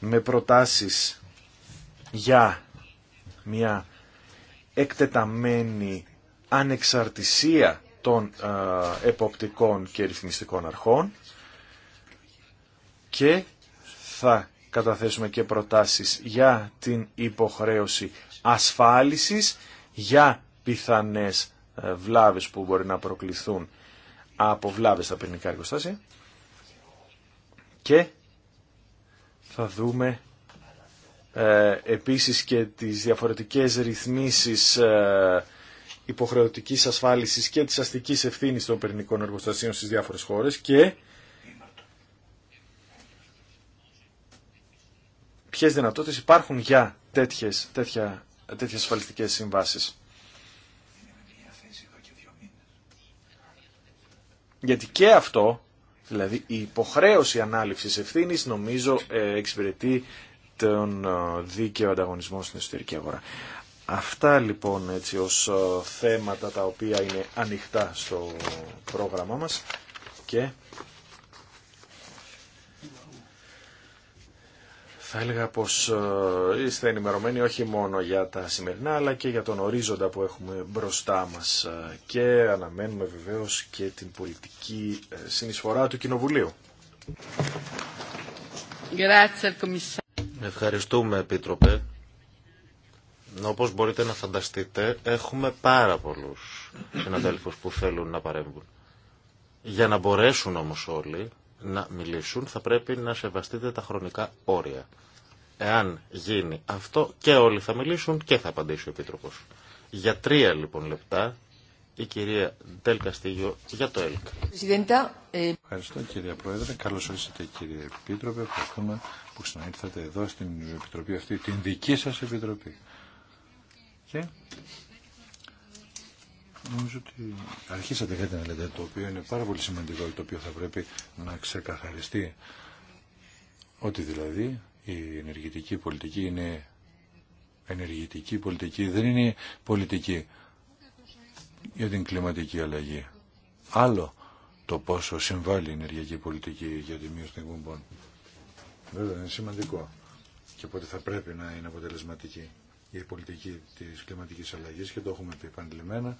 με προτάσεις για μια εκτεταμένη ανεξαρτησία των ε, εποπτικών και ρυθμιστικών αρχών και θα καταθέσουμε και προτάσεις για την υποχρέωση ασφάλισης, για πιθανές ε, βλάβες που μπορεί να προκληθούν από βλάβες στα πυρηνικά εργοστάσια και θα δούμε ε, επίσης και τις διαφορετικές ρυθμίσεις ε, υποχρεωτικής ασφάλισης και της αστικής ευθύνης των πυρηνικών εργοστασίων στις διάφορες χώρες και Ποιε δυνατότητε υπάρχουν για τέτοιες, τέτοια, τέτοιες ασφαλιστικές συμβάσεις. Γιατί και αυτό, δηλαδή η υποχρέωση ανάληψης ευθύνης, νομίζω ε, εξυπηρετεί τον ε, δίκαιο ανταγωνισμό στην εσωτερική αγορά. Αυτά λοιπόν έτσι ως ε, θέματα τα οποία είναι ανοιχτά στο πρόγραμμά μας και θα έλεγα πως ε, είστε ενημερωμένοι όχι μόνο για τα σημερινά αλλά και για τον ορίζοντα που έχουμε μπροστά μας ε, και αναμένουμε βεβαίως και την πολιτική ε, συνεισφορά του Κοινοβουλίου. Ευχαριστούμε Επίτροπε. Όπως μπορείτε να φανταστείτε έχουμε πάρα πολλούς συναδέλφους που θέλουν να παρέμβουν. Για να μπορέσουν όμως όλοι να μιλήσουν θα πρέπει να σεβαστείτε τα χρονικά όρια. Εάν γίνει αυτό και όλοι θα μιλήσουν και θα απαντήσει ο Επίτροπος. Για τρία λοιπόν λεπτά η κυρία Ντέλ Καστίγιο για το ΕΛΚ. Ε, Ευχαριστώ κυρία Πρόεδρε. Καλώ ήρθατε κύριε Επίτροπε. Ευχαριστούμε που ξαναήρθατε εδώ στην Επιτροπή αυτή, την δική σα Επιτροπή. Και Νομίζω ότι αρχίσατε κάτι να λέτε το οποίο είναι πάρα πολύ σημαντικό και το οποίο θα πρέπει να ξεκαθαριστεί. Ότι δηλαδή η ενεργητική πολιτική είναι ενεργητική πολιτική, δεν είναι πολιτική για την κλιματική αλλαγή. Άλλο το πόσο συμβάλλει η ενεργειακή πολιτική για τη μείωση των κουμπών Βέβαια είναι σημαντικό και οπότε θα πρέπει να είναι αποτελεσματική η πολιτική της κλιματικής αλλαγής και το έχουμε πει επανειλημμένα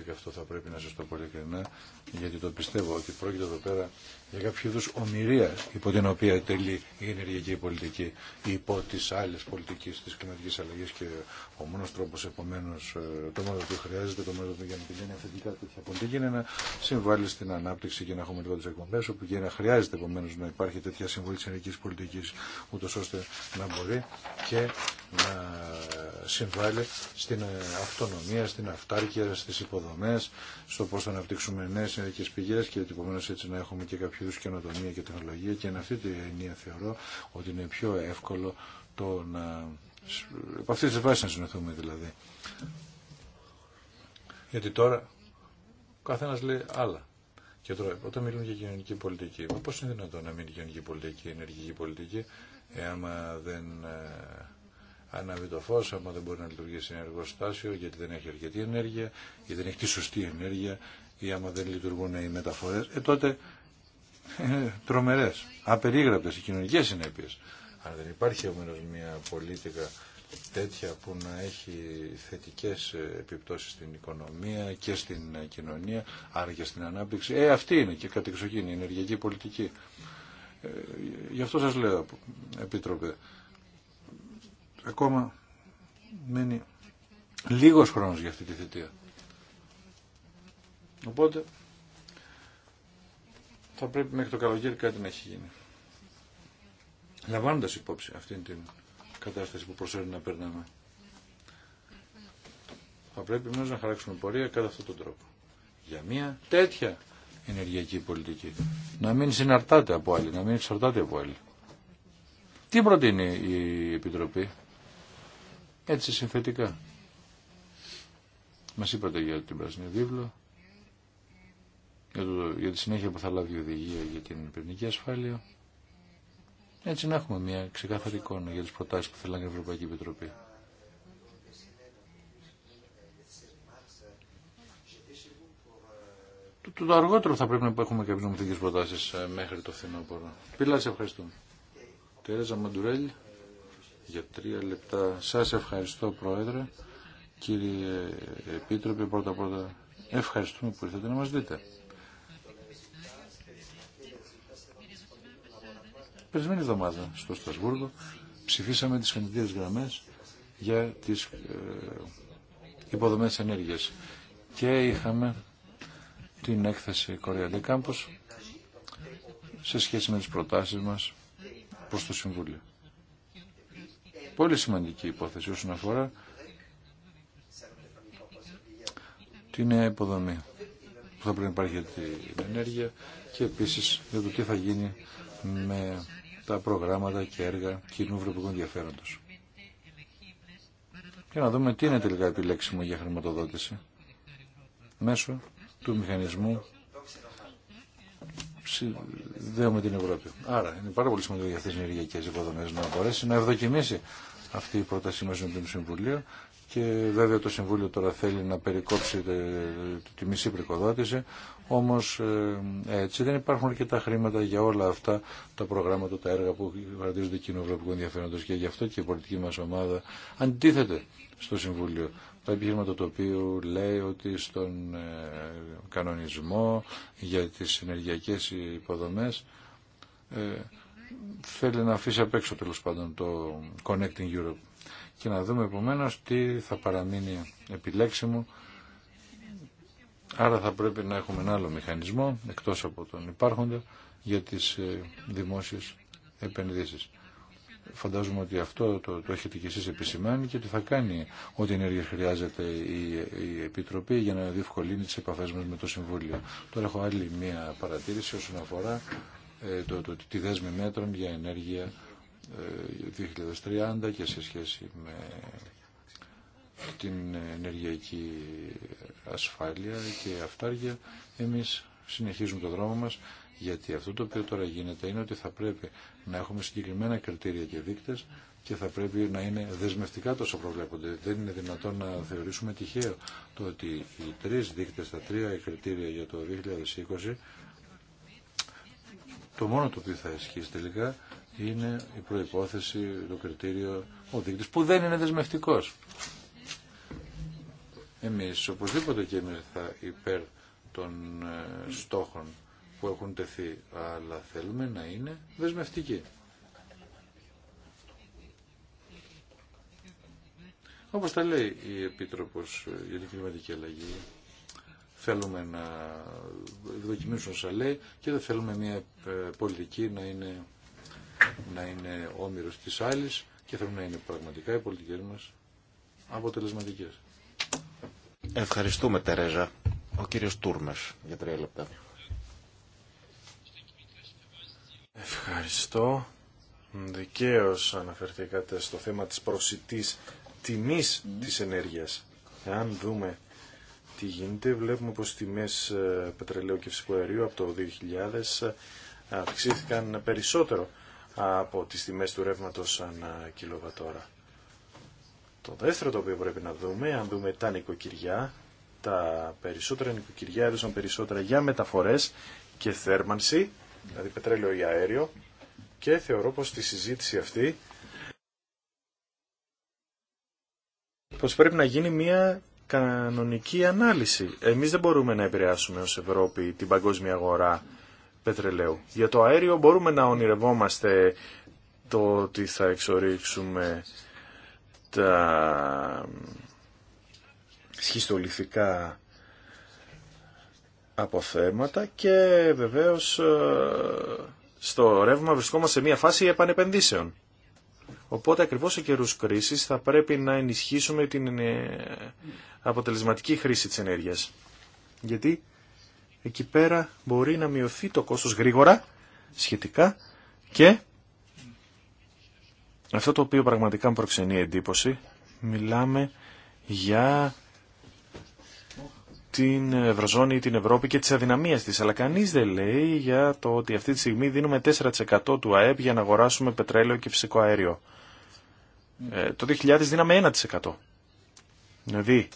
και αυτό θα πρέπει να σα το πω ειλικρινά γιατί το πιστεύω ότι πρόκειται εδώ πέρα για κάποιο είδου ομοιρία υπό την οποία τελεί η ενεργειακή πολιτική ή υπό τι άλλε πολιτικέ τη κλιματική αλλαγή και ο μόνο τρόπο επομένω ε, το μόνο που χρειάζεται το μόνο για να πηγαίνει θετικά τέτοια πολιτική είναι να συμβάλλει στην ανάπτυξη και να έχουμε λιγότερε εκπομπέ όπου και να χρειάζεται επομένω να υπάρχει τέτοια συμβολή τη ενεργειακή πολιτική ούτω ώστε να μπορεί και να συμβάλλει στην ε, αυτονομία, στην αυτάρκεια, στι υποδομέ, στο πώ θα αναπτύξουμε νέε ενεργειακέ πηγέ και επομένω έτσι να έχουμε και κάποιο είδου καινοτομία και τεχνολογία και με αυτή την ενία θεωρώ ότι είναι πιο εύκολο το να. Από αυτή τη βάση να συνοηθούμε δηλαδή. Γιατί τώρα ο καθένα λέει άλλα. Και τώρα, όταν μιλούν για κοινωνική πολιτική, πώ είναι δυνατόν να μείνει κοινωνική πολιτική, ενεργική πολιτική, άμα δεν ε, ανάβει το φω, άμα δεν μπορεί να λειτουργήσει ένα εργοστάσιο, γιατί δεν έχει αρκετή ενέργεια, γιατί δεν έχει τη σωστή ενέργεια, ή άμα δεν λειτουργούν οι μεταφορέ, ε, τότε είναι τρομερές, απερίγραπτες οι κοινωνικές συνέπειες. Αν δεν υπάρχει όμω μια πολίτικα τέτοια που να έχει θετικές ε, επιπτώσεις στην οικονομία και στην ε, κοινωνία, άρα και στην ανάπτυξη, ε, αυτή είναι και κατεξοχήν η ενεργειακή πολιτική. Ε, γι' αυτό σα λέω, Επίτροπε, ακόμα μένει λίγος χρόνος για αυτή τη θητεία. Οπότε θα πρέπει μέχρι το καλοκαίρι κάτι να έχει γίνει. Λαμβάνοντα υπόψη αυτήν την κατάσταση που προσφέρει να περνάμε. Θα πρέπει μόνος να χαράξουμε πορεία κατά αυτόν τον τρόπο. Για μια τέτοια ενεργειακή πολιτική. Να μην συναρτάται από άλλη, να μην εξαρτάται από άλλη. Τι προτείνει η Επιτροπή. Έτσι συμφετικά. Μας είπατε για την Πράσινη Βίβλο για, για τη συνέχεια που θα λάβει η οδηγία για την πυρηνική ασφάλεια. Έτσι να έχουμε μια ξεκάθαρη εικόνα για τις προτάσεις που θέλει η Ευρωπαϊκή Επιτροπή. Το, το, αργότερο θα πρέπει να έχουμε και νομοθετικές προτάσεις ε, μέχρι το φθινόπωρο. Πίλα, σε ευχαριστούμε. Τερέζα Μαντουρέλη, για τρία λεπτά. Σας ευχαριστώ, Πρόεδρε. Κύριε Επίτροπε, πρώτα-πρώτα ευχαριστούμε που ήρθατε να μας δείτε. περισμένη εβδομάδα στο Στασβούργο ψηφίσαμε τις κινητήρες γραμμές για τις ε, υποδομές ενέργειας και είχαμε την έκθεση Κορέα Κάμπος σε σχέση με τις προτάσεις μας προς το Συμβούλιο. Πολύ σημαντική υπόθεση όσον αφορά την νέα υποδομή που θα πρέπει να υπάρχει για την ενέργεια και επίσης για το τι θα γίνει με τα προγράμματα και έργα κοινού ευρωπαϊκού ενδιαφέροντος. Και να δούμε τι είναι τελικά επιλέξιμο για χρηματοδότηση μέσω του μηχανισμού συνδέω με την Ευρώπη. Άρα είναι πάρα πολύ σημαντικό για αυτέ τι ενεργειακέ υποδομέ να μπορέσει να ευδοκιμήσει αυτή η πρόταση με τον Συμβουλίο και βέβαια το Συμβούλιο τώρα θέλει να περικόψει τη μισή πρικοδότηση, όμως ε, έτσι δεν υπάρχουν τα χρήματα για όλα αυτά τα προγράμματα, τα έργα που παρατηρούνται κοινού ευρωπαϊκού ενδιαφέροντος και γι' αυτό και η πολιτική μας ομάδα αντίθεται στο Συμβούλιο. Το επιχείρημα το οποίο λέει ότι στον ε, κανονισμό για τις συνεργειακές υποδομές ε, θέλει να αφήσει απ' έξω τέλος πάντων το Connecting Europe και να δούμε επομένω τι θα παραμείνει επιλέξιμο. Άρα θα πρέπει να έχουμε ένα άλλο μηχανισμό εκτός από τον υπάρχοντα για τις ε, δημόσιες επενδύσεις. Φαντάζομαι ότι αυτό το, το έχετε και εσείς επισημάνει και ότι θα κάνει ό,τι ενέργεια χρειάζεται η, Επιτροπή για να διευκολύνει τις επαφές μας με το Συμβούλιο. Τώρα έχω άλλη μία παρατήρηση όσον αφορά ε, το, το, τη δέσμη μέτρων για ενέργεια 2030 ε, και σε σχέση με την ενεργειακή ασφάλεια και αυτάρια εμείς συνεχίζουμε το δρόμο μας γιατί αυτό το οποίο τώρα γίνεται είναι ότι θα πρέπει να έχουμε συγκεκριμένα κριτήρια και δείκτες και θα πρέπει να είναι δεσμευτικά τόσο προβλέπονται. Δεν είναι δυνατόν να θεωρήσουμε τυχαίο το ότι οι τρεις δείκτες, τα τρία κριτήρια για το 2020 το μόνο το οποίο θα ισχύσει τελικά είναι η προϋπόθεση, το κριτήριο, ο δείκτης που δεν είναι δεσμευτικός. Εμείς οπωσδήποτε και εμείς θα υπέρ των ε, στόχων που έχουν τεθεί, αλλά θέλουμε να είναι δεσμευτικοί. Όπως τα λέει η Επίτροπος ε, για την κλιματική αλλαγή, θέλουμε να δοκιμήσουν όσα λέει και δεν θέλουμε μια ε, πολιτική να είναι να είναι όμοιρος της άλλης και θέλουμε να είναι πραγματικά οι πολιτικές μας αποτελεσματικές. Ευχαριστούμε Τερέζα. Ο κύριος Τούρμες για τρία λεπτά. Ευχαριστώ. Δικαίω αναφερθήκατε στο θέμα της προσιτής τιμής της ενέργειας. Εάν δούμε τι γίνεται, βλέπουμε πως οι τιμές ε, πετρελαίου και φυσικού αερίου από το 2000 ε, αυξήθηκαν περισσότερο από τις τιμές του ρεύματος ανά κιλοβατόρα. Το δεύτερο το οποίο πρέπει να δούμε, αν δούμε τα νοικοκυριά, τα περισσότερα νοικοκυριά έδωσαν περισσότερα για μεταφορές και θέρμανση, δηλαδή πετρέλαιο ή αέριο, και θεωρώ πως στη συζήτηση αυτή πως πρέπει να γίνει μια κανονική ανάλυση. Εμείς δεν μπορούμε να επηρεάσουμε ως Ευρώπη την παγκόσμια αγορά για το αέριο μπορούμε να ονειρευόμαστε το ότι θα εξορίξουμε τα σχιστολιθικά αποθέματα και βεβαίως ε, στο ρεύμα βρισκόμαστε σε μια φάση επανεπενδύσεων. Οπότε ακριβώς σε καιρούς κρίσης θα πρέπει να ενισχύσουμε την ε, αποτελεσματική χρήση της ενέργειας. Γιατί Εκεί πέρα μπορεί να μειωθεί το κόστος γρήγορα, σχετικά, και αυτό το οποίο πραγματικά μου προξενεί εντύπωση, μιλάμε για την Ευρωζώνη ή την Ευρώπη και τις αδυναμίες της. Αλλά κανείς δεν λέει για το ότι αυτή τη στιγμή δίνουμε 4% του ΑΕΠ για να αγοράσουμε πετρέλαιο και φυσικό αέριο. Ε, το 2000 δίναμε 1%. Δηλαδή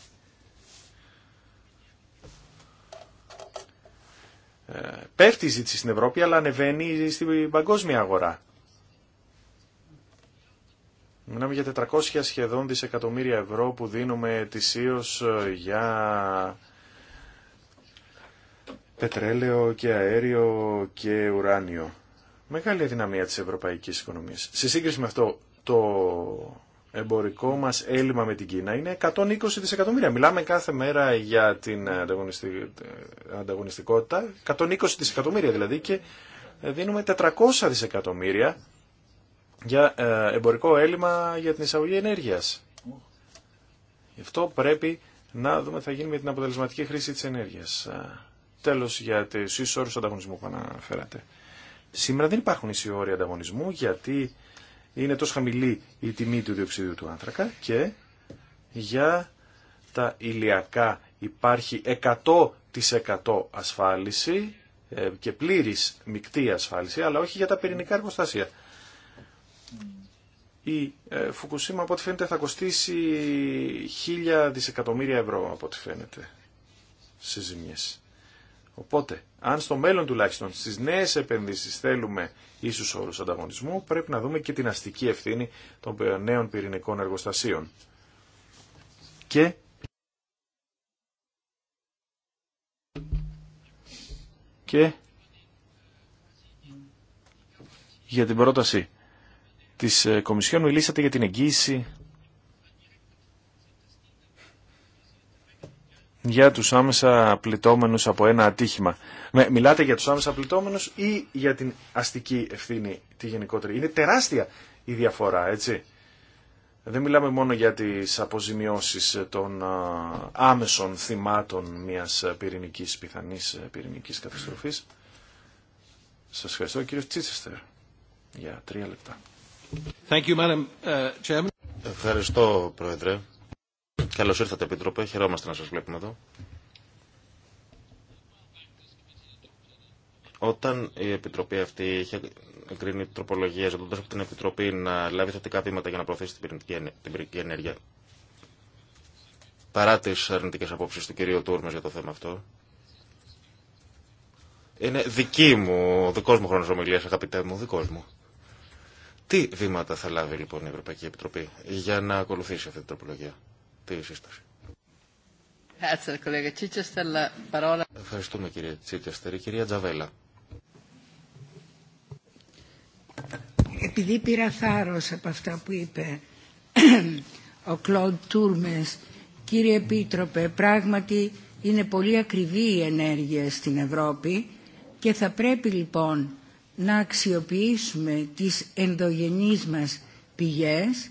πέφτει η ζήτηση στην Ευρώπη αλλά ανεβαίνει στην παγκόσμια αγορά. Μιλάμε για 400 σχεδόν δισεκατομμύρια ευρώ που δίνουμε ετησίω ε, για πετρέλαιο και αέριο και ουράνιο. Μεγάλη δυναμία της ευρωπαϊκής οικονομίας. Σε σύγκριση με αυτό το εμπορικό μας έλλειμμα με την Κίνα είναι 120 δισεκατομμύρια. Μιλάμε κάθε μέρα για την ανταγωνιστικότητα, 120 δισεκατομμύρια δηλαδή και δίνουμε 400 δισεκατομμύρια για ε, εμπορικό έλλειμμα για την εισαγωγή ενέργειας. Γι' αυτό πρέπει να δούμε τι θα γίνει με την αποτελεσματική χρήση της ενέργειας. Ε, τέλος για του ίσου ανταγωνισμού που αναφέρατε. Σήμερα δεν υπάρχουν ίσοι όροι ανταγωνισμού γιατί είναι τόσο χαμηλή η τιμή του διοξιδίου του άνθρακα και για τα ηλιακά υπάρχει 100% ασφάλιση ε, και πλήρης μεικτή ασφάλιση, αλλά όχι για τα πυρηνικά εργοστάσια. Η ε, Φουκουσίμα από ό,τι φαίνεται θα κοστίσει χίλια δισεκατομμύρια ευρώ από ό,τι φαίνεται σε ζημιές. Οπότε, αν στο μέλλον τουλάχιστον στις νέες επενδύσεις θέλουμε ίσους όρου ανταγωνισμού, πρέπει να δούμε και την αστική ευθύνη των νέων πυρηνικών εργοστασίων. Και και για την πρόταση της ε, Κομισιόν μιλήσατε για την εγγύηση για τους άμεσα πληττόμενους από ένα ατύχημα. μιλάτε για τους άμεσα πληττόμενους ή για την αστική ευθύνη τη γενικότερη. Είναι τεράστια η διαφορά, έτσι. Δεν μιλάμε μόνο για τις αποζημιώσεις των άμεσων θυμάτων μιας πυρηνικής, πιθανής ε, πυρηνικής καταστροφής. Σας ευχαριστώ κύριε Τσίτσεστερ για τρία λεπτά. Thank you, Madam ε, Ευχαριστώ Πρόεδρε. Καλώ ήρθατε, Επίτροπε. Χαιρόμαστε να σα βλέπουμε εδώ. Όταν η Επιτροπή αυτή είχε εγκρίνει τροπολογίε, ζητώντα από την Επιτροπή να λάβει θετικά βήματα για να προωθήσει την πυρηνική ενέργεια, παρά τι αρνητικέ απόψει του κυρίου Τούρμε για το θέμα αυτό, είναι δική μου, δικό μου χρόνο ομιλία, αγαπητέ μου, δικό μου. Τι βήματα θα λάβει λοιπόν η Ευρωπαϊκή Επιτροπή για να ακολουθήσει αυτή την τροπολογία. Ευχαριστούμε κύριε Τσίτσεστερ. κυρία Τζαβέλα. Επειδή πήρα θάρρος από αυτά που είπε ο Κλοντ Τούρμες, κύριε Επίτροπε, πράγματι είναι πολύ ακριβή η ενέργεια στην Ευρώπη και θα πρέπει λοιπόν να αξιοποιήσουμε τις ενδογενείς μας πηγές,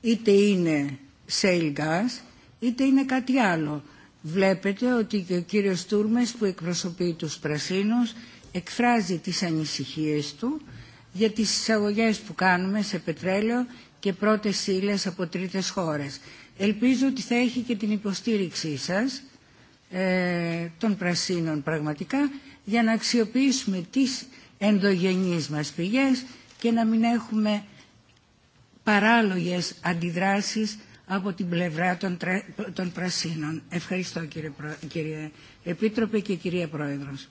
είτε είναι shale gas, είτε είναι κάτι άλλο. Βλέπετε ότι και ο κύριος Τούρμες που εκπροσωπεί τους Πρασίνους εκφράζει τις ανησυχίες του για τις εισαγωγέ που κάνουμε σε πετρέλαιο και πρώτες ύλε από τρίτες χώρες. Ελπίζω ότι θα έχει και την υποστήριξή σας ε, των Πρασίνων πραγματικά για να αξιοποιήσουμε τις ενδογενείς μας πηγές και να μην έχουμε παράλογες αντιδράσεις από την πλευρά των, Πρασίνων. Ευχαριστώ κύριε, κύριε Επίτροπε και κυρία Πρόεδρος.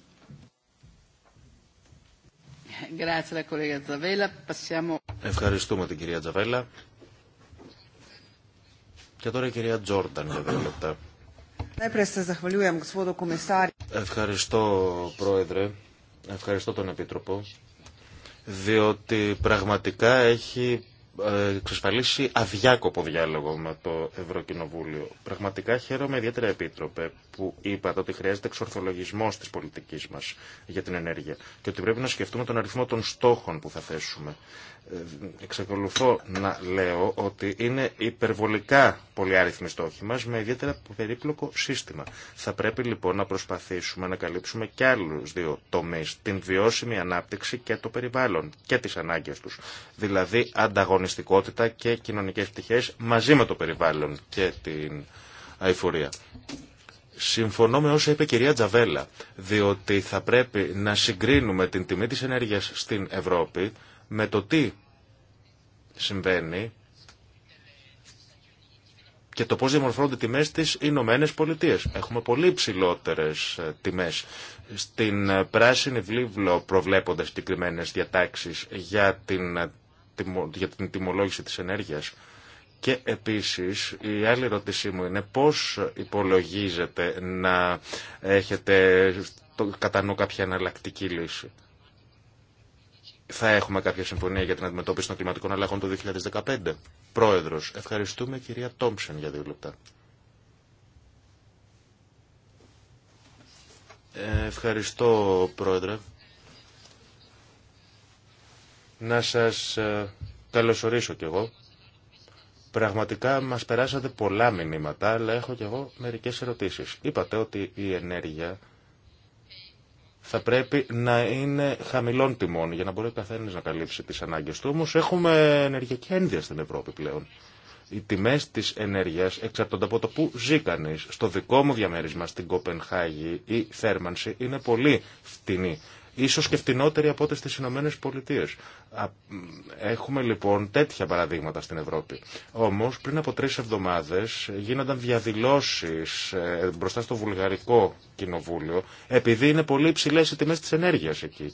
Ευχαριστούμε την κυρία Τζαβέλα. Και τώρα η κυρία Τζόρνταν για δύο λεπτά. Ευχαριστώ πρόεδρε, ευχαριστώ τον Επίτροπο, διότι πραγματικά έχει ε, εξασφαλίσει αδιάκοπο διάλογο με το Ευρωκοινοβούλιο. Πραγματικά χαίρομαι ιδιαίτερα, Επίτροπε, που είπατε ότι χρειάζεται εξορθολογισμό τη πολιτική μα για την ενέργεια και ότι πρέπει να σκεφτούμε τον αριθμό των στόχων που θα θέσουμε εξακολουθώ να λέω ότι είναι υπερβολικά πολυάριθμοι στόχοι μας με ιδιαίτερα περίπλοκο σύστημα. Θα πρέπει λοιπόν να προσπαθήσουμε να καλύψουμε και άλλους δύο τομείς, την βιώσιμη ανάπτυξη και το περιβάλλον και τις ανάγκες τους, δηλαδή ανταγωνιστικότητα και κοινωνικές πτυχές μαζί με το περιβάλλον και την αηφορία. Συμφωνώ με όσα είπε η κυρία Τζαβέλα, διότι θα πρέπει να συγκρίνουμε την τιμή της ενέργειας στην Ευρώπη με το τι συμβαίνει και το πώς διαμορφώνονται τιμές στις Ηνωμένε Πολιτείες. Έχουμε πολύ ψηλότερες ε, τιμές. Στην ε, πράσινη βλήβλο προβλέπονται συγκεκριμένε διατάξεις για την, ε, για την τιμολόγηση της ενέργειας. Και επίσης η άλλη ερώτησή μου είναι πώς υπολογίζετε να έχετε κατά νου κάποια εναλλακτική λύση θα έχουμε κάποια συμφωνία για την αντιμετώπιση των κλιματικών αλλαγών το 2015. Πρόεδρος, ευχαριστούμε κυρία Τόμψεν για δύο λεπτά. Ε, ευχαριστώ, Πρόεδρε. Να σας ε, καλωσορίσω κι εγώ. Πραγματικά μας περάσατε πολλά μηνύματα, αλλά έχω κι εγώ μερικές ερωτήσεις. Είπατε ότι η ενέργεια θα πρέπει να είναι χαμηλών τιμών για να μπορεί ο καθένα να καλύψει τι ανάγκε του. Όμω έχουμε ενεργειακή ένδυα στην Ευρώπη πλέον. Οι τιμέ τη ενέργεια εξαρτώνται από το που ζει κανεί. Στο δικό μου διαμέρισμα στην Κοπενχάγη η θέρμανση είναι πολύ φτηνή ίσως και φτηνότερη από ό,τι στις Ηνωμένε Πολιτείες. Έχουμε λοιπόν τέτοια παραδείγματα στην Ευρώπη. Όμως πριν από τρεις εβδομάδες γίνονταν διαδηλώσεις ε, μπροστά στο Βουλγαρικό Κοινοβούλιο επειδή είναι πολύ υψηλέ οι τιμές της ενέργειας εκεί.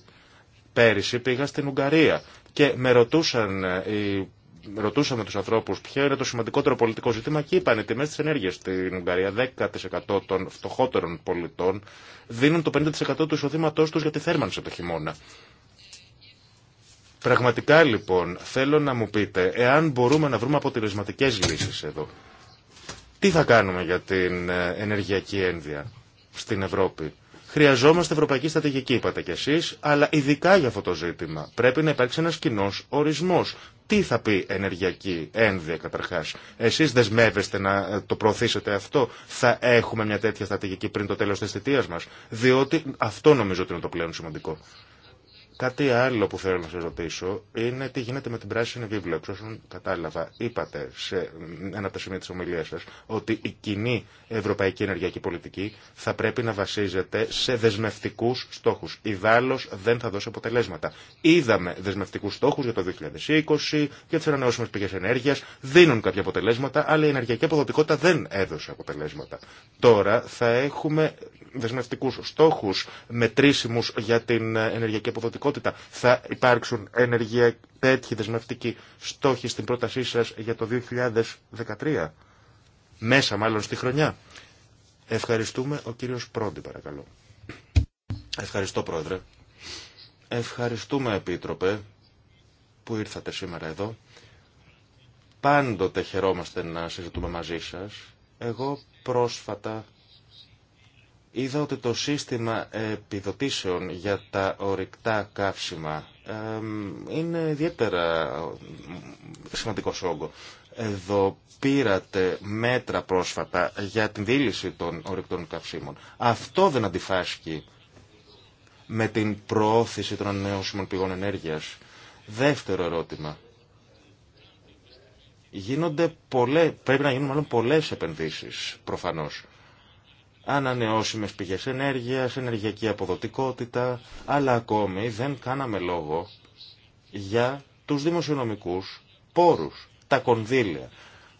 Πέρυσι πήγα στην Ουγγαρία και με ρωτούσαν ε, οι ρωτούσαμε τους ανθρώπους ποιο είναι το σημαντικότερο πολιτικό ζήτημα και είπαν οι τιμέ τη ενέργεια στην Ουγγαρία 10% των φτωχότερων πολιτών δίνουν το 50% του εισοδήματό του για τη θέρμανση το χειμώνα. Πραγματικά λοιπόν θέλω να μου πείτε εάν μπορούμε να βρούμε αποτελεσματικέ λύσει εδώ. Τι θα κάνουμε για την ε, ενεργειακή ένδυα στην Ευρώπη. Χρειαζόμαστε ευρωπαϊκή στρατηγική, είπατε κι εσείς, αλλά ειδικά για αυτό το ζήτημα πρέπει να υπάρξει ένας κοινό ορισμός. Τι θα πει ενεργειακή ένδυα καταρχάς. Εσείς δεσμεύεστε να ε, το προωθήσετε αυτό. Θα έχουμε μια τέτοια στρατηγική πριν το τέλος της θητείας μας. Διότι αυτό νομίζω ότι είναι το πλέον σημαντικό. Κάτι άλλο που θέλω να σα ρωτήσω είναι τι γίνεται με την πράσινη βίβλο. Εξ κατάλαβα, είπατε σε ένα από τα σημεία της ομιλίας σας ότι η κοινή ευρωπαϊκή ενεργειακή πολιτική θα πρέπει να βασίζεται σε δεσμευτικούς στόχους. Ιδάλω δεν θα δώσει αποτελέσματα. Είδαμε δεσμευτικού στόχου για το 2020, για τι ανανεώσιμε πηγέ ενέργεια δίνουν κάποια αποτελέσματα, αλλά η ενεργειακή αποδοτικότητα δεν έδωσε αποτελέσματα. Τώρα θα έχουμε δεσμευτικούς στόχους μετρήσιμους για την ενεργειακή αποδοτικότητα. Θα υπάρξουν ενεργεια... τέτοιοι δεσμευτικοί στόχοι στην πρότασή σας για το 2013. Μέσα μάλλον στη χρονιά. Ευχαριστούμε. Ο κύριος Πρόντι παρακαλώ. Ευχαριστώ πρόεδρε. Ευχαριστούμε επίτροπε που ήρθατε σήμερα εδώ. Πάντοτε χαιρόμαστε να συζητούμε μαζί σας. Εγώ πρόσφατα είδα ότι το σύστημα επιδοτήσεων για τα ορυκτά καύσιμα είναι ιδιαίτερα σημαντικό όγκο. Εδώ πήρατε μέτρα πρόσφατα για την δίληση των ορυκτών καυσίμων. Αυτό δεν αντιφάσκει με την προώθηση των ανανεώσιμων πηγών ενέργειας. Δεύτερο ερώτημα. Γίνονται πολλές, πρέπει να γίνουν μάλλον πολλές επενδύσεις, προφανώς ανανεώσιμες πηγές ενέργειας, ενεργειακή αποδοτικότητα, αλλά ακόμη δεν κάναμε λόγο για τους δημοσιονομικούς πόρους, τα κονδύλια.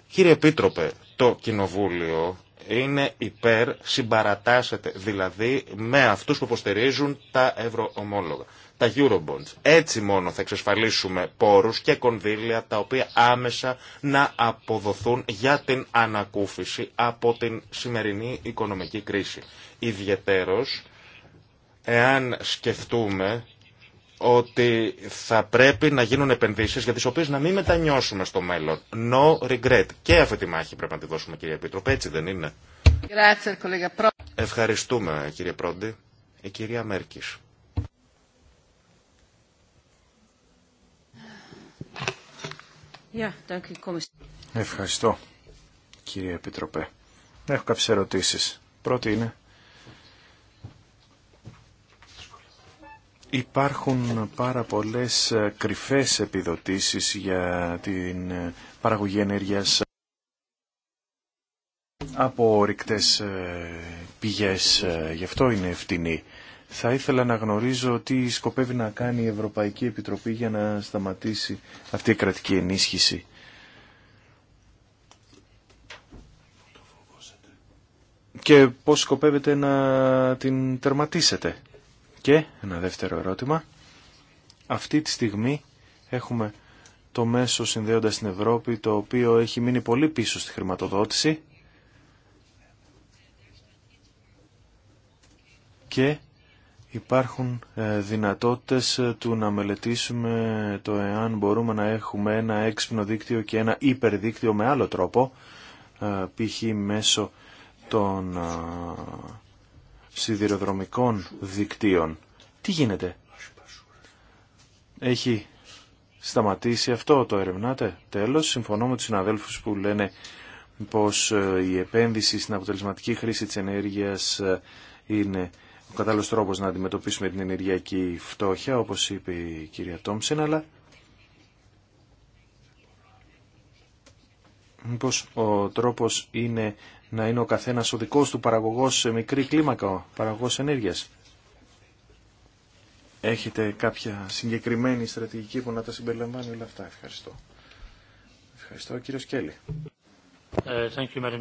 Κύριε Επίτροπε, το Κοινοβούλιο είναι υπέρ, συμπαρατάσσεται δηλαδή με αυτούς που υποστηρίζουν τα ευρωομόλογα τα Eurobonds. Έτσι μόνο θα εξασφαλίσουμε πόρους και κονδύλια τα οποία άμεσα να αποδοθούν για την ανακούφιση από την σημερινή οικονομική κρίση. Ιδιαιτέρως, εάν σκεφτούμε ότι θα πρέπει να γίνουν επενδύσεις για τις οποίες να μην μετανιώσουμε στο μέλλον. No regret. Και αυτή τη μάχη πρέπει να τη δώσουμε κυρία Επίτροπε, έτσι δεν είναι. Ευχαριστούμε κύριε Πρόντι. Η κυρία Μέρκης. Ευχαριστώ, κύριε Επιτροπέ. Έχω κάποιες ερωτήσεις. Πρώτη είναι, υπάρχουν πάρα πολλές ε, κρυφές επιδοτήσεις για την ε, παραγωγή ενέργειας από ορυκτές ε, πηγές, γι' αυτό είναι ευθύνη. Θα ήθελα να γνωρίζω τι σκοπεύει να κάνει η Ευρωπαϊκή Επιτροπή για να σταματήσει αυτή η κρατική ενίσχυση. Και πώς σκοπεύετε να την τερματίσετε. Και ένα δεύτερο ερώτημα. Αυτή τη στιγμή έχουμε το μέσο συνδέοντας την Ευρώπη, το οποίο έχει μείνει πολύ πίσω στη χρηματοδότηση. Και υπάρχουν ε, δυνατότητες ε, του να μελετήσουμε το εάν μπορούμε να έχουμε ένα έξυπνο δίκτυο και ένα υπερδίκτυο με άλλο τρόπο, ε, π.χ. μέσω των σιδηροδρομικών δικτύων. Τι γίνεται? Έχει σταματήσει αυτό, το ερευνάτε. Τέλος, συμφωνώ με τους συναδέλφους που λένε πως η επένδυση στην αποτελεσματική χρήση της ενέργειας είναι ο κατάλληλος τρόπος να αντιμετωπίσουμε την ενεργειακή φτώχεια, όπως είπε η κυρία Τόμψεν, αλλά μήπως ο τρόπος είναι να είναι ο καθένας ο δικός του παραγωγός σε μικρή κλίμακα, ο παραγωγός ενέργειας. Έχετε κάποια συγκεκριμένη στρατηγική που να τα συμπεριλαμβάνει όλα αυτά. Ευχαριστώ. Ευχαριστώ κύριο Σκέλη. Ε, uh,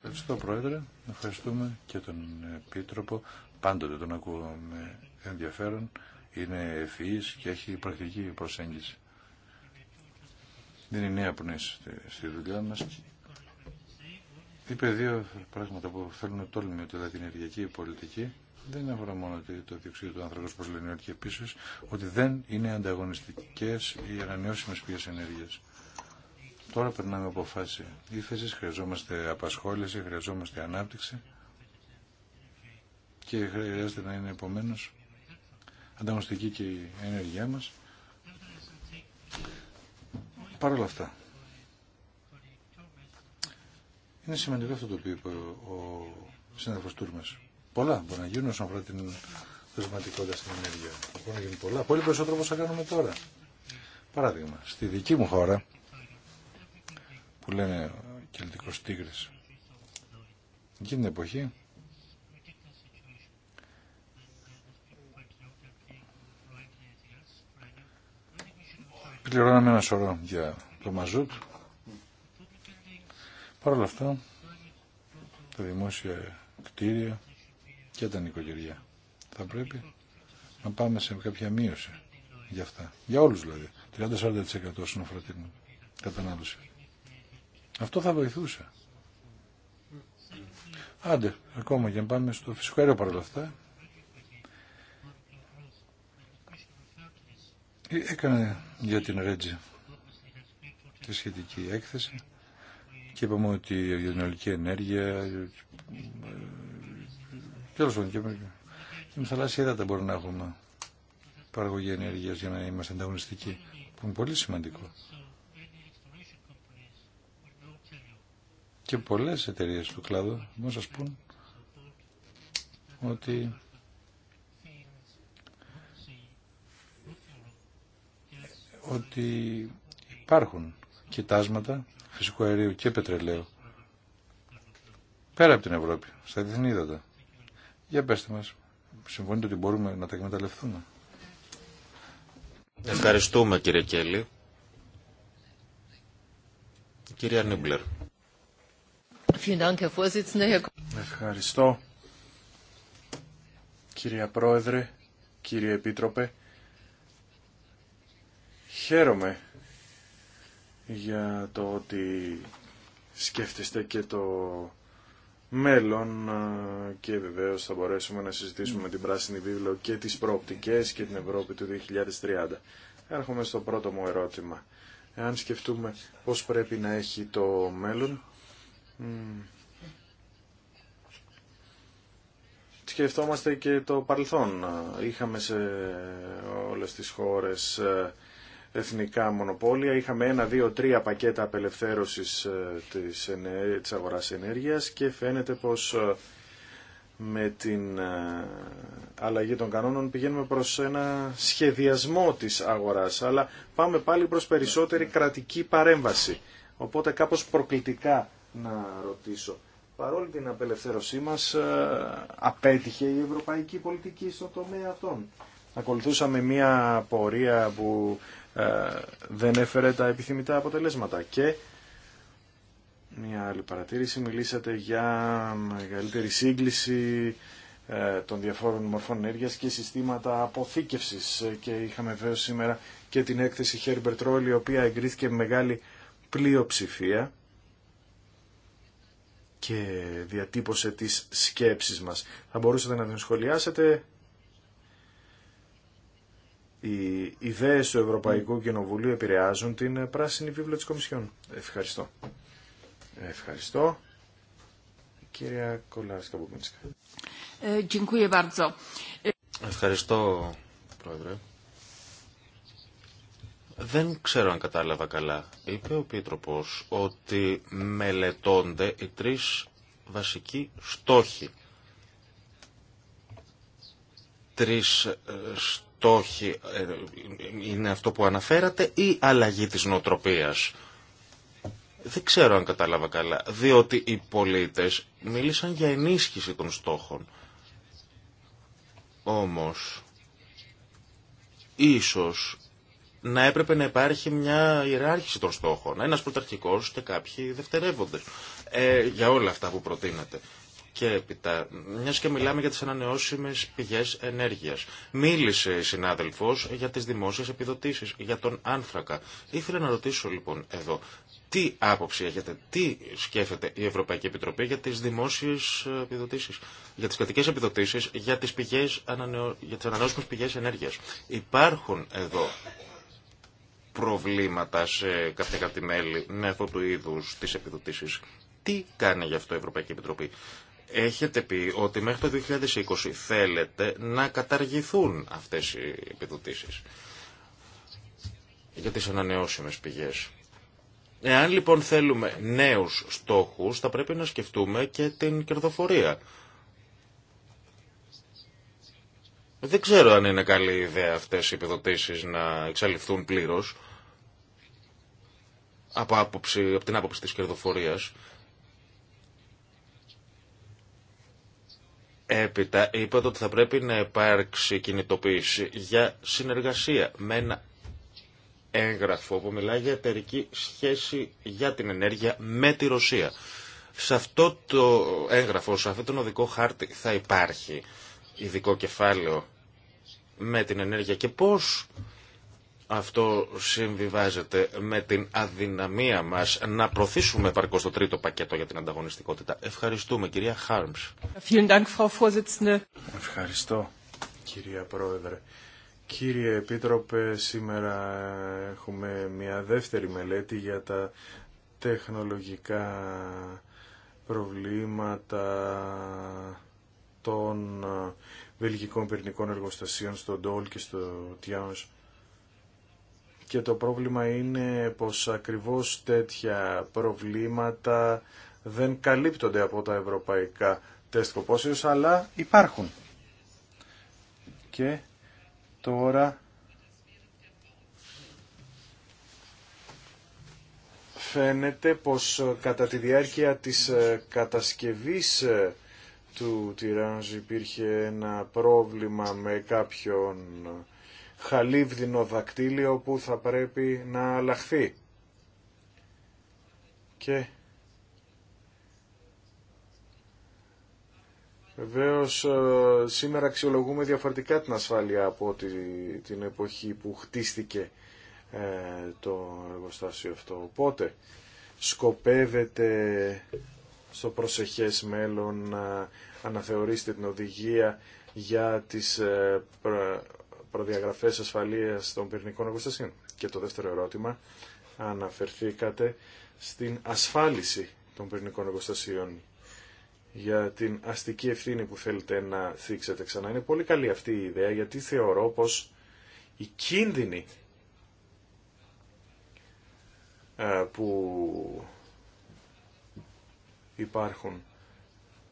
Ευχαριστώ Πρόεδρε, ευχαριστούμε και τον Επίτροπο. Πάντοτε τον ακούω με ενδιαφέρον. Είναι ευφυής και έχει πρακτική προσέγγιση. Δεν είναι νέα που είναι στη δουλειά μας. Είπε δύο πράγματα που θέλουν τόλμη ότι δηλαδή, η ενεργειακή πολιτική δεν αφορά μόνο το διοξείδιο του ανθρώπου, όπω λένε και επίση, ότι δεν είναι ανταγωνιστικέ οι ανανεώσιμε πηγέ ενέργεια. Τώρα περνάμε από φάση ύφεση, χρειαζόμαστε απασχόληση, χρειαζόμαστε ανάπτυξη και χρειάζεται να είναι επομένω ανταγωνιστική και η ενέργειά μας. Παρ' όλα αυτά, είναι σημαντικό αυτό το οποίο είπε ο συνάδελφος Τούρμες. Πολλά μπορεί να γίνουν όσον αφορά την δεσματικότητα στην ενέργεια. Μπορεί να γίνουν πολλά. Πολύ περισσότερο όπως θα κάνουμε τώρα. Παράδειγμα, στη δική μου χώρα, που λένε κελτικός τίγρης. Εκείνη την εποχή πληρώναμε ένα σωρό για το μαζούτ. Παρ' όλα αυτά, τα δημόσια κτίρια και τα νοικοκυριά θα πρέπει να πάμε σε κάποια μείωση για αυτά. Για όλους δηλαδή. 30-40% συνοφρατήρων κατανάλωση. Αυτό θα βοηθούσε. Άντε, ακόμα για να πάμε στο φυσικό αέριο παρόλα αυτά. Ε, έκανε για την Ρέτζη τη σχετική έκθεση και είπαμε ότι η υγειονομική ενέργεια ε, τέλος πάντων και με θαλάσσια έδατα μπορούμε να έχουμε παραγωγή ενέργειας για να είμαστε ανταγωνιστικοί που είναι πολύ σημαντικό. και πολλές εταιρείες του κλάδου να σας πούν ότι ότι υπάρχουν κοιτάσματα φυσικού αερίου και πετρελαίου πέρα από την Ευρώπη, στα διεθνή Για πέστε μας, συμφωνείτε ότι μπορούμε να τα εκμεταλλευτούμε. Ευχαριστούμε κύριε Κέλλη. Κυρία Νίμπλερ. Ευχαριστώ. Κυρία Πρόεδρε, κύριε Επίτροπε, χαίρομαι για το ότι σκέφτεστε και το μέλλον ε, και βεβαίως θα μπορέσουμε να συζητήσουμε την Πράσινη Βίβλο και τις προοπτικές και την Ευρώπη του 2030. Έρχομαι στο πρώτο μου ερώτημα. Εάν σκεφτούμε πώς πρέπει να έχει το μέλλον, Mm. Σκεφτόμαστε και το παρελθόν. Είχαμε σε όλες τις χώρες ε, εθνικά μονοπόλια. Είχαμε ένα, δύο, τρία πακέτα απελευθέρωσης ε, της, της αγοράς ενέργειας και φαίνεται πως ε, με την αλλαγή των κανόνων πηγαίνουμε προς ένα σχεδιασμό της αγοράς, αλλά πάμε πάλι προς περισσότερη κρατική παρέμβαση. Οπότε κάπως προκλητικά να ρωτήσω. Παρόλη την απελευθέρωσή μας ε, απέτυχε η ευρωπαϊκή πολιτική στον τομέα αυτών. Ακολουθούσαμε μια πορεία που ε, δεν έφερε τα επιθυμητά αποτελέσματα και μια άλλη παρατήρηση. Μιλήσατε για μεγαλύτερη σύγκληση ε, των διαφόρων μορφών ενέργειας και συστήματα αποθήκευσης και είχαμε βέβαια σήμερα και την έκθεση Herbert Roll η οποία εγκρίθηκε με μεγάλη πλειοψηφία και διατύπωσε τις σκέψεις μας. Θα μπορούσατε να την σχολιάσετε. Οι ιδέες του Ευρωπαϊκού Κοινοβουλίου επηρεάζουν την πράσινη βίβλο της Κομισιόν. Ευχαριστώ. Ευχαριστώ. Κυρία ε, ε, Ευχαριστώ, Πρόεδρε. Δεν ξέρω αν κατάλαβα καλά. Είπε ο Πίτροπος ότι μελετώνται οι τρεις βασικοί στόχοι. Τρεις ε, στόχοι ε, είναι αυτό που αναφέρατε ή αλλαγή της νοοτροπίας. Δεν ξέρω αν κατάλαβα καλά, διότι οι πολίτες μίλησαν για ενίσχυση των στόχων. Όμως, ίσως να έπρεπε να υπάρχει μια ιεράρχηση των στόχων. ένα πρωταρχικό και κάποιοι δευτερεύοντε. ε, για όλα αυτά που προτείνεται. Και έπειτα, μια και μιλάμε για τι ανανεώσιμε πηγέ ενέργεια. Μίλησε η συνάδελφο, για τι δημόσιε επιδοτήσει, για τον άνθρακα. Ήθελα να ρωτήσω λοιπόν εδώ, τι άποψη έχετε, τι σκέφτεται η Ευρωπαϊκή Επιτροπή για τι δημόσιε επιδοτήσει, για τι κρατικέ επιδοτήσει, για τι πηγές, για τις Υπάρχουν εδώ προβλήματα σε κάποια μέλη με αυτού του είδου τι επιδοτήσει. Τι κάνει γι' αυτό η Ευρωπαϊκή Επιτροπή. Έχετε πει ότι μέχρι το 2020 θέλετε να καταργηθούν αυτές οι επιδοτήσεις για τις ανανεώσιμες πηγές. Εάν λοιπόν θέλουμε νέους στόχους, θα πρέπει να σκεφτούμε και την κερδοφορία. Δεν ξέρω αν είναι καλή ιδέα αυτές οι επιδοτήσεις να εξαλειφθούν πλήρως από, από την άποψη της κερδοφορίας. Έπειτα είπατε ότι θα πρέπει να υπάρξει κινητοποίηση για συνεργασία με ένα έγγραφο που μιλάει για εταιρική σχέση για την ενέργεια με τη Ρωσία. Σε αυτό το έγγραφο, σε αυτό τον οδικό χάρτη θα υπάρχει ειδικό κεφάλαιο με την ενέργεια και πώς αυτό συμβιβάζεται με την αδυναμία μας να προθίσουμε παρκώ το τρίτο πακέτο για την ανταγωνιστικότητα. Ευχαριστούμε, κυρία Χάρμς. Ευχαριστώ, κυρία Πρόεδρε. Κύριε Επίτροπε, σήμερα έχουμε μια δεύτερη μελέτη για τα τεχνολογικά προβλήματα των ε, βελγικών πυρηνικών εργοστασίων στο Ντόλ και στο Τιάνος. Και το πρόβλημα είναι πως ακριβώς τέτοια προβλήματα δεν καλύπτονται από τα ευρωπαϊκά τεστ κοπόσεως, αλλά υπάρχουν. Και τώρα φαίνεται πως ε, κατά τη διάρκεια της ε, κατασκευής του τυράνζ υπήρχε ένα πρόβλημα με κάποιον χαλίβδινο δακτύλιο που θα πρέπει να αλλάχθεί. Και Βεβαίω ε, σήμερα αξιολογούμε διαφορετικά την ασφάλεια από την εποχή που χτίστηκε ε, το εργοστάσιο αυτό. Οπότε σκοπεύετε στο προσεχές μέλλον να αναθεωρήσετε την οδηγία για τις ε, προδιαγραφές ασφαλείας των πυρηνικών εργοστασίων. Και το δεύτερο ερώτημα, αναφερθήκατε στην ασφάλιση των πυρηνικών εργοστασίων για την αστική ευθύνη που θέλετε να θίξετε ξανά. Είναι πολύ καλή αυτή η ιδέα γιατί θεωρώ πως οι κίνδυνοι ε, που υπάρχουν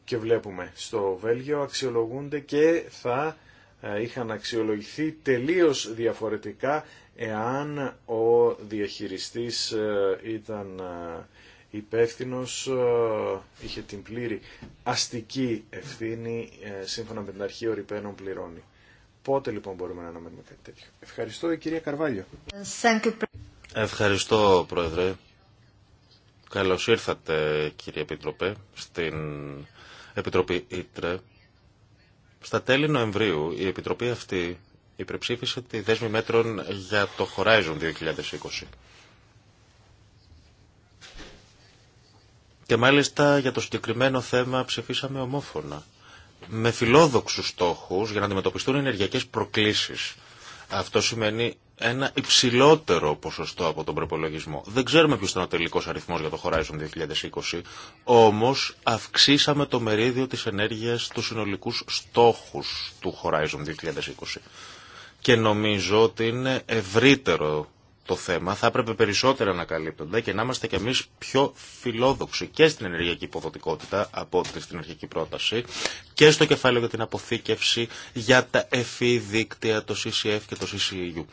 και βλέπουμε στο Βέλγιο αξιολογούνται και θα ε, είχαν αξιολογηθεί τελείως διαφορετικά εάν ο διαχειριστής ε, ήταν ε, υπεύθυνο, είχε την πλήρη αστική ευθύνη σύμφωνα με την αρχή Ριπένον πληρώνει. Πότε λοιπόν μπορούμε να αναμένουμε κάτι τέτοιο. Ευχαριστώ η κυρία Καρβάλιο. Ευχαριστώ πρόεδρε. Καλώς ήρθατε κύριε Επιτροπέ στην Επιτροπή Ήτρε. Στα τέλη Νοεμβρίου η Επιτροπή αυτή υπερψήφισε τη δέσμη μέτρων για το Horizon 2020. Και μάλιστα για το συγκεκριμένο θέμα ψηφίσαμε ομόφωνα. Με φιλόδοξους στόχους για να αντιμετωπιστούν ενεργειακές προκλήσεις. Αυτό σημαίνει ένα υψηλότερο ποσοστό από τον προπολογισμό. Δεν ξέρουμε ποιο ήταν ο τελικό αριθμό για το Horizon 2020, Όμω αυξήσαμε το μερίδιο τη ενέργεια στους συνολικού στόχου του Horizon 2020. Και νομίζω ότι είναι ευρύτερο το θέμα, θα έπρεπε περισσότερα να καλύπτονται και να είμαστε κι εμεί πιο φιλόδοξοι και στην ενεργειακή υποδοτικότητα από ό,τι στην αρχική πρόταση και στο κεφάλαιο για την αποθήκευση για τα FE δίκτυα, το CCF και το CCU.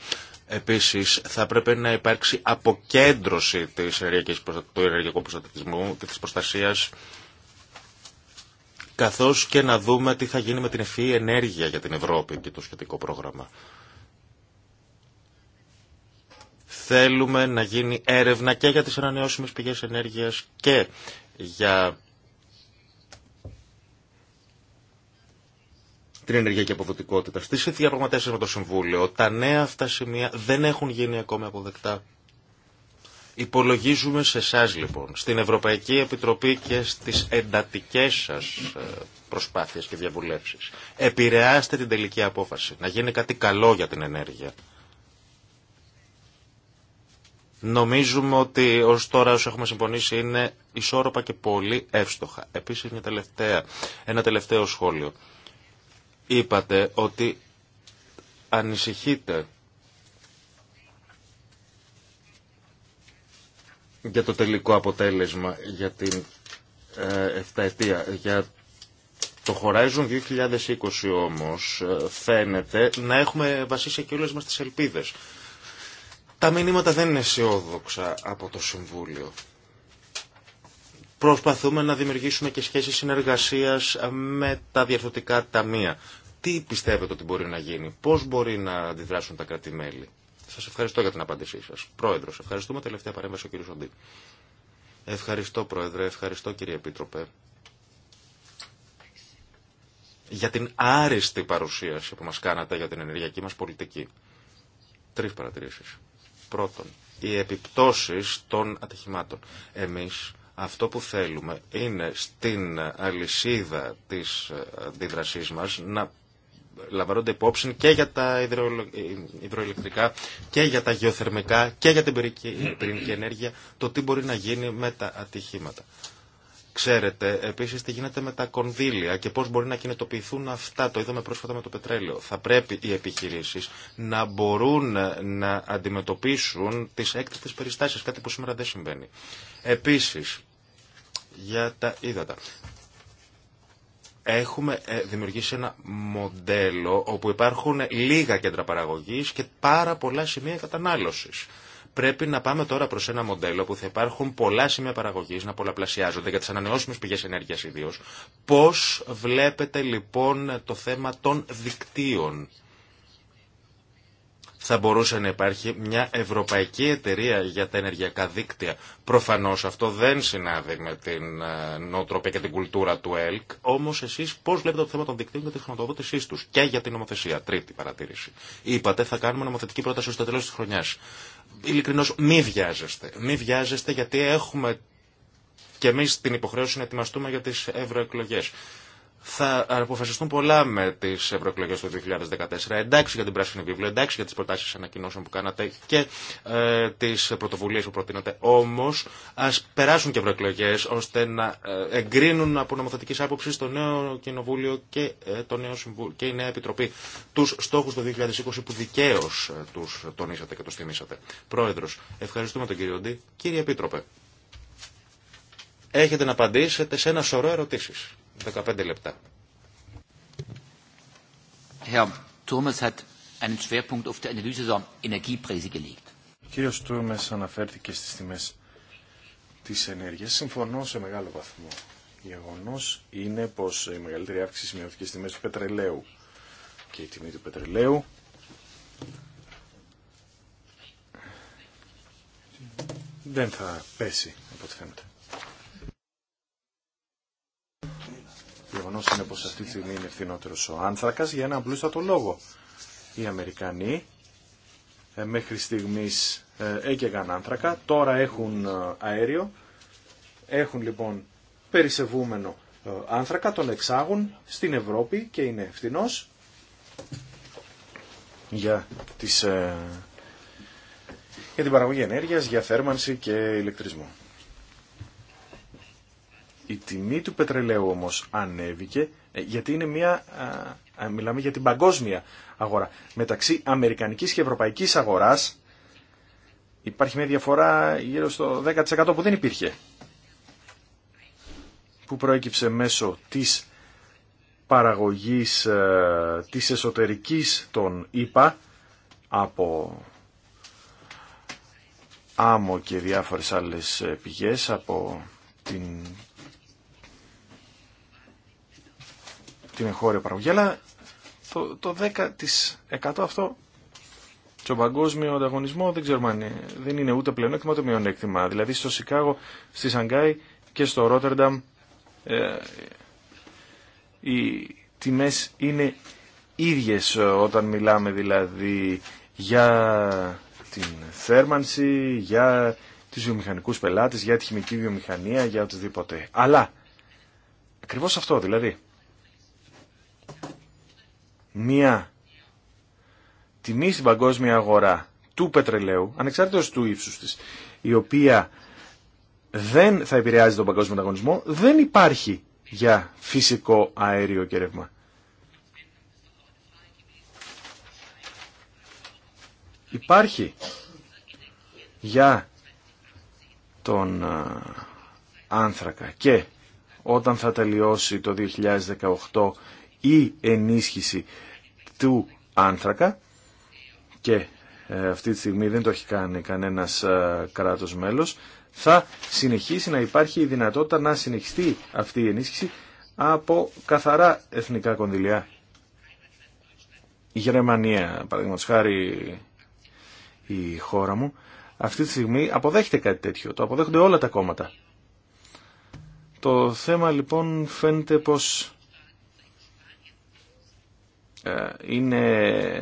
Επίσης, θα πρέπει να υπάρξει αποκέντρωση της του ενεργειακού προστατευτισμού και της προστασίας καθώς και να δούμε τι θα γίνει με την ευφυή ενέργεια για την Ευρώπη και το σχετικό πρόγραμμα. Θέλουμε να γίνει έρευνα και για τις ανανεώσιμες πηγές ενέργειας και για την ενεργειακή αποδοτικότητα. Στις διαπραγματεύσεις με το Συμβούλιο, τα νέα αυτά σημεία δεν έχουν γίνει ακόμη αποδεκτά. Υπολογίζουμε σε εσά λοιπόν, στην Ευρωπαϊκή Επιτροπή και στις εντατικές σας ε, προσπάθειες και διαβουλεύσεις. Επηρεάστε την τελική απόφαση, να γίνει κάτι καλό για την ενέργεια. Νομίζουμε ότι ω τώρα όσο έχουμε συμφωνήσει είναι ισόρροπα και πολύ εύστοχα. Επίση, ένα τελευταίο σχόλιο είπατε ότι ανησυχείτε για το τελικό αποτέλεσμα για την ε, εφταετία, για το Horizon 2020 όμως ε, φαίνεται να έχουμε βασίσει και όλες μας τις ελπίδες. Τα μηνύματα δεν είναι αισιόδοξα από το Συμβούλιο. Προσπαθούμε να δημιουργήσουμε και σχέσεις συνεργασίας με τα διαρθωτικά ταμεία. Τι πιστεύετε ότι μπορεί να γίνει, πώς μπορεί να αντιδράσουν τα κρατημέλη. μελη Σας ευχαριστώ για την απάντησή σας. Πρόεδρος, ευχαριστούμε. Τελευταία παρέμβαση ο κ. Σοντή. Ευχαριστώ Πρόεδρε, ευχαριστώ κύριε Επίτροπε για την άριστη παρουσίαση που μας κάνατε για την ενεργειακή μας πολιτική. Τρεις παρατηρήσεις. Πρώτον, οι επιπτώσεις των ατυχημάτων. Εμείς αυτό που θέλουμε είναι στην αλυσίδα της αντίδρασή μας να λαμβάνονται υπόψη και για τα υδροελεκτρικά και για τα γεωθερμικά και για την πυρηνική ενέργεια το τι μπορεί να γίνει με τα ατυχήματα. Ξέρετε επίσης τι γίνεται με τα κονδύλια και πώς μπορεί να κινητοποιηθούν αυτά. Το είδαμε πρόσφατα με το πετρέλαιο. Θα πρέπει οι επιχειρήσεις να μπορούν να αντιμετωπίσουν τις έκτακτες περιστάσεις, κάτι που σήμερα δεν συμβαίνει. Επίσης, για τα ύδατα. Έχουμε ε, δημιουργήσει ένα μοντέλο όπου υπάρχουν λίγα κέντρα παραγωγής και πάρα πολλά σημεία κατανάλωσης. Πρέπει να πάμε τώρα προς ένα μοντέλο που θα υπάρχουν πολλά σημεία παραγωγής να πολλαπλασιάζονται για τις ανανεώσιμες πηγές ενέργειας ιδίως. Πώς βλέπετε λοιπόν το θέμα των δικτύων θα μπορούσε να υπάρχει μια ευρωπαϊκή εταιρεία για τα ενεργειακά δίκτυα. Προφανώς αυτό δεν συνάδει με την ε, νοοτροπία και την κουλτούρα του ΕΛΚ, όμως εσείς πώς βλέπετε το θέμα των δικτύων και τη χρηματοδότησή τους και για την νομοθεσία. Τρίτη παρατήρηση. Είπατε θα κάνουμε νομοθετική πρόταση στο τέλος της χρονιάς. Ειλικρινώς μη βιάζεστε. Μη βιάζεστε γιατί έχουμε και εμείς την υποχρέωση να ετοιμαστούμε για τις ευρωεκλογές θα αποφασιστούν πολλά με τι ευρωεκλογέ του 2014. Εντάξει για την πράσινη βίβλο, εντάξει για τι προτάσει ανακοινώσεων που κάνατε και ε, τι πρωτοβουλίε που προτείνατε. Όμω, α περάσουν και ευρωεκλογέ ώστε να ε, εγκρίνουν από νομοθετική άποψη το νέο Κοινοβούλιο και, ε, το νέο συμβου... και η νέα Επιτροπή του στόχου του 2020 που δικαίω ε, του τονίσατε και του θυμήσατε. Πρόεδρο, ευχαριστούμε τον κύριο Ντί. Κύριε Επίτροπε, έχετε να απαντήσετε σε ένα σωρό ερωτήσει. 15 λεπτά. Herr Turmes hat einen Schwerpunkt auf der Analyse der Energiepreise gelegt. Ο κύριος αναφέρθηκε στις τιμές της ενέργειας. Συμφωνώ σε μεγάλο βαθμό. Γεγονός είναι πως η μεγαλύτερη αύξηση σημειώθηκε στις τιμές του πετρελαίου. Και η τιμή του πετρελαίου δεν θα πέσει από ό,τι φαίνεται. γεγονό είναι πω αυτή τη στιγμή είναι ευθυνότερο ο άνθρακα για ένα απλούστατο λόγο. Οι Αμερικανοί ε, μέχρι στιγμή ε, έκαιγαν άνθρακα, τώρα έχουν ε, αέριο, έχουν λοιπόν περισεβούμενο άνθρακα, τον εξάγουν στην Ευρώπη και είναι ευθυνό για, τις, για την παραγωγή ενέργειας, για θέρμανση και ηλεκτρισμό. Η τιμή του πετρελαίου όμως ανέβηκε ε, γιατί είναι μια, ε, ε, μιλάμε για την παγκόσμια αγορά. Μεταξύ αμερικανικής και ευρωπαϊκής αγοράς υπάρχει μια διαφορά γύρω στο 10% που δεν υπήρχε. Που προέκυψε μέσω της παραγωγής της εσωτερικής των ΙΠΑ από άμμο και διάφορες άλλες πηγές από την την εγχώρια παραγωγή. Αλλά το, το 10% αυτό στον παγκόσμιο ανταγωνισμό δεν ξέρουμε αν είναι. δεν είναι ούτε πλεονέκτημα ούτε μειονέκτημα. Δηλαδή στο Σικάγο, στη Σανγκάη και στο Ρότερνταμ ε, οι τιμέ είναι ίδιες ε, όταν μιλάμε δηλαδή για την θέρμανση, για τους βιομηχανικούς πελάτες, για τη χημική βιομηχανία, για οτιδήποτε. Αλλά ακριβώς αυτό δηλαδή μία τιμή στην παγκόσμια αγορά του πετρελαίου, ανεξάρτητος του ύψους της, η οποία δεν θα επηρεάζει τον παγκόσμιο ανταγωνισμό, δεν υπάρχει για φυσικό αέριο και ρεύμα. Υπάρχει για τον άνθρακα και όταν θα τελειώσει το 2018 η ενίσχυση του άνθρακα και ε, αυτή τη στιγμή δεν το έχει κάνει κανένας ε, κράτος μέλος, θα συνεχίσει να υπάρχει η δυνατότητα να συνεχιστεί αυτή η ενίσχυση από καθαρά εθνικά κονδυλιά. Η Γερμανία, παραδείγματο χάρη η χώρα μου, αυτή τη στιγμή αποδέχεται κάτι τέτοιο. Το αποδέχονται όλα τα κόμματα. Το θέμα λοιπόν φαίνεται πως ε, είναι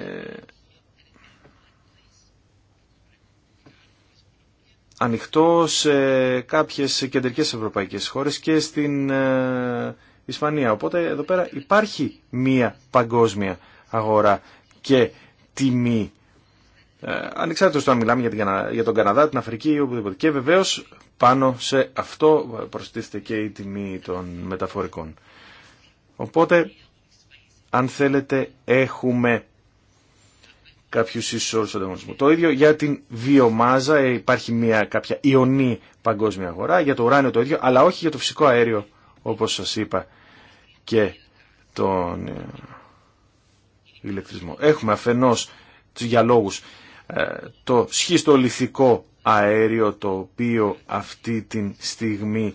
ανοιχτό σε κάποιες κεντρικές ευρωπαϊκές χώρες και στην ε, Ισπανία. Οπότε εδώ πέρα υπάρχει μία παγκόσμια αγορά και τιμή. Ε, ανεξάρτητος το αν μιλάμε για, τον Καναδά, την Αφρική ή οπουδήποτε. Και βεβαίως πάνω σε αυτό προστίθεται και η τιμή των μεταφορικών. Οπότε αν θέλετε, έχουμε κάποιους ίσους ανταγωνισμού. Το ίδιο για την βιομάζα, ε, υπάρχει μια κάποια ιονή παγκόσμια αγορά, για το ουράνιο το ίδιο, αλλά όχι για το φυσικό αέριο, όπως σας είπα, και τον ε, ηλεκτρισμό. Έχουμε αφενός για λόγους ε, το σχιστολιθικό αέριο το οποίο αυτή τη στιγμή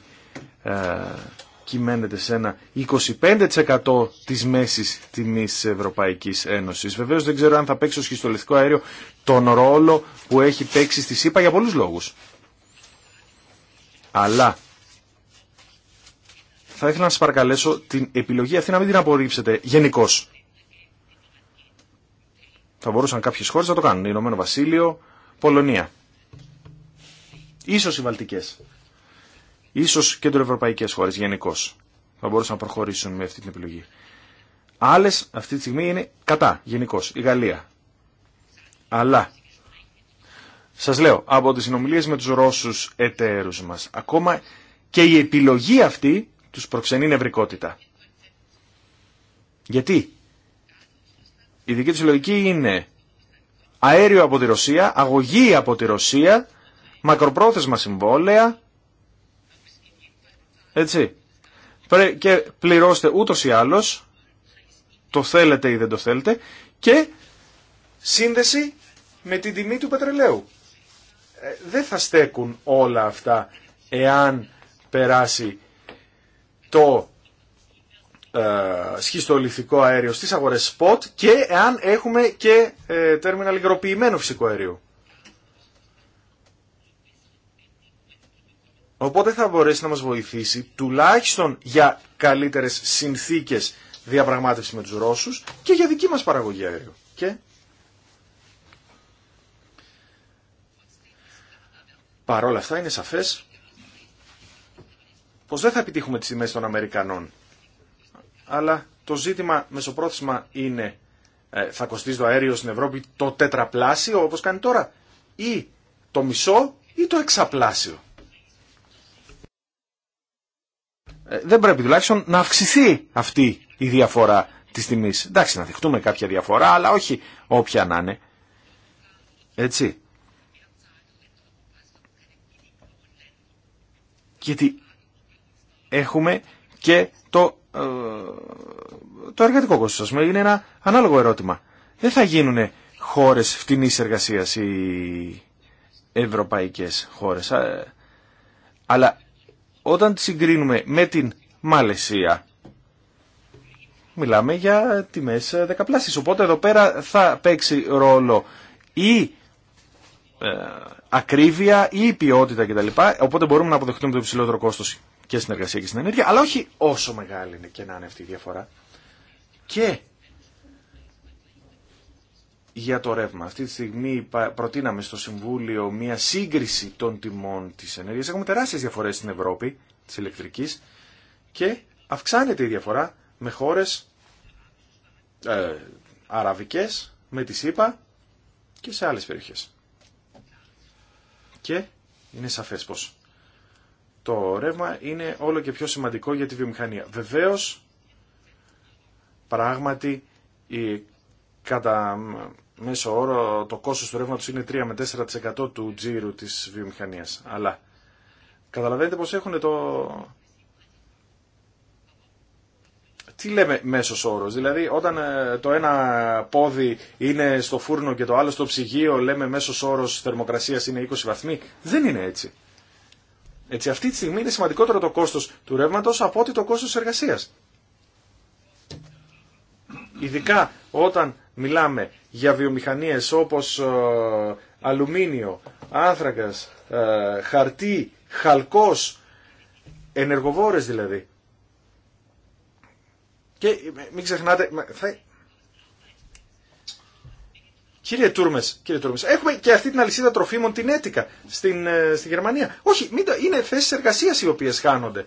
κυμαίνεται σε ένα 25% της μέσης τιμής Ευρωπαϊκής Ένωσης. Βεβαίως δεν ξέρω αν θα παίξει το σχιστολιστικό αέριο τον ρόλο που έχει παίξει στη ΣΥΠΑ για πολλούς λόγους. Αλλά θα ήθελα να σας παρακαλέσω την επιλογή αυτή να μην την απορρίψετε γενικώ. Θα μπορούσαν κάποιες χώρες να το κάνουν. Ηνωμένο Βασίλειο, Πολωνία. Ίσως οι Βαλτικές ίσως κεντροευρωπαϊκές χώρες γενικώ. Θα μπορούσαν να προχωρήσουν με αυτή την επιλογή. Άλλες αυτή τη στιγμή είναι κατά γενικώ, η Γαλλία. Αλλά, σας λέω, από τις συνομιλίες με τους Ρώσους εταίρους μας, ακόμα και η επιλογή αυτή τους προξενεί νευρικότητα. Γιατί η δική τους λογική είναι αέριο από τη Ρωσία, αγωγή από τη Ρωσία, μακροπρόθεσμα συμβόλαια, έτσι. Και πληρώστε ούτω ή άλλω. το θέλετε ή δεν το θέλετε, και σύνδεση με την τιμή του πετρελαίου. Ε, δεν θα στέκουν όλα αυτά εάν περάσει το ε, σχιστολιθικό αέριο στις αγορές spot και εάν έχουμε και ε, τέρμινα λιγροποιημένο φυσικό αέριο. Οπότε θα μπορέσει να μας βοηθήσει τουλάχιστον για καλύτερες συνθήκες διαπραγμάτευση με τους Ρώσους και για δική μας παραγωγή αέριου. Και... Παρόλα αυτά είναι σαφές πως δεν θα επιτύχουμε τις τιμές των Αμερικανών. Αλλά το ζήτημα μεσοπρόθεσμα είναι ε, θα κοστίζει το αέριο στην Ευρώπη το τετραπλάσιο όπως κάνει τώρα ή το μισό ή το εξαπλάσιο. Ε, δεν πρέπει τουλάχιστον να αυξηθεί αυτή η διαφορά της τιμής. Εντάξει, να δεχτούμε κάποια διαφορά, αλλά όχι όποια να είναι. Έτσι. Γιατί έχουμε και το, ε, το εργατικό κόστος. Είναι ένα ανάλογο ερώτημα. Δεν θα γίνουν χώρες φτηνής εργασίας οι ευρωπαϊκές χώρες. Ε, αλλά όταν τη συγκρίνουμε με την Μαλαισία, μιλάμε για τιμές ε, δεκαπλάσεις. Οπότε εδώ πέρα θα παίξει ρόλο η ε, ακρίβεια ή η ποιότητα κτλ. Οπότε μπορούμε να αποδεχτούμε το υψηλότερο κόστος και στην εργασία και στην ενέργεια, αλλά όχι όσο μεγάλη είναι και να είναι αυτή η διαφορά. Και για το ρεύμα. Αυτή τη στιγμή προτείναμε στο Συμβούλιο μια σύγκριση των τιμών της ενέργειας. Έχουμε τεράστιε διαφορές στην Ευρώπη τη ηλεκτρική και αυξάνεται η διαφορά με χώρες ε, αραβικές, με τη ΣΥΠΑ και σε άλλες περιοχές. Και είναι σαφές πως το ρεύμα είναι όλο και πιο σημαντικό για τη βιομηχανία. Βεβαίω, πράγματι, η κατά μέσο όρο το κόστος του ρεύματος είναι 3 με 4% του τζίρου της βιομηχανίας. Αλλά καταλαβαίνετε πως έχουν το... Τι λέμε μέσος όρο, δηλαδή όταν ε, το ένα πόδι είναι στο φούρνο και το άλλο στο ψυγείο λέμε μέσος όρο θερμοκρασίας είναι 20 βαθμοί, δεν είναι έτσι. Έτσι αυτή τη στιγμή είναι σημαντικότερο το κόστος του ρεύματος από ότι το κόστος εργασίας. Ειδικά όταν μιλάμε για βιομηχανίες όπως ε, αλουμίνιο, άνθρακας, ε, χαρτί, χαλκός, ενεργοβόρες δηλαδή. Και μην ξεχνάτε, θα... Κύριε Τούρμε, κύριε Τούρμες, έχουμε και αυτή την αλυσίδα τροφίμων την έτικα στην, ε, στην Γερμανία. Όχι, μην το, είναι θέσει εργασία οι οποίε χάνονται.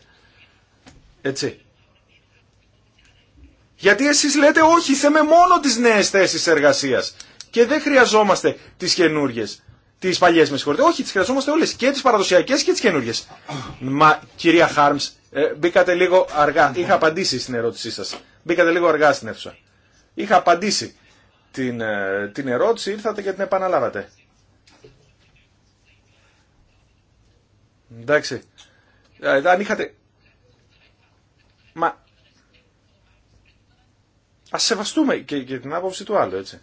Έτσι. Γιατί εσείς λέτε όχι, θέμε μόνο τις νέες θέσεις εργασίας. Και δεν χρειαζόμαστε τις καινούριε. Τι παλιέ, με συγχωρείτε. Όχι, τι χρειαζόμαστε όλε. Και τι παραδοσιακέ και τι καινούριε. Μα, κυρία Χάρμ, ε, μπήκατε λίγο αργά. Είχα απαντήσει στην ερώτησή σα. Μπήκατε λίγο αργά στην αίθουσα. Είχα απαντήσει την, ε, την ερώτηση, ήρθατε και την επαναλάβατε. Εντάξει. Ε, αν είχατε. Μα Α σεβαστούμε και, την άποψη του άλλου, έτσι.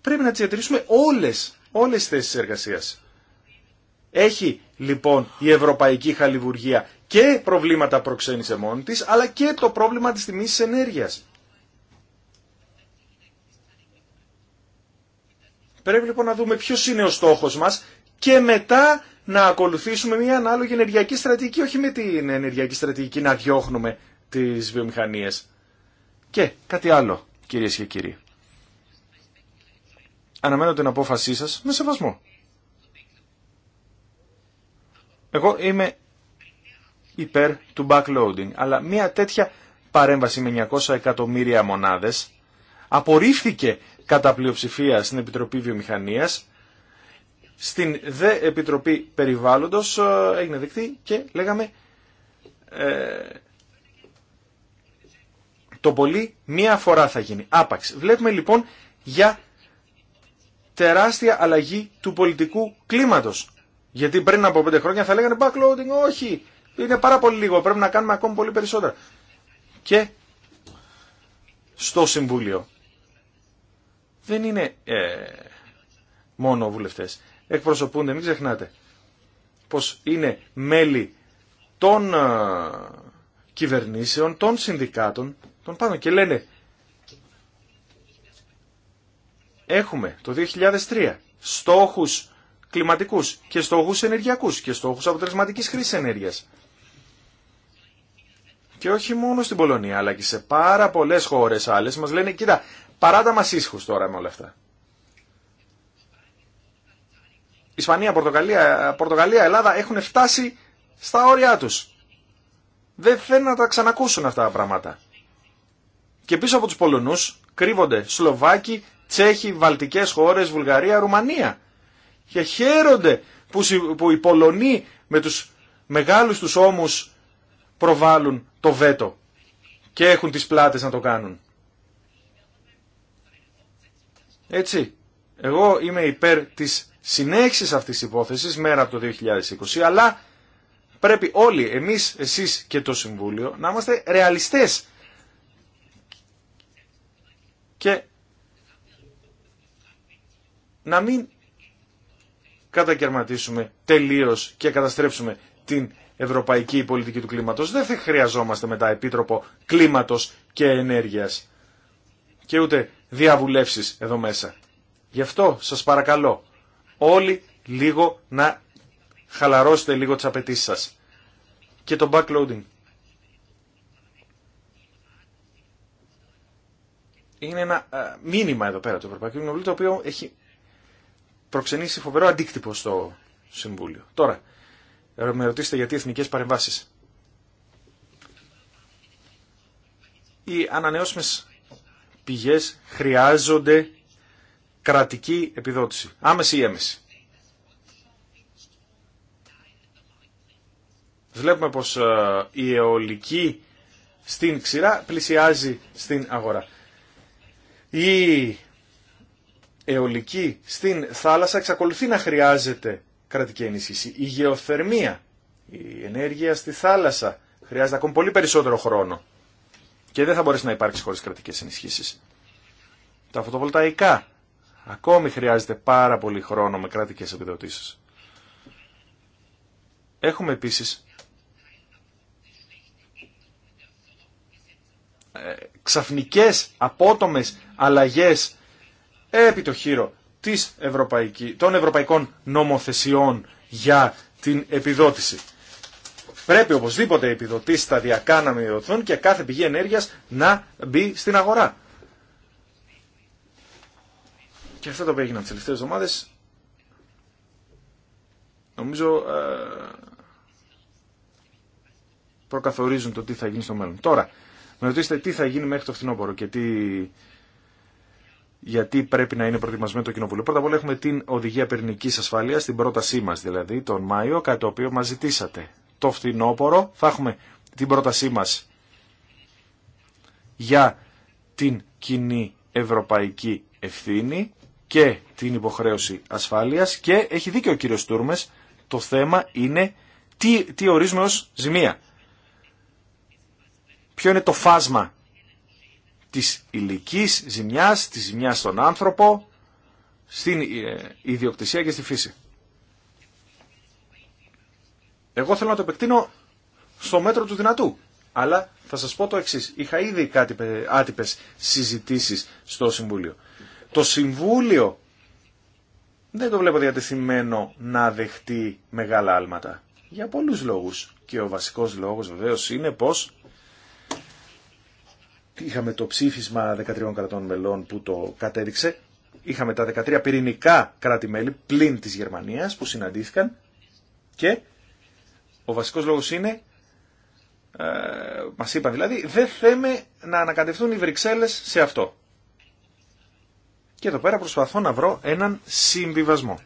Πρέπει να τις διατηρήσουμε όλες, όλες τις θέσεις Έχει λοιπόν η ευρωπαϊκή χαλιβουργία και προβλήματα προξένησε μόνη τη, αλλά και το πρόβλημα της τιμής ενέργειας. Πρέπει λοιπόν να δούμε ποιο είναι ο στόχος μας και μετά να ακολουθήσουμε μια ανάλογη ενεργειακή στρατηγική, όχι με την ενεργειακή στρατηγική να διώχνουμε τις βιομηχανίες. Και κάτι άλλο, κυρίες και κύριοι. Αναμένω την απόφασή σας με σεβασμό. Εγώ είμαι υπέρ του backloading, αλλά μια τέτοια παρέμβαση με 900 εκατομμύρια μονάδες απορρίφθηκε κατά πλειοψηφία στην Επιτροπή Βιομηχανίας, στην ΔΕ Επιτροπή Περιβάλλοντος ε, έγινε δεκτή και λέγαμε ε, το πολύ μία φορά θα γίνει. Άπαξ. Βλέπουμε λοιπόν για τεράστια αλλαγή του πολιτικού κλίματος. Γιατί πριν από πέντε χρόνια θα λέγανε backloading, όχι, είναι πάρα πολύ λίγο, πρέπει να κάνουμε ακόμη πολύ περισσότερα. Και στο Συμβούλιο δεν είναι ε, μόνο βουλευτές. Εκπροσωπούνται, μην ξεχνάτε, πως είναι μέλη των ε, κυβερνήσεων, των συνδικάτων, τον πάνω και λένε έχουμε το 2003 στόχους κλιματικούς και στόχους ενεργειακούς και στόχους αποτελεσματικής χρήσης ενέργειας. Και όχι μόνο στην Πολωνία, αλλά και σε πάρα πολλές χώρες άλλες μας λένε, κοίτα, παράτα μας ήσυχους τώρα με όλα αυτά. Ισπανία, Πορτογαλία, Πορτογαλία, Ελλάδα έχουν φτάσει στα όρια τους. Δεν θέλουν να τα ξανακούσουν αυτά τα πράγματα. Και πίσω από τους Πολωνούς κρύβονται Σλοβάκοι, Τσέχοι, Βαλτικές χώρες, Βουλγαρία, Ρουμανία. Και χαίρονται που οι Πολωνοί με τους μεγάλους τους ώμους προβάλλουν το βέτο και έχουν τις πλάτες να το κάνουν. Έτσι, εγώ είμαι υπέρ της συνέχισης αυτής της υπόθεσης μέρα από το 2020, αλλά πρέπει όλοι, εμείς, εσείς και το Συμβούλιο, να είμαστε ρεαλιστές και να μην κατακαιρματίσουμε τελείως και καταστρέψουμε την ευρωπαϊκή πολιτική του κλίματος. Δεν θα χρειαζόμαστε μετά επίτροπο κλίματος και ενέργειας και ούτε διαβουλεύσεις εδώ μέσα. Γι' αυτό σας παρακαλώ όλοι λίγο να χαλαρώσετε λίγο τις απαιτήσει σας. Και το backloading είναι ένα ε, μήνυμα εδώ πέρα του Ευρωπαϊκού Κοινοβουλίου το οποίο έχει προξενήσει φοβερό αντίκτυπο στο Συμβούλιο. Τώρα, ε, με ρωτήσετε γιατί εθνικές παρεμβάσεις. Οι ανανεώσιμες πηγές χρειάζονται κρατική επιδότηση, άμεση ή έμεση. Βλέπουμε πως ε, η αιωλική στην ξηρά πλησιάζει στην αγορά η αιωλική στην θάλασσα εξακολουθεί να χρειάζεται κρατική ενίσχυση. Η γεωθερμία, η ενέργεια στη θάλασσα χρειάζεται ακόμη πολύ περισσότερο χρόνο και δεν θα μπορέσει να υπάρξει χωρίς κρατικές ενισχύσεις. Τα φωτοβολταϊκά ακόμη χρειάζεται πάρα πολύ χρόνο με κρατικές επιδοτήσεις. Έχουμε επίσης Ε, ξαφνικές απότομες αλλαγές επί το χείρο της Ευρωπαϊκή, των ευρωπαϊκών νομοθεσιών για την επιδότηση. Πρέπει οπωσδήποτε οι επιδοτήσεις σταδιακά να μειωθούν και κάθε πηγή ενέργειας να μπει στην αγορά. Και αυτό το οποίο έγιναν τις τελευταίες εβδομάδες νομίζω ε, προκαθορίζουν το τι θα γίνει στο μέλλον. Τώρα, με ρωτήσετε τι θα γίνει μέχρι το φθινόπωρο και τι... γιατί πρέπει να είναι προετοιμασμένο το Κοινοβούλιο. Πρώτα απ' όλα έχουμε την οδηγία πυρηνική ασφάλεια, την πρότασή μα δηλαδή, τον Μάιο, κάτι το οποίο μα ζητήσατε. Το φθινόπωρο θα έχουμε την πρότασή μα για την κοινή ευρωπαϊκή ευθύνη και την υποχρέωση ασφάλειας και έχει δίκιο ο κύριος Τούρμες, το θέμα είναι τι, τι ορίζουμε ως ζημία ποιο είναι το φάσμα της υλική ζημιάς, της ζημιάς στον άνθρωπο, στην ε, ιδιοκτησία και στη φύση. Εγώ θέλω να το επεκτείνω στο μέτρο του δυνατού. Αλλά θα σας πω το εξής. Είχα ήδη κάτι άτυπες συζητήσεις στο Συμβούλιο. Το Συμβούλιο δεν το βλέπω διατεθειμένο να δεχτεί μεγάλα άλματα. Για πολλούς λόγους. Και ο βασικός λόγος βεβαίως είναι πως είχαμε το ψήφισμα 13 κρατών μελών που το κατέδειξε. Είχαμε τα 13 πυρηνικά κράτη-μέλη πλην της Γερμανίας που συναντήθηκαν και ο βασικός λόγος είναι, ε, μας είπαν δηλαδή, δεν θέμε να ανακατευτούν οι Βρυξέλλες σε αυτό. Και εδώ πέρα προσπαθώ να βρω έναν συμβιβασμό.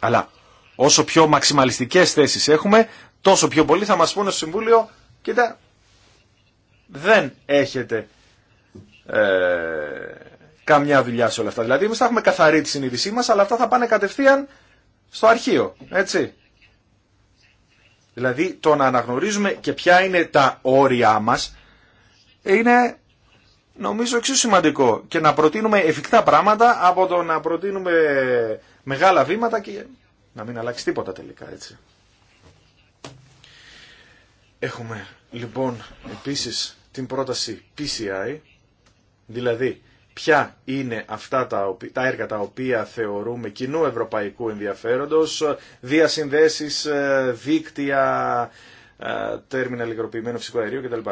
Αλλά όσο πιο μαξιμαλιστικές θέσεις έχουμε, τόσο πιο πολύ θα μας πούνε στο Συμβούλιο, κοίτα, δεν έχετε ε, καμιά δουλειά σε όλα αυτά. Δηλαδή εμεί θα έχουμε καθαρή τη συνείδησή μας, αλλά αυτά θα πάνε κατευθείαν στο αρχείο, έτσι. Δηλαδή το να αναγνωρίζουμε και ποια είναι τα όρια μας είναι νομίζω εξίσου σημαντικό και να προτείνουμε εφικτά πράγματα από το να προτείνουμε μεγάλα βήματα και να μην αλλάξει τίποτα τελικά έτσι. Έχουμε λοιπόν επίσης την πρόταση PCI, δηλαδή ποια είναι αυτά τα, τα έργα τα οποία θεωρούμε κοινού ευρωπαϊκού ενδιαφέροντος, διασυνδέσεις, ε, δίκτυα, ε, τέρμινα λιγροποιημένο φυσικό αερίο κτλ.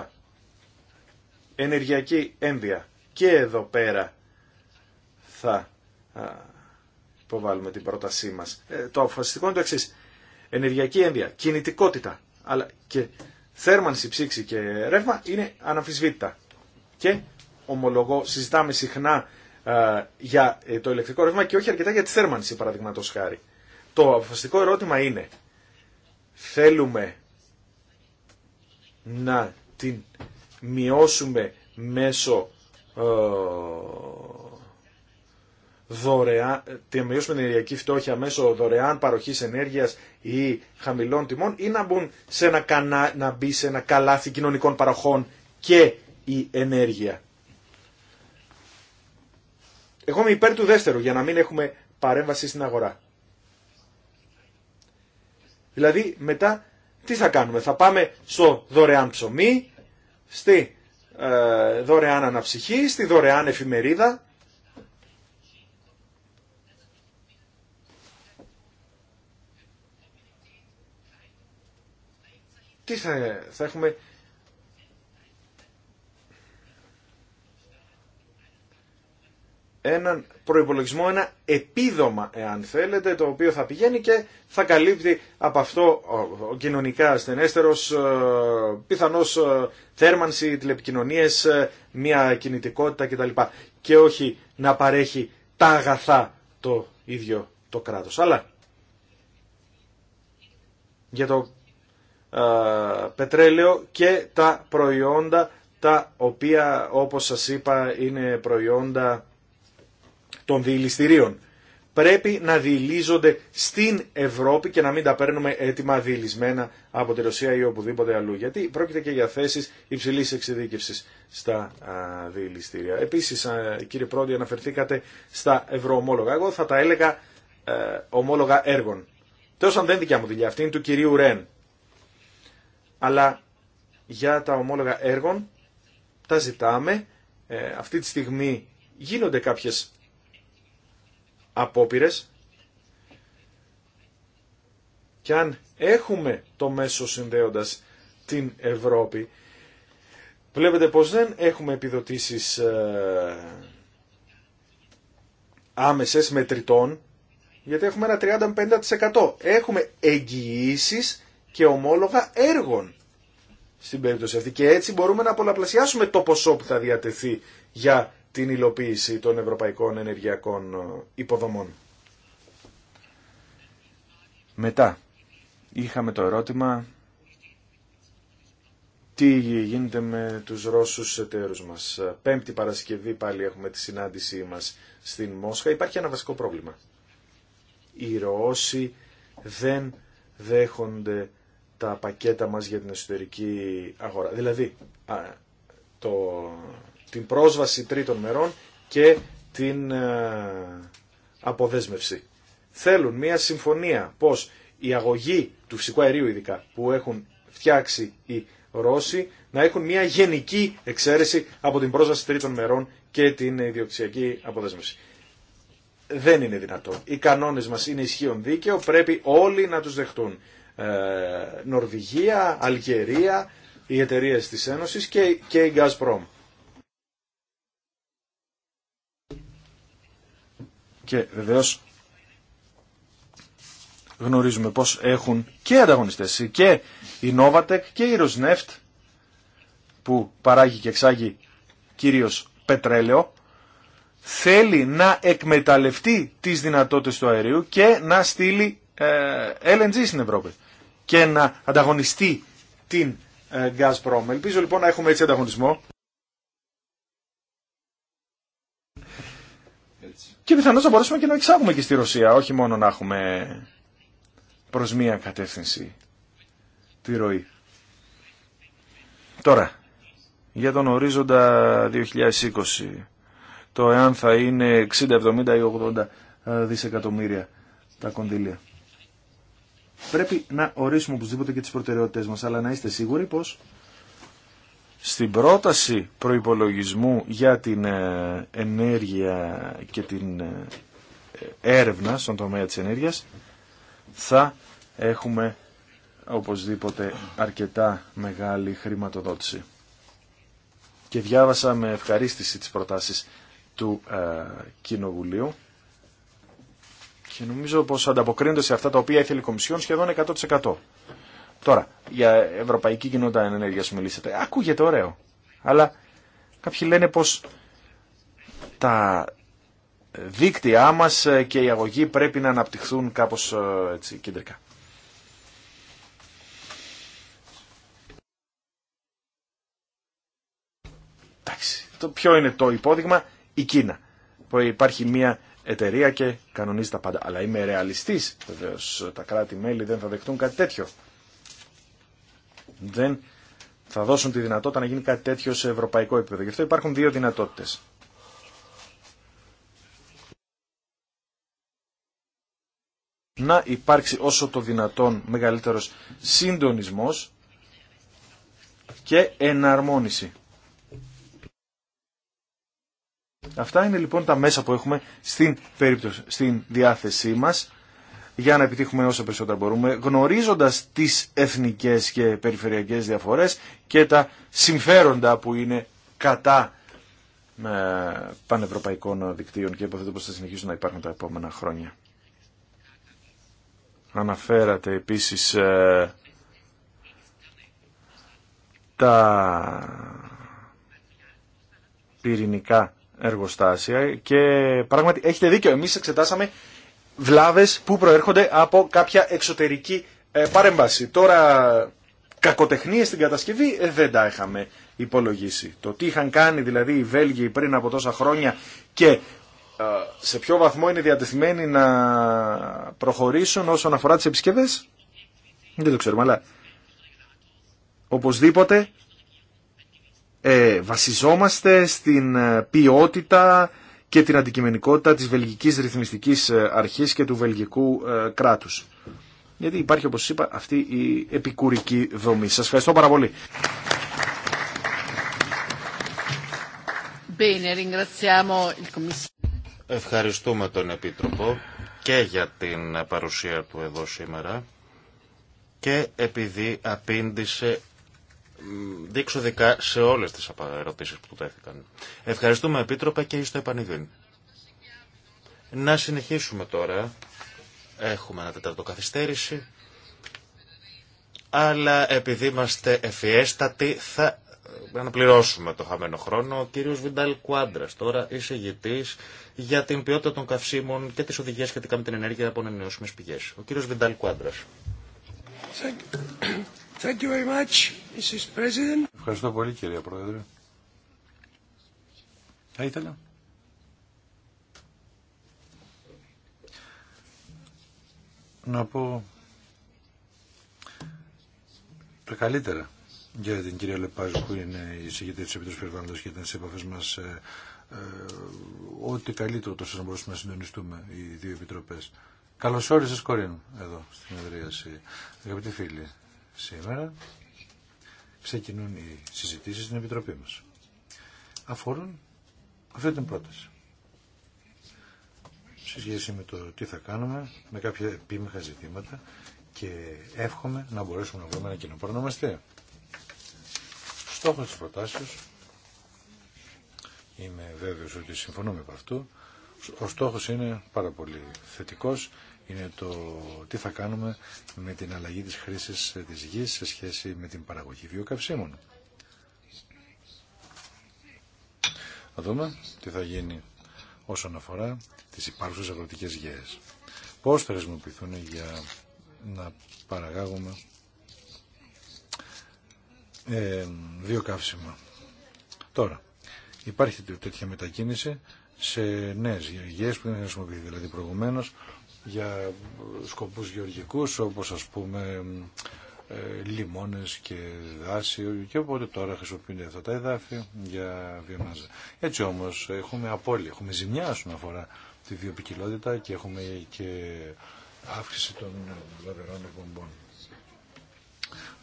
Ενεργειακή έμβια. Και εδώ πέρα θα ε, υποβάλουμε την πρότασή μας. Το αποφασιστικό είναι το εξής. Ενεργειακή έμβια. κινητικότητα, αλλά και θέρμανση, ψήξη και ρεύμα είναι αναμφισβήτητα. Και ομολογώ, συζητάμε συχνά για ε, το ηλεκτρικό ρεύμα και όχι αρκετά για τη θέρμανση, παραδείγματος χάρη. Το αποφασιστικό ερώτημα είναι, θέλουμε να την μειώσουμε μέσω ε, δωρεάν, μείωση με την ενεργειακή φτώχεια μέσω δωρεάν παροχής ενέργειας ή χαμηλών τιμών ή να, μπουν σε ένα να μπει σε ένα καλάθι κοινωνικών παροχών και η ενέργεια. Εγώ είμαι υπέρ του δεύτερου για να μην έχουμε παρέμβαση στην αγορά. Δηλαδή μετά τι θα κάνουμε. Θα πάμε στο δωρεάν ψωμί, στη ε, δωρεάν αναψυχή, στη δωρεάν εφημερίδα τι θα, θα έχουμε έναν προϋπολογισμό, ένα επίδομα εάν θέλετε, το οποίο θα πηγαίνει και θα καλύπτει από αυτό ο κοινωνικά ασθενέστερος ε, πιθανώς ε, θέρμανση, τηλεπικοινωνίες, ε, μια κινητικότητα κτλ. Και όχι να παρέχει τα αγαθά το ίδιο το κράτος. Αλλά για το πετρέλαιο και τα προϊόντα τα οποία όπως σας είπα είναι προϊόντα των διηληστηρίων. Πρέπει να διηλίζονται στην Ευρώπη και να μην τα παίρνουμε έτοιμα διηλισμένα από τη Ρωσία ή οπουδήποτε αλλού. Γιατί πρόκειται και για θέσεις υψηλής εξειδίκευσης στα διηλιστήρια. Επίσης κύριε Πρόντι αναφερθήκατε στα ευρωομόλογα. Εγώ θα τα έλεγα ε, ομόλογα έργων. Τέλος αν δεν δικιά μου δουλειά. Αυτή είναι του κυρίου Ρεν αλλά για τα ομόλογα έργων τα ζητάμε. Ε, αυτή τη στιγμή γίνονται κάποιες απόπειρες και αν έχουμε το μέσο συνδέοντας την Ευρώπη βλέπετε πως δεν έχουμε επιδοτήσεις ε, άμεσες μετρητών γιατί έχουμε 35% Έχουμε εγγυήσεις και ομόλογα έργων στην περίπτωση αυτή. Και έτσι μπορούμε να πολλαπλασιάσουμε το ποσό που θα διατεθεί για την υλοποίηση των ευρωπαϊκών ενεργειακών ε, υποδομών. Μετά είχαμε το ερώτημα τι γίνεται με τους Ρώσους εταίρους μας. Πέμπτη Παρασκευή πάλι έχουμε τη συνάντησή μας στην Μόσχα. Υπάρχει ένα βασικό πρόβλημα. Οι Ρώσοι δεν δέχονται τα πακέτα μας για την εσωτερική αγορά. Δηλαδή, το, την πρόσβαση τρίτων μερών και την ε, αποδέσμευση. Θέλουν μια συμφωνία πως η αγωγή του φυσικού αερίου ειδικά που έχουν φτιάξει οι Ρώσοι να έχουν μια γενική εξαίρεση από την πρόσβαση τρίτων μερών και την ιδιοκτησιακή αποδέσμευση. Δεν είναι δυνατό. Οι κανόνες μας είναι ισχύον δίκαιο, πρέπει όλοι να τους δεχτούν. Ε, Νορβηγία, Αλγερία, οι εταιρείε της Ένωσης και, και η Gazprom. Και βεβαίως γνωρίζουμε πως έχουν και ανταγωνιστές και η Novatec και η Rosneft που παράγει και εξάγει κυρίως πετρέλαιο θέλει να εκμεταλλευτεί τις δυνατότητες του αερίου και να στείλει ε, LNG στην Ευρώπη και να ανταγωνιστεί την ε, Gazprom. Ελπίζω λοιπόν να έχουμε έτσι ανταγωνισμό. Και πιθανώ να μπορέσουμε και να εξάγουμε και στη Ρωσία, όχι μόνο να έχουμε προ μία κατεύθυνση τη ροή. Τώρα, για τον ορίζοντα 2020, το εάν θα είναι 60, 70 ή 80 δισεκατομμύρια τα κονδύλια πρέπει να ορίσουμε οπωσδήποτε και τις προτεραιότητες μας, αλλά να είστε σίγουροι πως στην πρόταση προϋπολογισμού για την ε, ενέργεια και την ε, έρευνα στον τομέα της ενέργειας θα έχουμε οπωσδήποτε αρκετά μεγάλη χρηματοδότηση. Και διάβασα με ευχαρίστηση τις προτάσεις του ε, Κοινοβουλίου και νομίζω πως ανταποκρίνονται σε αυτά τα οποία ήθελε η Κομισιόν σχεδόν 100%. Τώρα, για Ευρωπαϊκή Κοινότητα Ενέργειας μιλήσατε. Ακούγεται ωραίο. Αλλά κάποιοι λένε πως τα δίκτυά μας και η αγωγή πρέπει να αναπτυχθούν κάπως ε, έτσι, κεντρικά. Εντάξει, το ποιο είναι το υπόδειγμα, η Κίνα. Που υπάρχει μια εταιρεία και κανονίζει τα πάντα. Αλλά είμαι ρεαλιστής Βεβαίω, Τα κράτη-μέλη δεν θα δεχτούν κάτι τέτοιο. Δεν θα δώσουν τη δυνατότητα να γίνει κάτι τέτοιο σε ευρωπαϊκό επίπεδο. Γι' αυτό υπάρχουν δύο δυνατότητες. να υπάρξει όσο το δυνατόν μεγαλύτερος συντονισμός και εναρμόνιση. Αυτά είναι λοιπόν τα μέσα που έχουμε στην περίπτωση, στην διάθεσή μας για να επιτύχουμε όσο περισσότερα μπορούμε, γνωρίζοντας τις εθνικές και περιφερειακές διαφορές και τα συμφέροντα που είναι κατά ε, πανευρωπαϊκών δικτύων και υποθέτω πως θα συνεχίσουν να υπάρχουν τα επόμενα χρόνια. Αναφέρατε επίσης ε, τα πυρηνικά εργοστάσια και πράγματι έχετε δίκιο, εμείς εξετάσαμε βλάβες που προέρχονται από κάποια εξωτερική ε, παρέμβαση. Τώρα κακοτεχνίες στην κατασκευή ε, δεν τα είχαμε υπολογίσει. Το τι είχαν κάνει δηλαδή οι Βέλγοι πριν από τόσα χρόνια και ε, σε ποιο βαθμό είναι διατεθειμένοι να προχωρήσουν όσον αφορά τις επισκευές, δεν το ξέρουμε, αλλά οπωσδήποτε ε, βασιζόμαστε στην ε, ποιότητα και την αντικειμενικότητα της βελγικής ρυθμιστικής ε, αρχής και του βελγικού ε, κράτους. Γιατί υπάρχει, όπως είπα, αυτή η επικουρική δομή. Σας ευχαριστώ πάρα πολύ. Ευχαριστούμε τον Επίτροπο και για την παρουσία του εδώ σήμερα και επειδή απήντησε δείξω δικά σε όλε τι ερωτήσει που του τέθηκαν. Ευχαριστούμε Επίτροπε και το επανειδήν. Να συνεχίσουμε τώρα. Έχουμε ένα τέταρτο καθυστέρηση. Αλλά επειδή είμαστε ευφιέστατοι θα ε, αναπληρώσουμε το χαμένο χρόνο. Ο κύριος Βιντάλ κουάντρα, τώρα εισηγητή για την ποιότητα των καυσίμων και τι οδηγίε σχετικά με την ενέργεια από ανανεώσιμε πηγέ. Ο κύριος Βιντάλ Κουάντρα. Ευχαριστώ πολύ κυρία Πρόεδρε. Θα ήθελα. Να πω τα καλύτερα για την κυρία Λεπάζ που είναι η συγκεκριτή της Επιτροπής Περιβάλλοντος και ήταν σε επαφές μας ε, ε, ό,τι καλύτερο τόσο να μπορούσαμε να συντονιστούμε οι δύο επιτροπές. Καλώς όρισες κορίνού εδώ στην Εδρίαση. Αγαπητοί φίλοι, σήμερα ξεκινούν οι συζητήσεις στην Επιτροπή μας. Αφορούν αυτή την πρόταση. Σε σχέση με το τι θα κάνουμε, με κάποια επίμεχα ζητήματα και εύχομαι να μπορέσουμε να βρούμε ένα κοινό προνομαστή. Στόχος της προτάσεως, είμαι βέβαιος ότι συμφωνούμε με αυτού, ο στόχος είναι πάρα πολύ θετικός είναι το τι θα κάνουμε με την αλλαγή της χρήσης της γης σε σχέση με την παραγωγή βιοκαυσίμων. Να δούμε τι θα γίνει όσον αφορά τις υπάρχουσες αγροτικές γέες. Πώς θα χρησιμοποιηθούν για να παραγάγουμε ε, βιοκαύσιμα. Τώρα, υπάρχει τέτοια μετακίνηση σε νέες γέες που δεν χρησιμοποιηθεί. Δηλαδή προηγουμένως για σκοπούς γεωργικούς όπως ας πούμε ε, λιμόνες και δάση και οπότε τώρα χρησιμοποιούνται αυτά τα εδάφη για βιομάζα. Έτσι όμως έχουμε απόλυτη έχουμε ζημιά όσον αφορά τη βιοπικιλότητα και έχουμε και αύξηση των βαρερών εκπομπών.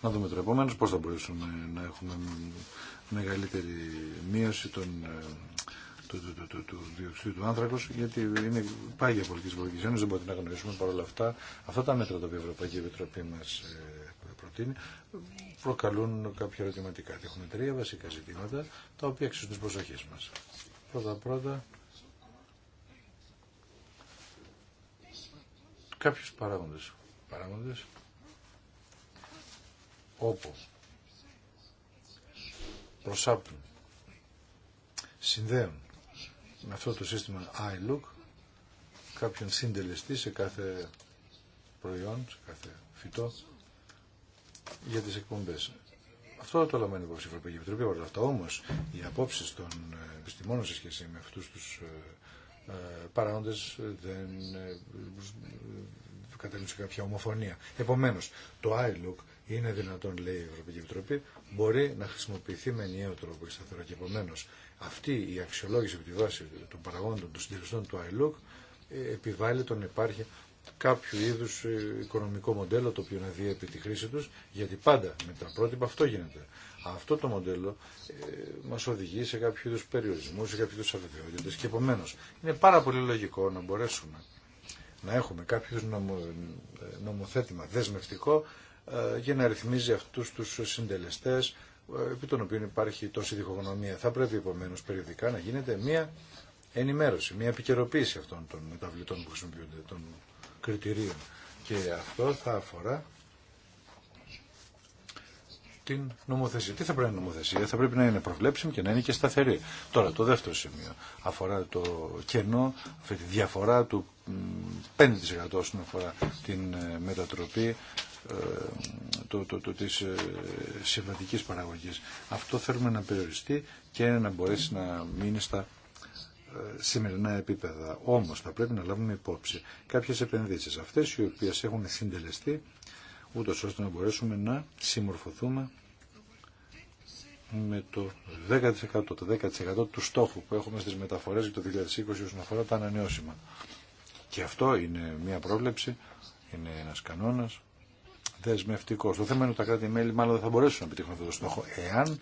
Να δούμε τώρα επόμενος πώς θα μπορούσαμε να έχουμε μεγαλύτερη μείωση των ε, του, του, του, άνθρακο, γιατί είναι πάγια πολιτική πολιτική Ένωση, δεν μπορεί να γνωρίσουμε παρόλα αυτά. Αυτά τα μέτρα τα οποία η Ευρωπαϊκή Επιτροπή μα ε, προτείνει προκαλούν κάποια ερωτηματικά. Έχουμε τρία βασικά ζητήματα τα οποία αξίζουν τι προσοχέ μα. Πρώτα-πρώτα, κάποιου παράγοντε. Παράγοντε όπου προσάπτουν συνδέουν με αυτό το σύστημα iLook κάποιον συντελεστή σε κάθε προϊόν, σε κάθε φυτό για τις εκπομπές. Αυτό το λαμβάνει υπόψη η Ευρωπαϊκή Επιτροπή. Όλα αυτά όμω οι απόψει των ε, επιστημόνων σε σχέση με αυτούς τους ε, ε παράγοντε δεν ε, ε καταλήγουν σε κάποια ομοφωνία. Επομένως το iLook είναι δυνατόν, λέει η Ευρωπαϊκή Επιτροπή, μπορεί να χρησιμοποιηθεί με ενιαίο τρόπο και σταθερά. Και επομένω αυτή η αξιολόγηση από τη βάση των παραγόντων, των συντελεστών του ILOC ε, επιβάλλει τον υπάρχει κάποιο είδου ε, οικονομικό μοντέλο το οποίο να διέπει τη χρήση του, γιατί πάντα με τα πρότυπα αυτό γίνεται. Αυτό το μοντέλο μα ε, μας οδηγεί σε κάποιο είδου περιορισμού σε κάποιο είδου αβεβαιότητε. και επομένω είναι πάρα πολύ λογικό να μπορέσουμε να έχουμε κάποιο νομοθέτημα δεσμευτικό ε, για να ρυθμίζει αυτούς τους συντελεστές ε, επί των οποίων υπάρχει τόση διχογνωμία. Θα πρέπει επομένω περιοδικά να γίνεται μια ενημέρωση, μια επικαιροποίηση αυτών των μεταβλητών που χρησιμοποιούνται, των κριτηρίων. Και αυτό θα αφορά την νομοθεσία. Τι θα πρέπει να είναι νομοθεσία, θα πρέπει να είναι προβλέψιμη και να είναι και σταθερή. Τώρα το δεύτερο σημείο αφορά το κενό, αυτή τη διαφορά του 5% όσον αφορά την ε, μετατροπή ε, το, το, το, της ε, συμβατικής παραγωγής. Αυτό θέλουμε να περιοριστεί και να μπορέσει να μείνει στα ε, σημερινά επίπεδα. Όμως θα πρέπει να λάβουμε υπόψη κάποιες επενδύσεις, αυτές οι οποίες έχουν συντελεστεί, ούτω ώστε να μπορέσουμε να συμμορφωθούμε με το 10%, το 10% του στόχου που έχουμε στις μεταφορές για το 2020 όσον αφορά τα ανανεώσιμα. Και αυτό είναι μια πρόβλεψη, είναι ένας κανόνας Δεσμευτικό. Το θέμα είναι ότι τα κράτη-μέλη μάλλον δεν θα μπορέσουν να επιτύχουν αυτό το στόχο εάν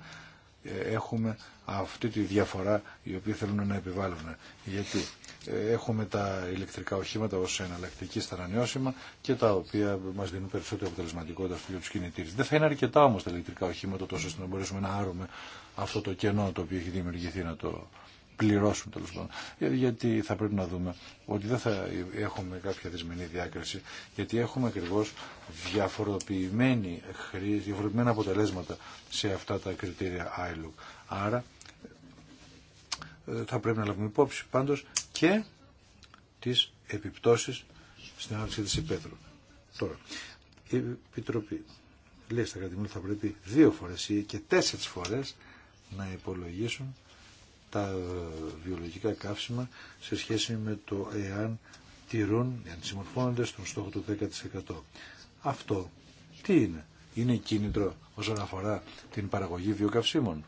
ε, έχουμε αυτή τη διαφορά η οποία θέλουν να επιβάλλουν. Γιατί ε, έχουμε τα ηλεκτρικά οχήματα ω εναλλακτική στα ανανεώσιμα και τα οποία μα δίνουν περισσότερη αποτελεσματικότητα στο του κινητήρε. Δεν θα είναι αρκετά όμω τα ηλεκτρικά οχήματα τόσο ώστε να μπορέσουμε να άρουμε αυτό το κενό το οποίο έχει δημιουργηθεί να το πληρώσουν τέλο πάντων. Γιατί θα πρέπει να δούμε ότι δεν θα έχουμε κάποια δυσμενή διάκριση, γιατί έχουμε ακριβώ διαφοροποιημένη διαφοροποιημένα αποτελέσματα σε αυτά τα κριτήρια Αιλού. Άρα ε, θα πρέπει να λάβουμε υπόψη πάντως και τις επιπτώσεις στην ανάπτυξη τη υπαίθρου. Τώρα, η Επιτροπή λέει στα κρατημένα θα πρέπει δύο φορές ή και τέσσερις φορές να υπολογίσουν τα βιολογικά καύσιμα σε σχέση με το εάν τηρούν, εάν συμμορφώνονται στον στόχο του 10%. Αυτό τι είναι. Είναι κίνητρο όσον αφορά την παραγωγή βιοκαυσίμων.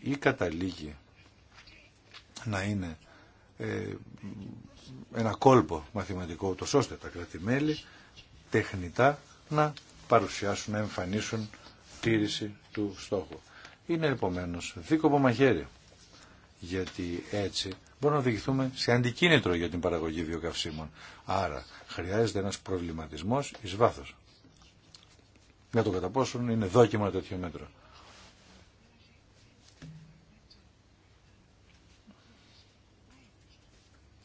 Ή καταλήγει να είναι ε, ένα κόλπο μαθηματικό το ώστε τα κρατημέλη τεχνητά να παρουσιάσουν, να εμφανίσουν τήρηση του στόχου είναι επομένως δίκοπο μαχαίρι. Γιατί έτσι μπορούμε να οδηγηθούμε σε αντικίνητρο για την παραγωγή βιοκαυσίμων. Άρα χρειάζεται ένα προβληματισμός ει βάθο. Για το κατά πόσον είναι δόκιμα τέτοιο μέτρο.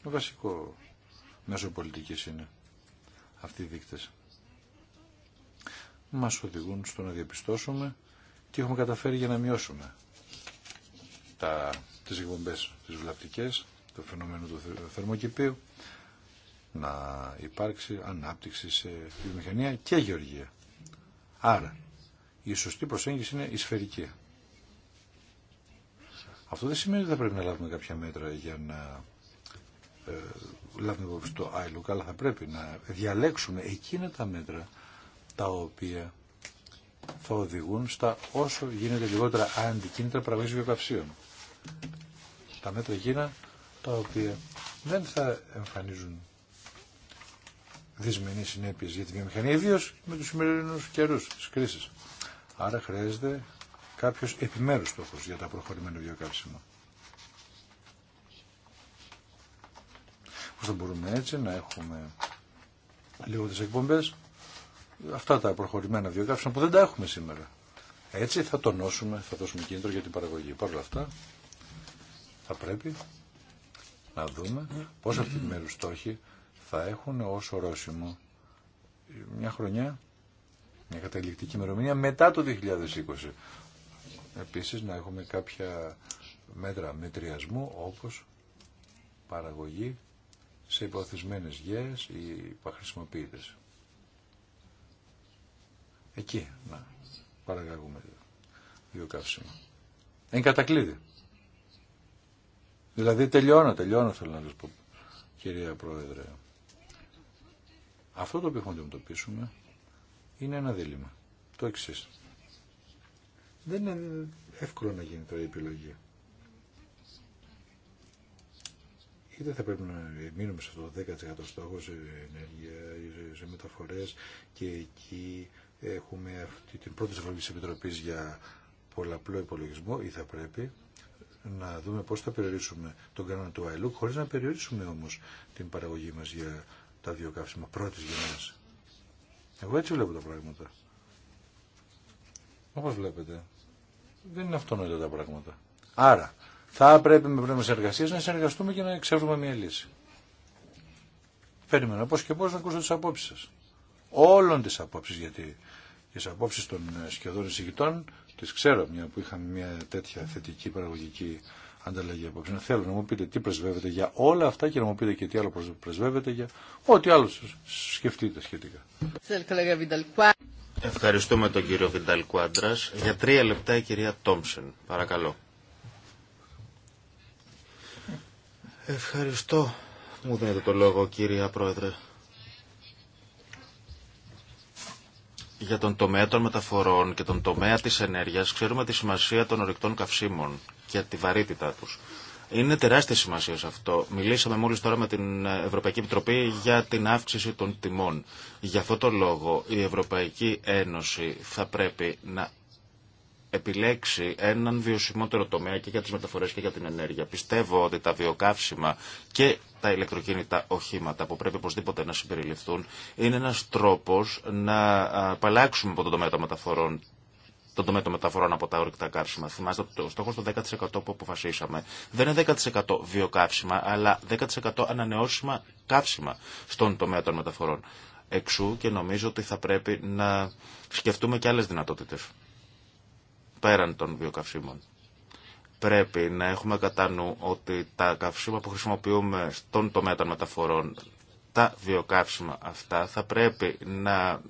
Το βασικό μέσο πολιτική είναι αυτοί οι δείκτες. Μας οδηγούν στο να διαπιστώσουμε τι έχουμε καταφέρει για να μειώσουμε τα, τις εκπομπές τις βλαπτικές, το φαινόμενο του θερμοκηπίου, να υπάρξει ανάπτυξη σε βιομηχανία και γεωργία. Άρα, η σωστή προσέγγιση είναι η σφαιρική. Αυτό δεν σημαίνει ότι θα πρέπει να λάβουμε κάποια μέτρα για να ε, λάβουμε υπόψη το ILUC αλλά θα πρέπει να διαλέξουμε εκείνα τα μέτρα τα οποία θα οδηγούν στα όσο γίνεται λιγότερα αντικίνητρα παραγωγής βιοκαυσίων. Τα μέτρα εκείνα τα οποία δεν θα εμφανίζουν δυσμενείς συνέπειες για τη βιομηχανία, ιδίω με τους σημερινούς καιρούς τη κρίση. Άρα χρειάζεται κάποιος επιμέρους στόχος για τα προχωρημένα βιοκαύσιμα. Πώς θα μπορούμε έτσι να έχουμε λίγο τις εκπομπές αυτά τα προχωρημένα βιοκαύσιμα που δεν τα έχουμε σήμερα. Έτσι θα τονώσουμε, θα δώσουμε κίνητρο για την παραγωγή. Παρ' όλα αυτά θα πρέπει να δούμε πώς αυτοί οι μέρους στόχοι θα έχουν ως ορόσημο μια χρονιά, μια καταληκτική ημερομηνία μετά το 2020. Επίσης να έχουμε κάποια μέτρα μετριασμού όπως παραγωγή σε υποθυσμένες γέες ή υπαχρησιμοποιητές. Εκεί να παραγαγούμε δύο καύσιμα. Εν κατακλείδη. Δηλαδή τελειώνω, τελειώνω θέλω να σας πω, κυρία Πρόεδρε. Αυτό το οποίο έχουμε να αντιμετωπίσουμε είναι ένα δίλημα. Το εξή. Δεν είναι εύκολο να γίνει τώρα η επιλογή. Είτε θα πρέπει να μείνουμε σε αυτό το 10% στόχο σε ενέργεια, σε μεταφορές και εκεί έχουμε αυτή την πρώτη της Επιτροπή για πολλαπλό υπολογισμό ή θα πρέπει να δούμε πώς θα περιορίσουμε τον κανόνα του ΑΕΛΟΚ χωρίς να περιορίσουμε όμως την παραγωγή μας για τα δύο καύσιμα πρώτης γενιάς. Εγώ έτσι βλέπω τα πράγματα. Όπως βλέπετε, δεν είναι αυτονόητα τα πράγματα. Άρα, θα πρέπει με πνεύμα εργασίας να συνεργαστούμε και να ξέρουμε μια λύση. Περιμένω πώς και πώς να ακούσω τις απόψεις σας. Όλων τις απόψεις γιατί τις απόψεις των ε, σχεδόν εισηγητών. Τις ξέρω μια που είχαμε μια τέτοια θετική παραγωγική ανταλλαγή απόψε. Θέλω να μου πείτε τι πρεσβεύετε για όλα αυτά και να μου πείτε και τι άλλο πρεσβεύετε για ό,τι άλλο σκεφτείτε σχετικά. Ευχαριστούμε τον κύριο Βινταλ Κουάντρα. Για τρία λεπτά η κυρία Τόμψεν. Παρακαλώ. Ευχαριστώ. Μου δίνετε το λόγο κύριε Πρόεδρε. για τον τομέα των μεταφορών και τον τομέα της ενέργειας ξέρουμε τη σημασία των ορεικτών καυσίμων και τη βαρύτητά τους. Είναι τεράστια σημασία σε αυτό. Μιλήσαμε μόλις τώρα με την Ευρωπαϊκή Επιτροπή για την αύξηση των τιμών. Για αυτό το λόγο η Ευρωπαϊκή Ένωση θα πρέπει να επιλέξει έναν βιωσιμότερο τομέα και για τις μεταφορές και για την ενέργεια. Πιστεύω ότι τα βιοκαύσιμα και τα ηλεκτροκίνητα οχήματα που πρέπει οπωσδήποτε να συμπεριληφθούν είναι ένας τρόπος να απαλλάξουμε από τον τομέα των μεταφορών τομέα μεταφορών από τα όρυκτα καύσιμα. Θυμάστε ότι ο στόχο των 10% που αποφασίσαμε δεν είναι 10% βιοκαύσιμα, αλλά 10% ανανεώσιμα καύσιμα στον τομέα των μεταφορών. Εξού και νομίζω ότι θα πρέπει να σκεφτούμε και άλλε δυνατότητε πέραν των βιοκαυσίμων. Πρέπει να έχουμε κατά νου ότι τα καυσίμα που χρησιμοποιούμε στον τομέα των μεταφορών, τα βιοκαύσιμα αυτά θα πρέπει να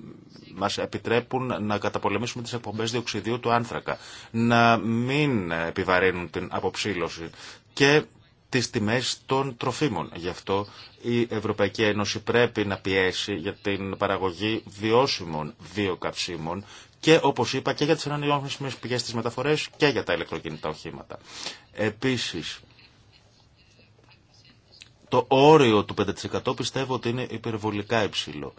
μας επιτρέπουν να καταπολεμήσουμε τις εκπομπέ διοξιδίου του άνθρακα, να μην επιβαρύνουν την αποψήλωση και τις τιμές των τροφίμων. Γι' αυτό η Ευρωπαϊκή Ένωση πρέπει να πιέσει για την παραγωγή βιώσιμων βιοκαυσίμων και όπως είπα και για τι ανανεώσιμε πηγέ της μεταφορέ και για τα ηλεκτροκινητά οχήματα. Επίσης, το όριο του 5% πιστεύω ότι είναι υπερβολικά υψηλό.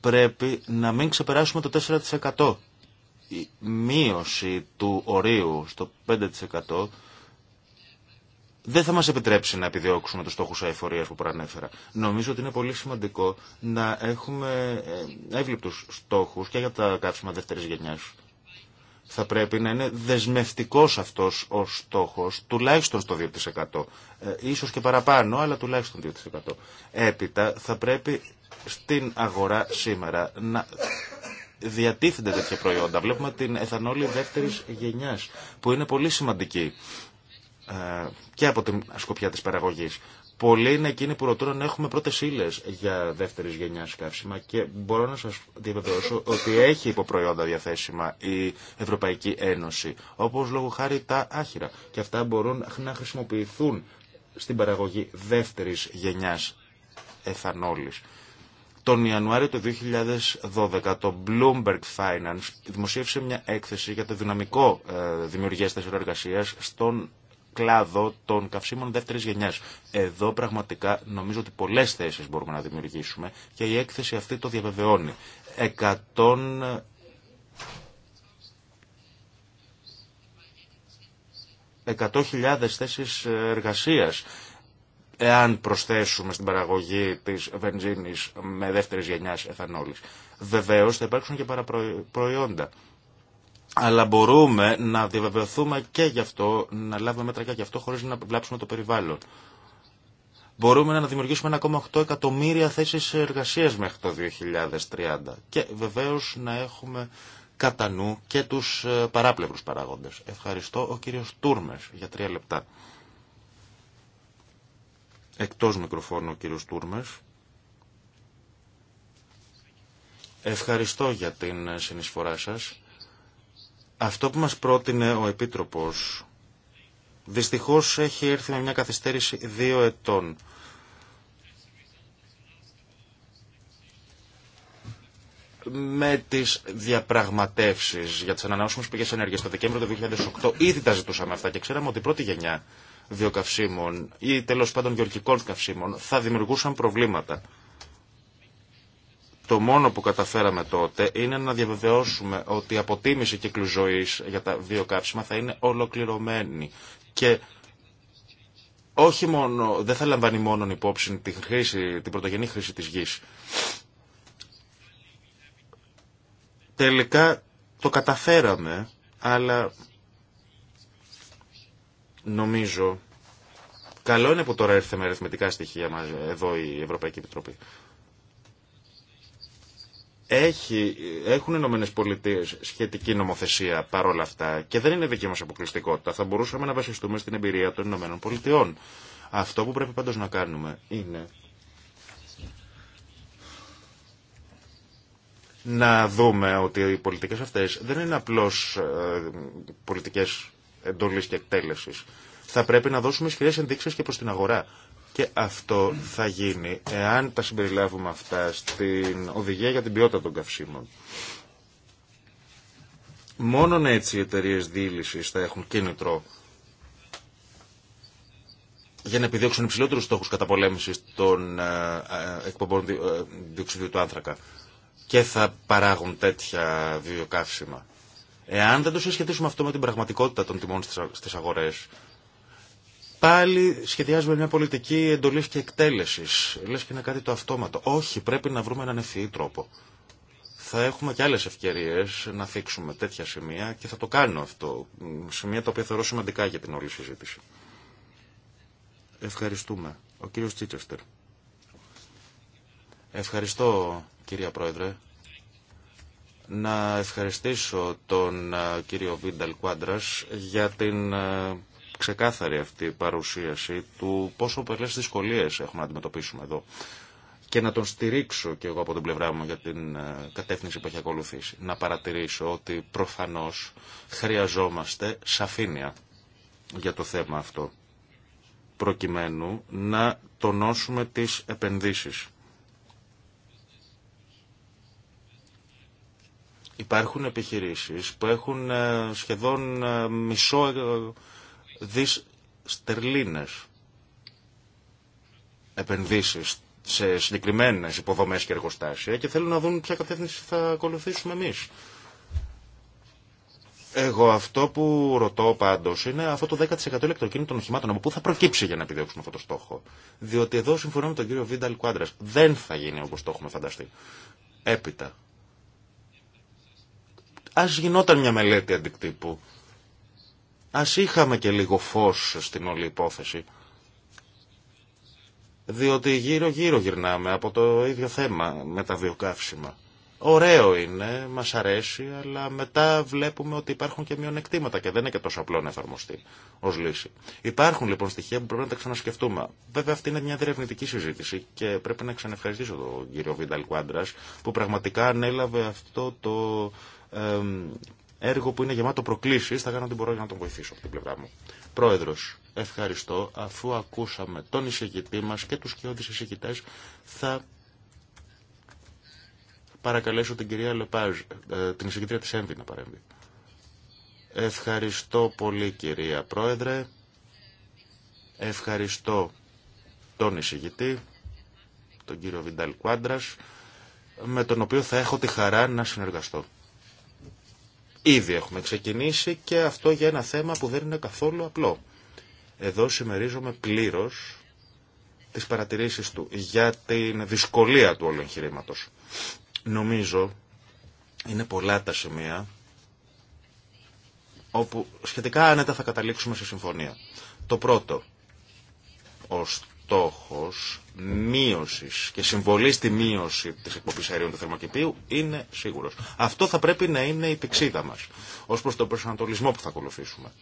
Πρέπει να μην ξεπεράσουμε το 4%. Η μείωση του ορίου στο 5% δεν θα μα επιτρέψει να επιδιώξουμε τους στόχους αεφορία που προανέφερα. Νομίζω ότι είναι πολύ σημαντικό να έχουμε ε, εύληπτου στόχους και για τα κάψιμα δεύτερη γενιάς. Θα πρέπει να είναι δεσμευτικός αυτός ο στόχος, τουλάχιστον στο 2%. Ε, ίσως και παραπάνω, αλλά τουλάχιστον 2%. Έπειτα θα πρέπει στην αγορά σήμερα να διατίθενται τέτοια προϊόντα. Βλέπουμε την εθανόλη δεύτερη γενιά, που είναι πολύ σημαντική ε, και από την σκοπιά της παραγωγής. Πολλοί είναι εκείνοι που ρωτούν αν έχουμε πρώτες ύλε για δεύτερη γενιά καύσιμα και μπορώ να σα διαβεβαιώσω ότι έχει υποπροϊόντα διαθέσιμα η Ευρωπαϊκή Ένωση, όπως λόγω χάρη τα άχυρα. Και αυτά μπορούν να χρησιμοποιηθούν στην παραγωγή δεύτερης γενιάς εθανόλης. Τον Ιανουάριο του 2012 το Bloomberg Finance δημοσίευσε μια έκθεση για το δυναμικό ε, δημιουργία της εργασία στον κλάδο των καυσίμων δεύτερης γενιάς. Εδώ πραγματικά νομίζω ότι πολλές θέσεις μπορούμε να δημιουργήσουμε και η έκθεση αυτή το διαβεβαιώνει. εκατό 100.000 θέσεις εργασίας εάν προσθέσουμε στην παραγωγή της βενζίνης με δεύτερης γενιάς εθανόλης. Βεβαίως θα υπάρξουν και παραπροϊόντα αλλά μπορούμε να διαβεβαιωθούμε και γι' αυτό, να λάβουμε μέτρα και γι' αυτό χωρίς να βλάψουμε το περιβάλλον. Μπορούμε να δημιουργήσουμε 1,8 εκατομμύρια θέσεις εργασίας μέχρι το 2030 και βεβαίως να έχουμε κατά νου και τους ε, παράπλευρους παράγοντες. Ευχαριστώ ο κύριος Τούρμες για τρία λεπτά. Εκτός μικροφώνου ο κύριος Τούρμες. Ευχαριστώ για την συνεισφορά σας. Αυτό που μας πρότεινε ο Επίτροπος δυστυχώς έχει έρθει με μια καθυστέρηση δύο ετών. με τις διαπραγματεύσεις για τι ανανεώσιμε πηγέ ενέργειας. Το Δεκέμβριο του 2008 ήδη τα ζητούσαμε αυτά και ξέραμε ότι η πρώτη γενιά βιοκαυσίμων ή τέλο πάντων γεωργικών καυσίμων θα δημιουργούσαν προβλήματα το μόνο που καταφέραμε τότε είναι να διαβεβαιώσουμε ότι η αποτίμηση κύκλου ζωή για τα δύο κάψιμα θα είναι ολοκληρωμένη και όχι μόνο, δεν θα λαμβάνει μόνο υπόψη την, χρήση, την πρωτογενή χρήση της γης. Τελικά το καταφέραμε, αλλά νομίζω καλό είναι που τώρα έρθε με αριθμητικά στοιχεία μας εδώ η Ευρωπαϊκή Επιτροπή έχουν οι Ηνωμένε σχετική νομοθεσία παρόλα αυτά και δεν είναι δική μα αποκλειστικότητα. Θα μπορούσαμε να βασιστούμε στην εμπειρία των Ηνωμένων Πολιτειών. Αυτό που πρέπει πάντως να κάνουμε είναι να δούμε ότι οι πολιτικές αυτές δεν είναι απλώς ε, πολιτικές εντολής και εκτέλεσης. Θα πρέπει να δώσουμε ισχυρές ενδείξεις και προς την αγορά. Και αυτό θα γίνει εάν τα συμπεριλάβουμε αυτά στην οδηγία για την ποιότητα των καυσίμων. Μόνον έτσι οι εταιρείε δίληση θα έχουν κίνητρο για να επιδιώξουν υψηλότερου στόχου καταπολέμηση των ε, ε, εκπομπών ε, διοξιδίου του άνθρακα και θα παράγουν τέτοια βιοκαύσιμα. Εάν δεν το συσχετίσουμε αυτό με την πραγματικότητα των τιμών στι αγορέ, Πάλι σχεδιάζουμε μια πολιτική εντολής και εκτέλεσης. Λε και είναι κάτι το αυτόματο. Όχι, πρέπει να βρούμε έναν ευθύ τρόπο. Θα έχουμε και άλλες ευκαιρίε να θίξουμε τέτοια σημεία και θα το κάνω αυτό. Σημεία τα οποία θεωρώ σημαντικά για την όλη συζήτηση. Ευχαριστούμε. Ο κύριος Τσίτσεστερ. Ευχαριστώ κυρία Πρόεδρε. Να ευχαριστήσω τον ε, κύριο Βίνταλ Κουάντρας για την ε, ξεκάθαρη αυτή η παρουσίαση του πόσο πολλές δυσκολίε έχουμε να αντιμετωπίσουμε εδώ και να τον στηρίξω και εγώ από την πλευρά μου για την ε, κατεύθυνση που έχει ακολουθήσει. Να παρατηρήσω ότι προφανώς χρειαζόμαστε σαφήνεια για το θέμα αυτό, προκειμένου να τονώσουμε τις επενδύσεις. Υπάρχουν επιχειρήσεις που έχουν ε, σχεδόν ε, μισό δις στερλίνες επενδύσεις σε συγκεκριμένες υποδομές και εργοστάσια και θέλουν να δουν ποια κατεύθυνση θα ακολουθήσουμε εμείς. Εγώ αυτό που ρωτώ πάντω είναι αυτό το 10% ηλεκτροκίνητων οχημάτων από πού θα προκύψει για να επιδιώξουμε αυτό το στόχο. Διότι εδώ συμφωνώ με τον κύριο Βίνταλ Κουάντρα. Δεν θα γίνει όπω το έχουμε φανταστεί. Έπειτα. Α γινόταν μια μελέτη αντικτύπου Ας είχαμε και λίγο φως στην όλη υπόθεση. Διότι γύρω-γύρω γυρνάμε από το ίδιο θέμα με τα βιοκαύσιμα. Ωραίο είναι, μας αρέσει, αλλά μετά βλέπουμε ότι υπάρχουν και μειονεκτήματα και δεν είναι και τόσο απλό να εφαρμοστεί ως λύση. Υπάρχουν λοιπόν στοιχεία που πρέπει να τα ξανασκεφτούμε. Βέβαια αυτή είναι μια διερευνητική συζήτηση και πρέπει να ξανευχαριστήσω τον κύριο Βίνταλ Κουάντρας που πραγματικά ανέλαβε αυτό το έργο που είναι γεμάτο προκλήσει, θα κάνω ό,τι μπορώ για να τον βοηθήσω από την πλευρά μου. Πρόεδρο, ευχαριστώ. Αφού ακούσαμε τον εισηγητή μα και του κοιόδη εισηγητέ, θα παρακαλέσω την κυρία Λεπάζ, ε, την εισηγητρία τη ΕΜΒΗ, να παρέμβει. Ευχαριστώ πολύ, κυρία Πρόεδρε. Ευχαριστώ τον εισηγητή, τον κύριο Βινταλ Κουάντρας, με τον οποίο θα έχω τη χαρά να συνεργαστώ. Ήδη έχουμε ξεκινήσει και αυτό για ένα θέμα που δεν είναι καθόλου απλό. Εδώ συμμερίζομαι πλήρως τις παρατηρήσεις του για την δυσκολία του όλου εγχειρήματο. Νομίζω είναι πολλά τα σημεία όπου σχετικά άνετα θα καταλήξουμε σε συμφωνία. Το πρώτο, ως στόχος μείωσης και συμβολή στη μείωση της εκπομπής αερίων του θερμοκηπίου είναι σίγουρος. Αυτό θα πρέπει να είναι η πηξίδα μας ως προς τον προσανατολισμό που θα ακολουθήσουμε.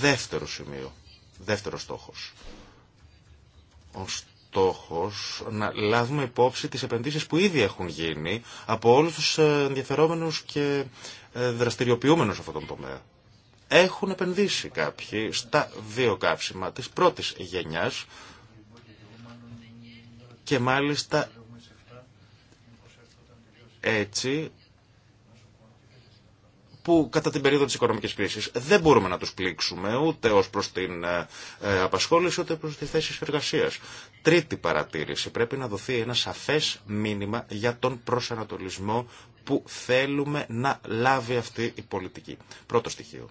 Δεύτερο σημείο, δεύτερο στόχος. Ο στόχος να λάβουμε υπόψη τις επενδύσεις που ήδη έχουν γίνει από όλους τους ε, ενδιαφερόμενους και ε, δραστηριοποιούμενους σε αυτόν τον τομέα. Έχουν επενδύσει κάποιοι στα δύο κάψιμα της πρώτης γενιάς και μάλιστα έτσι που κατά την περίοδο της οικονομικής κρίσης δεν μπορούμε να τους πλήξουμε ούτε ως προς την ε, ε, απασχόληση ούτε προς τις θέσεις εργασίας. Τρίτη παρατήρηση, πρέπει να δοθεί ένα σαφές μήνυμα για τον προσανατολισμό που θέλουμε να λάβει αυτή η πολιτική. Πρώτο στοιχείο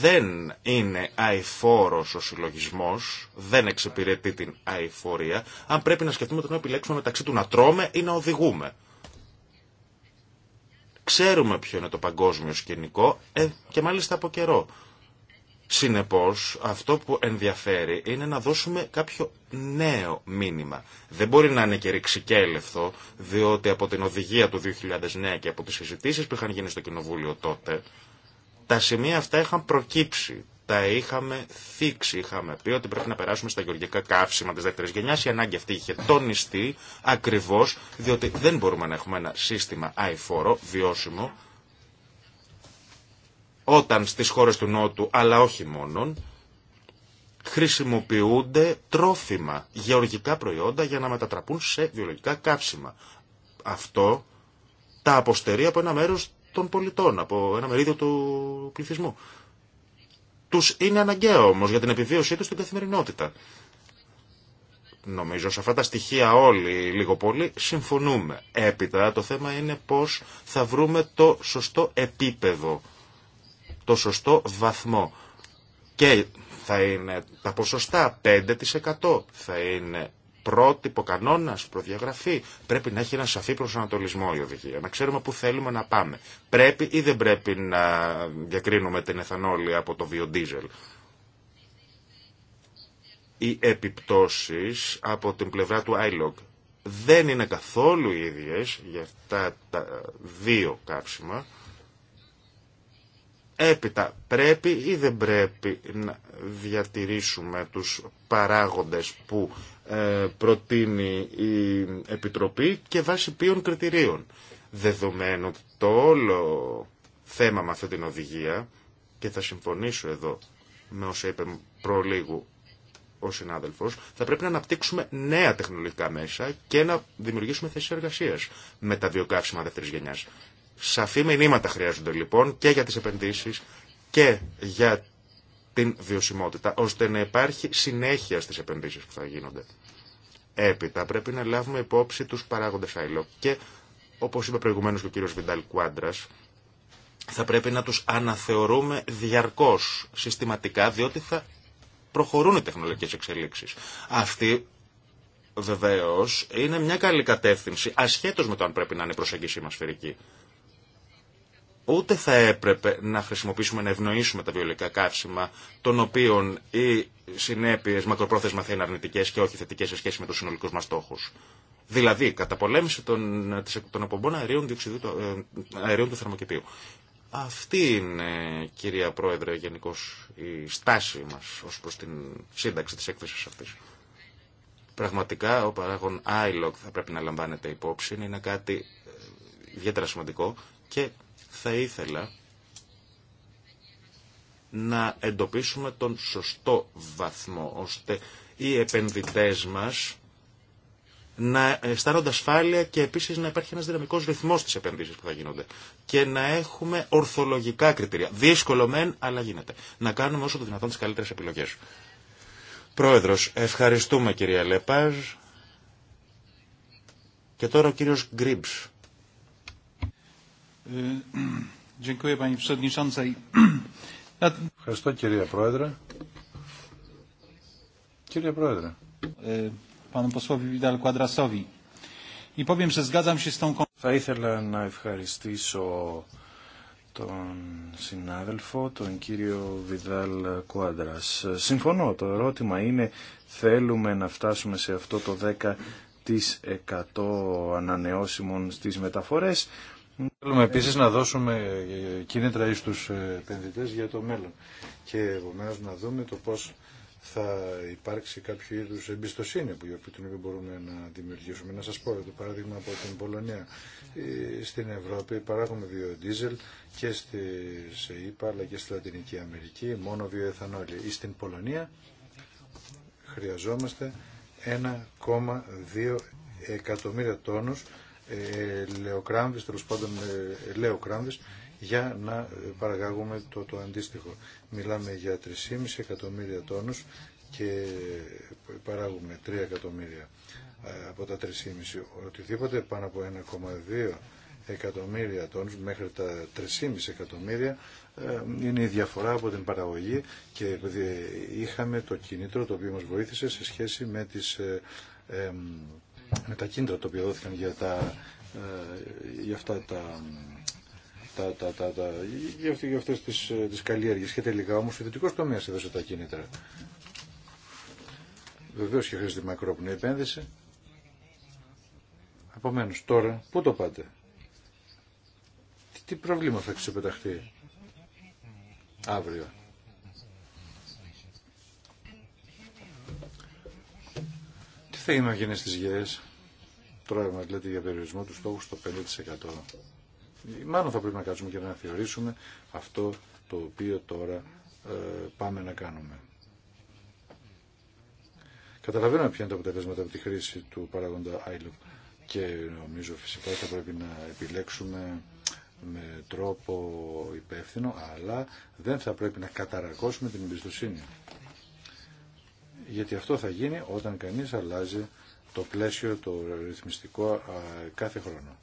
δεν είναι αηφόρος ο συλλογισμός, δεν εξυπηρετεί την αηφορία, αν πρέπει να σκεφτούμε το να επιλέξουμε μεταξύ του να τρώμε ή να οδηγούμε. Ξέρουμε ποιο είναι το παγκόσμιο σκηνικό ε, και μάλιστα από καιρό. Συνεπώς, αυτό που ενδιαφέρει είναι να δώσουμε κάποιο νέο μήνυμα. Δεν μπορεί να είναι και ρηξικέλευθο, διότι από την οδηγία του 2009 και από τις συζητήσεις που είχαν γίνει στο Κοινοβούλιο τότε, τα σημεία αυτά είχαν προκύψει. Τα είχαμε θίξει. Είχαμε πει ότι πρέπει να περάσουμε στα γεωργικά καύσιμα τη δεύτερη γενιά. Η ανάγκη αυτή είχε τονιστεί ακριβώ διότι δεν μπορούμε να έχουμε ένα σύστημα αηφόρο, βιώσιμο, όταν στις χώρες του Νότου, αλλά όχι μόνον, χρησιμοποιούνται τρόφιμα, γεωργικά προϊόντα για να μετατραπούν σε βιολογικά καύσιμα. Αυτό τα αποστερεί από ένα μέρος των πολιτών, από ένα μερίδιο του πληθυσμού. Τους είναι αναγκαίο όμως για την επιβίωσή τους στην καθημερινότητα. Νομίζω σε αυτά τα στοιχεία όλοι λίγο πολύ συμφωνούμε. Έπειτα το θέμα είναι πώς θα βρούμε το σωστό επίπεδο, το σωστό βαθμό. Και θα είναι τα ποσοστά 5% θα είναι πρότυπο κανόνα, προδιαγραφή. Πρέπει να έχει ένα σαφή προσανατολισμό η οδηγία, να ξέρουμε πού θέλουμε να πάμε. Πρέπει ή δεν πρέπει να διακρίνουμε την εθανόλη από το βιοντίζελ. Οι επιπτώσεις από την πλευρά του ILOG δεν είναι καθόλου ίδιε ίδιες για αυτά τα δύο κάψιμα. Έπειτα, πρέπει ή δεν πρέπει να διατηρήσουμε τους παράγοντες που ε, προτείνει η Επιτροπή και βάσει ποιων κριτηρίων. Δεδομένου ότι το όλο θέμα με αυτή την οδηγία, και θα συμφωνήσω εδώ με όσα είπε προλίγου ο συνάδελφος, θα πρέπει να αναπτύξουμε νέα τεχνολογικά μέσα και να δημιουργήσουμε θέσεις εργασίας με τα βιοκαύσιμα δεύτερης γενιάς. Σαφή μηνύματα χρειάζονται λοιπόν και για τις επενδύσεις και για την βιωσιμότητα, ώστε να υπάρχει συνέχεια στις επενδύσεις που θα γίνονται. Έπειτα πρέπει να λάβουμε υπόψη τους παράγοντες Άιλο και όπως είπε προηγουμένως και ο κύριος Βιντάλ Κουάντρας, θα πρέπει να τους αναθεωρούμε διαρκώς, συστηματικά, διότι θα προχωρούν οι τεχνολογικές εξελίξεις. Αυτή βεβαίω είναι μια καλή κατεύθυνση, ασχέτως με το αν πρέπει να είναι η προσέγγιση σφαιρική ούτε θα έπρεπε να χρησιμοποιήσουμε να ευνοήσουμε τα βιολογικά καύσιμα, των οποίων οι συνέπειε μακροπρόθεσμα θα είναι αρνητικέ και όχι θετικέ σε σχέση με του συνολικού μα στόχου. Δηλαδή, καταπολέμηση των, των απομπών αερίων, ε, αερίων του θερμοκηπίου. Αυτή είναι, κυρία Πρόεδρε, γενικώ η στάση μα ω προ την σύνταξη τη έκθεση αυτή. Πραγματικά ο παράγον ILOG θα πρέπει να λαμβάνεται υπόψη, είναι κάτι ε, ιδιαίτερα σημαντικό και θα ήθελα να εντοπίσουμε τον σωστό βαθμό, ώστε οι επενδυτές μας να ε, αισθάνονται ασφάλεια και επίσης να υπάρχει ένας δυναμικό ρυθμό στις επενδύσεις που θα γίνονται. Και να έχουμε ορθολογικά κριτήρια. Δύσκολο μεν, αλλά γίνεται. Να κάνουμε όσο το δυνατόν τις καλύτερες επιλογές. Πρόεδρος, ευχαριστούμε κυρία Λέπαζ. Και τώρα ο κύριο Γκριμπς. Ε, Ευχαριστώ κυρία Πρόεδρε. Κύριε Πρόεδρε. Ε, Θα ήθελα να ευχαριστήσω τον συνάδελφο, τον κύριο Βιδάλ Κουάντρας. Συμφωνώ, το ερώτημα είναι θέλουμε να φτάσουμε σε αυτό το 10% ανανεώσιμων στις μεταφορές Θέλουμε επίση να δώσουμε κίνητρα εις τους ε, επενδυτέ για το μέλλον και επομένω να δούμε το πώς θα υπάρξει κάποιο είδου εμπιστοσύνη που την οποία μπορούμε να δημιουργήσουμε. Να σας πω το παράδειγμα από την Πολωνία. Ε, στην Ευρώπη παράγουμε βιοδίζελ και στη ΣΕΙΠΑ αλλά και στη Λατινική Αμερική μόνο βιοεθανόλια. Ή στην Πολωνία χρειαζόμαστε 1,2 εκατομμύρια τόνους ελαιοκράμβες, τέλος πάντων ε, ελαιοκράμβες, για να παραγάγουμε το, το αντίστοιχο. Μιλάμε για 3,5 εκατομμύρια τόνους και παράγουμε 3 εκατομμύρια ε, από τα 3,5. Οτιδήποτε πάνω από 1,2 εκατομμύρια τόνους μέχρι τα 3,5 εκατομμύρια ε, είναι η διαφορά από την παραγωγή και είχαμε το κινήτρο το οποίο μας βοήθησε σε σχέση με τις με τα κίνητρα τα οποία δόθηκαν για, τα, ε, για αυτά τα τα, τα, τα, τα, για, αυτές, τις, ε, τις καλλιέργειες και τελικά όμως ο ιδιωτικός τομέας έδωσε τα κίνητρα. Βεβαίως και χρειάζεται μακρόπνοη επένδυση. Επομένω, τώρα πού το πάτε. Τι, τι προβλήμα θα ξεπεταχτεί αύριο. θα είναι ο της ΓΕΕΣ. Τώρα μας λέτε για περιορισμό του στόχου στο 5%. Μάλλον θα πρέπει να κάτσουμε και να θεωρήσουμε αυτό το οποίο τώρα ε, πάμε να κάνουμε. Καταλαβαίνουμε ποια είναι τα αποτελέσματα από τη χρήση του παράγοντα ILOP και νομίζω φυσικά θα πρέπει να επιλέξουμε με τρόπο υπεύθυνο, αλλά δεν θα πρέπει να καταρακώσουμε την εμπιστοσύνη γιατί αυτό θα γίνει όταν κανείς αλλάζει το πλαίσιο, το ρυθμιστικό κάθε χρόνο.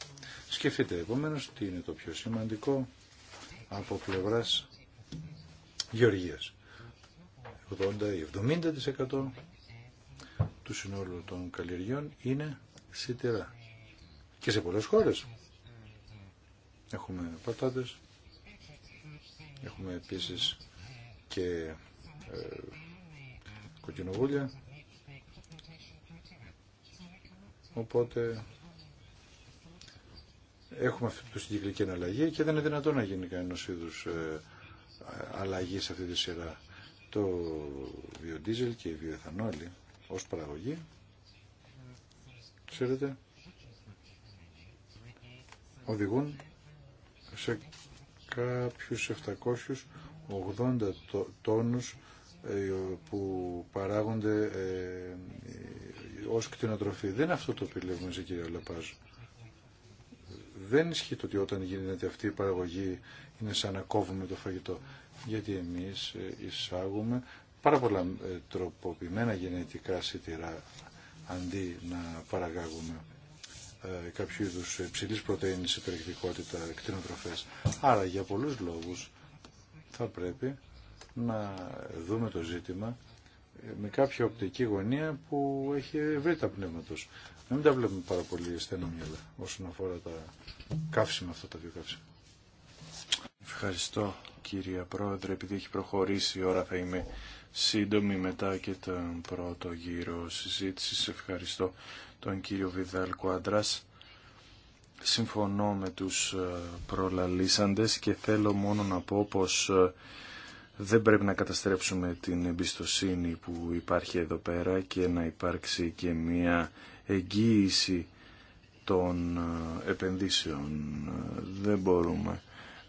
Σκεφτείτε επομένως τι είναι το πιο σημαντικό από πλευράς γεωργίας. 80-70% του συνόλου των καλλιεργιών είναι σίτερα Και σε πολλές χώρες. Έχουμε πατάτες, έχουμε επίσης και ε, κοκκινοβούλια Οπότε έχουμε αυτή τη συγκυκλική εναλλαγή και δεν είναι δυνατόν να γίνει κανένα είδου ε, αλλαγή σε αυτή τη σειρά. Το βιοντίζελ και η βιοεθανόλη ως παραγωγή, ξέρετε, οδηγούν σε κάποιους 780 τόνους ε, που παράγονται ε, ως κτηνοτροφή. Δεν είναι αυτό το επιλέγουμε σε κύριε Λαπάζ. Δεν ισχύει το ότι όταν γίνεται αυτή η παραγωγή είναι σαν να κόβουμε το φαγητό. Γιατί εμείς ε, εισάγουμε πάρα πολλά τροποποιημένα γενετικά σιτηρά αντί να παραγάγουμε κάποιο είδου υψηλή πρωτενη σε Άρα για πολλού λόγου θα πρέπει να δούμε το ζήτημα με κάποια οπτική γωνία που έχει τα πνεύματος. Να μην τα βλέπουμε πάρα πολύ στενά μυαλά όσον αφορά τα καύσιμα αυτά τα δύο καύσιμα. Ευχαριστώ κύριε Πρόεδρε. Επειδή έχει προχωρήσει η ώρα θα είμαι σύντομη μετά και τον πρώτο γύρο συζήτηση. Ευχαριστώ τον κύριο Βιδάλ Κουάντρας. Συμφωνώ με τους ε, προλαλήσαντες και θέλω μόνο να πω πως ε, δεν πρέπει να καταστρέψουμε την εμπιστοσύνη που υπάρχει εδώ πέρα και να υπάρξει και μία εγγύηση των ε, επενδύσεων. Δεν μπορούμε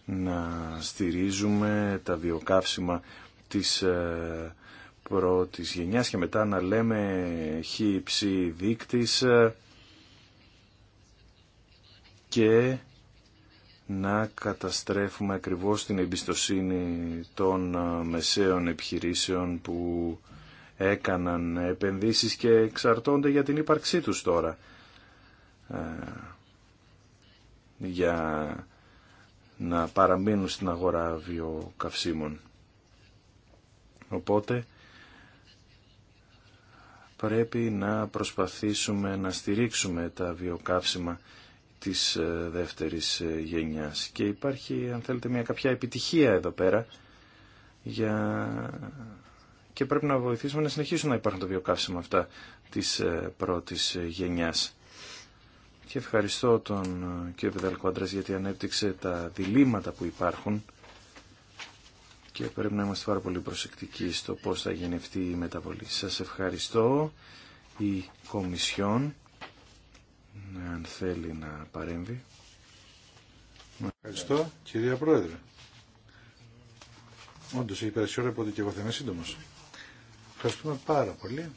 να στηρίζουμε τα βιοκαύσιμα της ε, πρώτης γενιάς και μετά να λέμε χι ε, και να καταστρέφουμε ακριβώς την εμπιστοσύνη των ε, μεσαίων επιχειρήσεων που έκαναν επενδύσεις και εξαρτώνται για την ύπαρξή τους τώρα. Ε, για να παραμείνουν στην αγορά βιοκαυσίμων. Οπότε πρέπει να προσπαθήσουμε να στηρίξουμε τα βιοκαύσιμα της ε, δεύτερης ε, γενιάς. Και υπάρχει, αν θέλετε, μια κάποια επιτυχία εδώ πέρα για... και πρέπει να βοηθήσουμε να συνεχίσουν να υπάρχουν το βιοκαύσιμα αυτά της ε, πρώτης γενιάς. Και ευχαριστώ τον κ. Βιδαλκόντρας γιατί ανέπτυξε τα διλήμματα που υπάρχουν και πρέπει να είμαστε πάρα πολύ προσεκτικοί στο πώς θα γενευτεί η μεταβολή. Σας ευχαριστώ η Κομισιόν αν θέλει να παρέμβει. Ευχαριστώ, κυρία Πρόεδρε. Όντως, έχει περάσει ώρα, οπότε και εγώ θα είμαι σύντομος. Ευχαριστούμε πάρα πολύ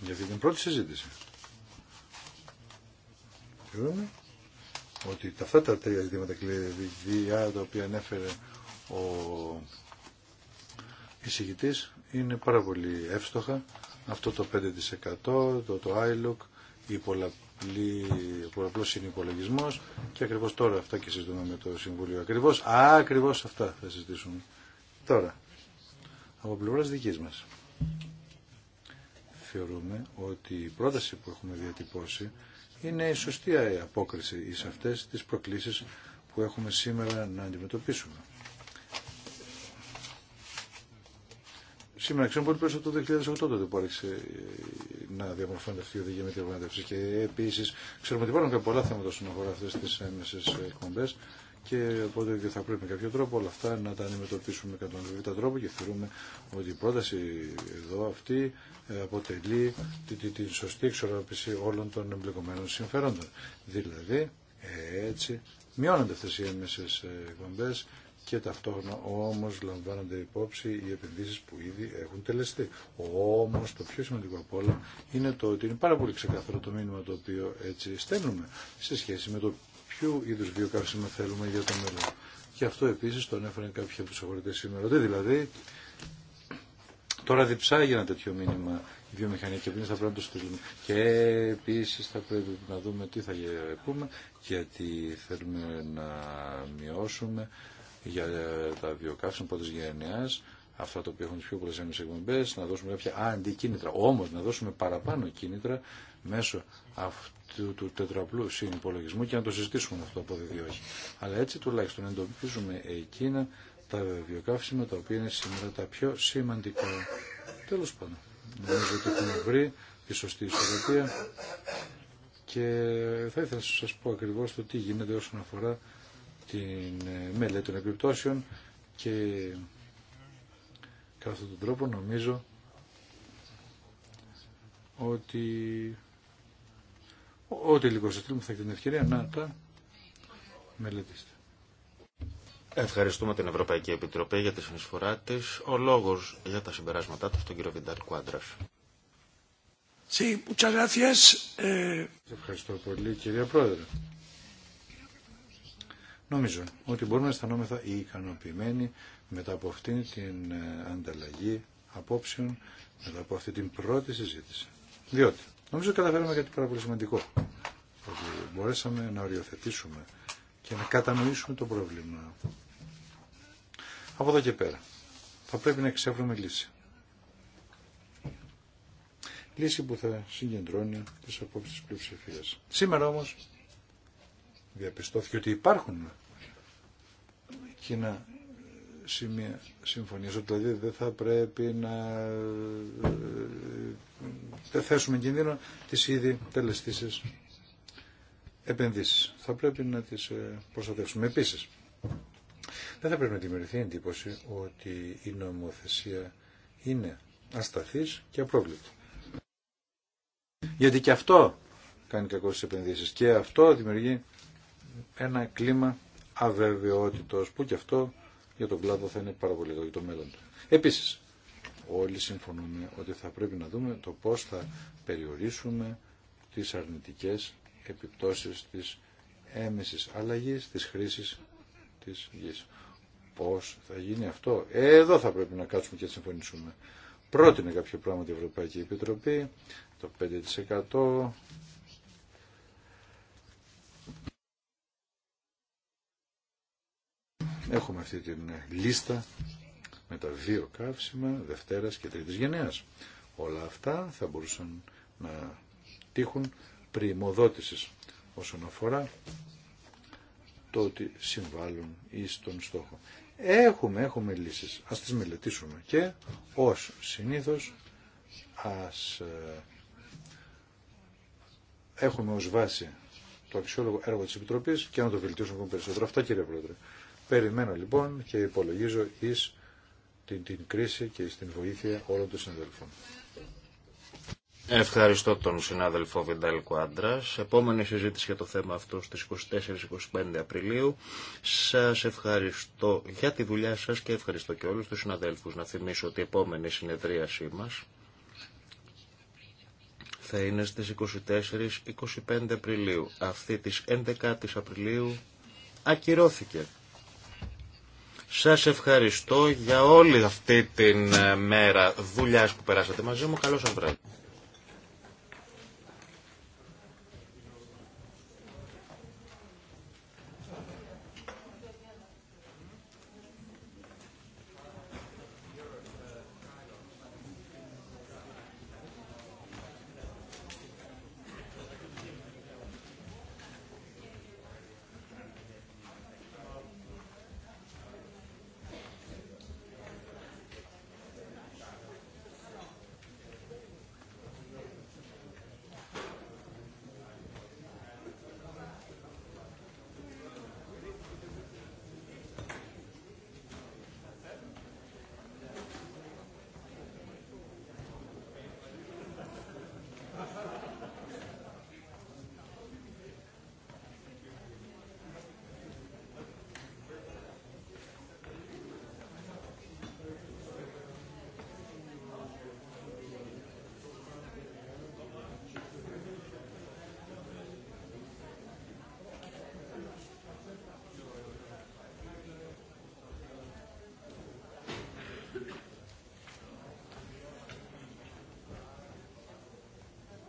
για την πρώτη συζήτηση. Θεωρούμε ότι αυτά τα τρία ζητήματα κλειδιά τα οποία ανέφερε ο εισηγητής είναι πάρα πολύ εύστοχα. Αυτό το 5% το, το η πολλαπλή, ο και ακριβώς τώρα αυτά και συζητούμε με το Συμβούλιο. Ακριβώς, ακριβώς αυτά θα συζητήσουμε. Τώρα, από πλευράς δικής μας. Θεωρούμε ότι η πρόταση που έχουμε διατυπώσει είναι η σωστή απόκριση σε αυτέ τις προκλήσεις που έχουμε σήμερα να αντιμετωπίσουμε. Σήμερα ξέρουμε πολύ περισσότερο το 2008 τότε που άρχισε να διαμορφώνεται αυτή η οδηγία με τη διαπραγματεύση. Και επίση ξέρουμε ότι υπάρχουν και πολλά θέματα στον αφορά αυτέ τι έμεσε εκπομπέ και οπότε και θα πρέπει με κάποιο τρόπο όλα αυτά να τα αντιμετωπίσουμε κατά τον βητά τρόπο και θεωρούμε ότι η πρόταση εδώ αυτή ε, αποτελεί τη, τη, τη σωστή εξορροπήση όλων των εμπλεκομένων συμφερόντων. Δηλαδή, έτσι, μειώνονται αυτέ οι έμεσε ε, εκπομπές και ταυτόχρονα όμως λαμβάνονται υπόψη οι επενδύσει που ήδη έχουν τελεστεί. Όμως το πιο σημαντικό από όλα είναι το ότι είναι πάρα πολύ ξεκάθαρο το μήνυμα το οποίο έτσι στέλνουμε σε σχέση με το ποιο είδους βιοκαύσιμα θέλουμε για το μέλλον. Και αυτό επίσης το ανέφεραν κάποιοι από τους αγορητέ σήμερα. Δηλαδή Τώρα διψάγει ένα τέτοιο μήνυμα η βιομηχανία και επίση θα πρέπει να το στείλουμε. Και επίση θα πρέπει να δούμε τι θα πούμε γιατί θέλουμε να μειώσουμε για ε, τα βιοκαύσιμα πρώτη γενιά, αυτά τα οποία έχουν τι πιο πολλέ εκπομπέ, να δώσουμε κάποια αντικίνητρα. Όμω να δώσουμε παραπάνω κίνητρα μέσω αυτού του τετραπλού συνυπολογισμού και να το συζητήσουμε αυτό από δύο όχι. Αλλά έτσι τουλάχιστον εντοπίζουμε εκείνα τα βιοκαύσιμα τα οποία είναι σήμερα τα πιο σημαντικά. Τέλο πάντων, νομίζω ότι έχουμε βρει τη σωστή ισορροπία και θα ήθελα να σας πω ακριβώς το τι γίνεται όσον αφορά την ε, μελέτη των επιπτώσεων και κατά αυτόν τον τρόπο νομίζω ότι ό,τι λίγο μου θα έχει την ευκαιρία να τα μελετήσετε. Ευχαριστούμε την Ευρωπαϊκή Επιτροπή για τη συνεισφορά τη Ο λόγος για τα συμπεράσματά του στον κύριο Βιντάρ Κουάντρας. Sí, muchas gracias. Ε, ευχαριστώ πολύ κύριε Πρόεδρε. Νομίζω ότι μπορούμε να αισθανόμεθα ή ικανοποιημένοι μετά από αυτήν την ε, ανταλλαγή απόψεων, μετά από αυτή την πρώτη συζήτηση. Διότι νομίζω καταφέραμε κάτι πάρα πολύ σημαντικό. Ότι μπορέσαμε να οριοθετήσουμε και να κατανοήσουμε το πρόβλημα. Από εδώ και πέρα θα πρέπει να εξεύρουμε λύση. Λύση που θα συγκεντρώνει τις απόψεις πλειοψηφίας. Σήμερα όμως διαπιστώθηκε ότι υπάρχουν κοινά σημεία συμφωνίας, ότι δηλαδή δεν θα πρέπει να ε, ε, δεν θέσουμε κινδύνο τις ήδη τελεστήσεις επενδύσεις. Θα πρέπει να τις ε, προστατεύσουμε. Επίσης, δεν θα πρέπει να δημιουργηθεί εντύπωση ότι η νομοθεσία είναι ασταθής και απρόβλητη. Γιατί και αυτό κάνει κακό στις επενδύσεις και αυτό δημιουργεί ένα κλίμα αβεβαιότητος που και αυτό για τον κλάδο θα είναι πάρα πολύ για το μέλλον του. Επίσης, όλοι συμφωνούμε ότι θα πρέπει να δούμε το πώς θα περιορίσουμε τις αρνητικές επιπτώσεις της έμεσης αλλαγής της χρήσης της γης. Πώς θα γίνει αυτό. Εδώ θα πρέπει να κάτσουμε και να συμφωνήσουμε. Πρότεινε κάποιο πράγμα η Ευρωπαϊκή Επιτροπή, το 5% Έχουμε αυτή την λίστα με τα δύο καύσιμα Δευτέρας και Τρίτης Γενέας. Όλα αυτά θα μπορούσαν να τύχουν πριμοδότησης όσον αφορά το ότι συμβάλλουν ή στον στόχο. Έχουμε, έχουμε λύσεις. Ας τις μελετήσουμε και ως συνήθως ας ε, έχουμε ως βάση το αξιόλογο έργο της Επιτροπής και να το βελτιώσουμε περισσότερο. Αυτά κύριε Πρόεδρε. Περιμένω λοιπόν και υπολογίζω εις την, την κρίση και στην βοήθεια όλων των συναδελφών. Ευχαριστώ τον συνάδελφο Βιντάλ Κουάντρα. Επόμενη συζήτηση για το θέμα αυτό στις 24-25 Απριλίου. Σας ευχαριστώ για τη δουλειά σας και ευχαριστώ και όλους τους συναδέλφους. Να θυμίσω ότι η επόμενη συνεδρίασή μας θα είναι στις 24-25 Απριλίου. Αυτή της 11 Απριλίου ακυρώθηκε. Σας ευχαριστώ για όλη αυτή την ε, μέρα δουλειάς που περάσατε μαζί μου. Καλώς σας βράδυ.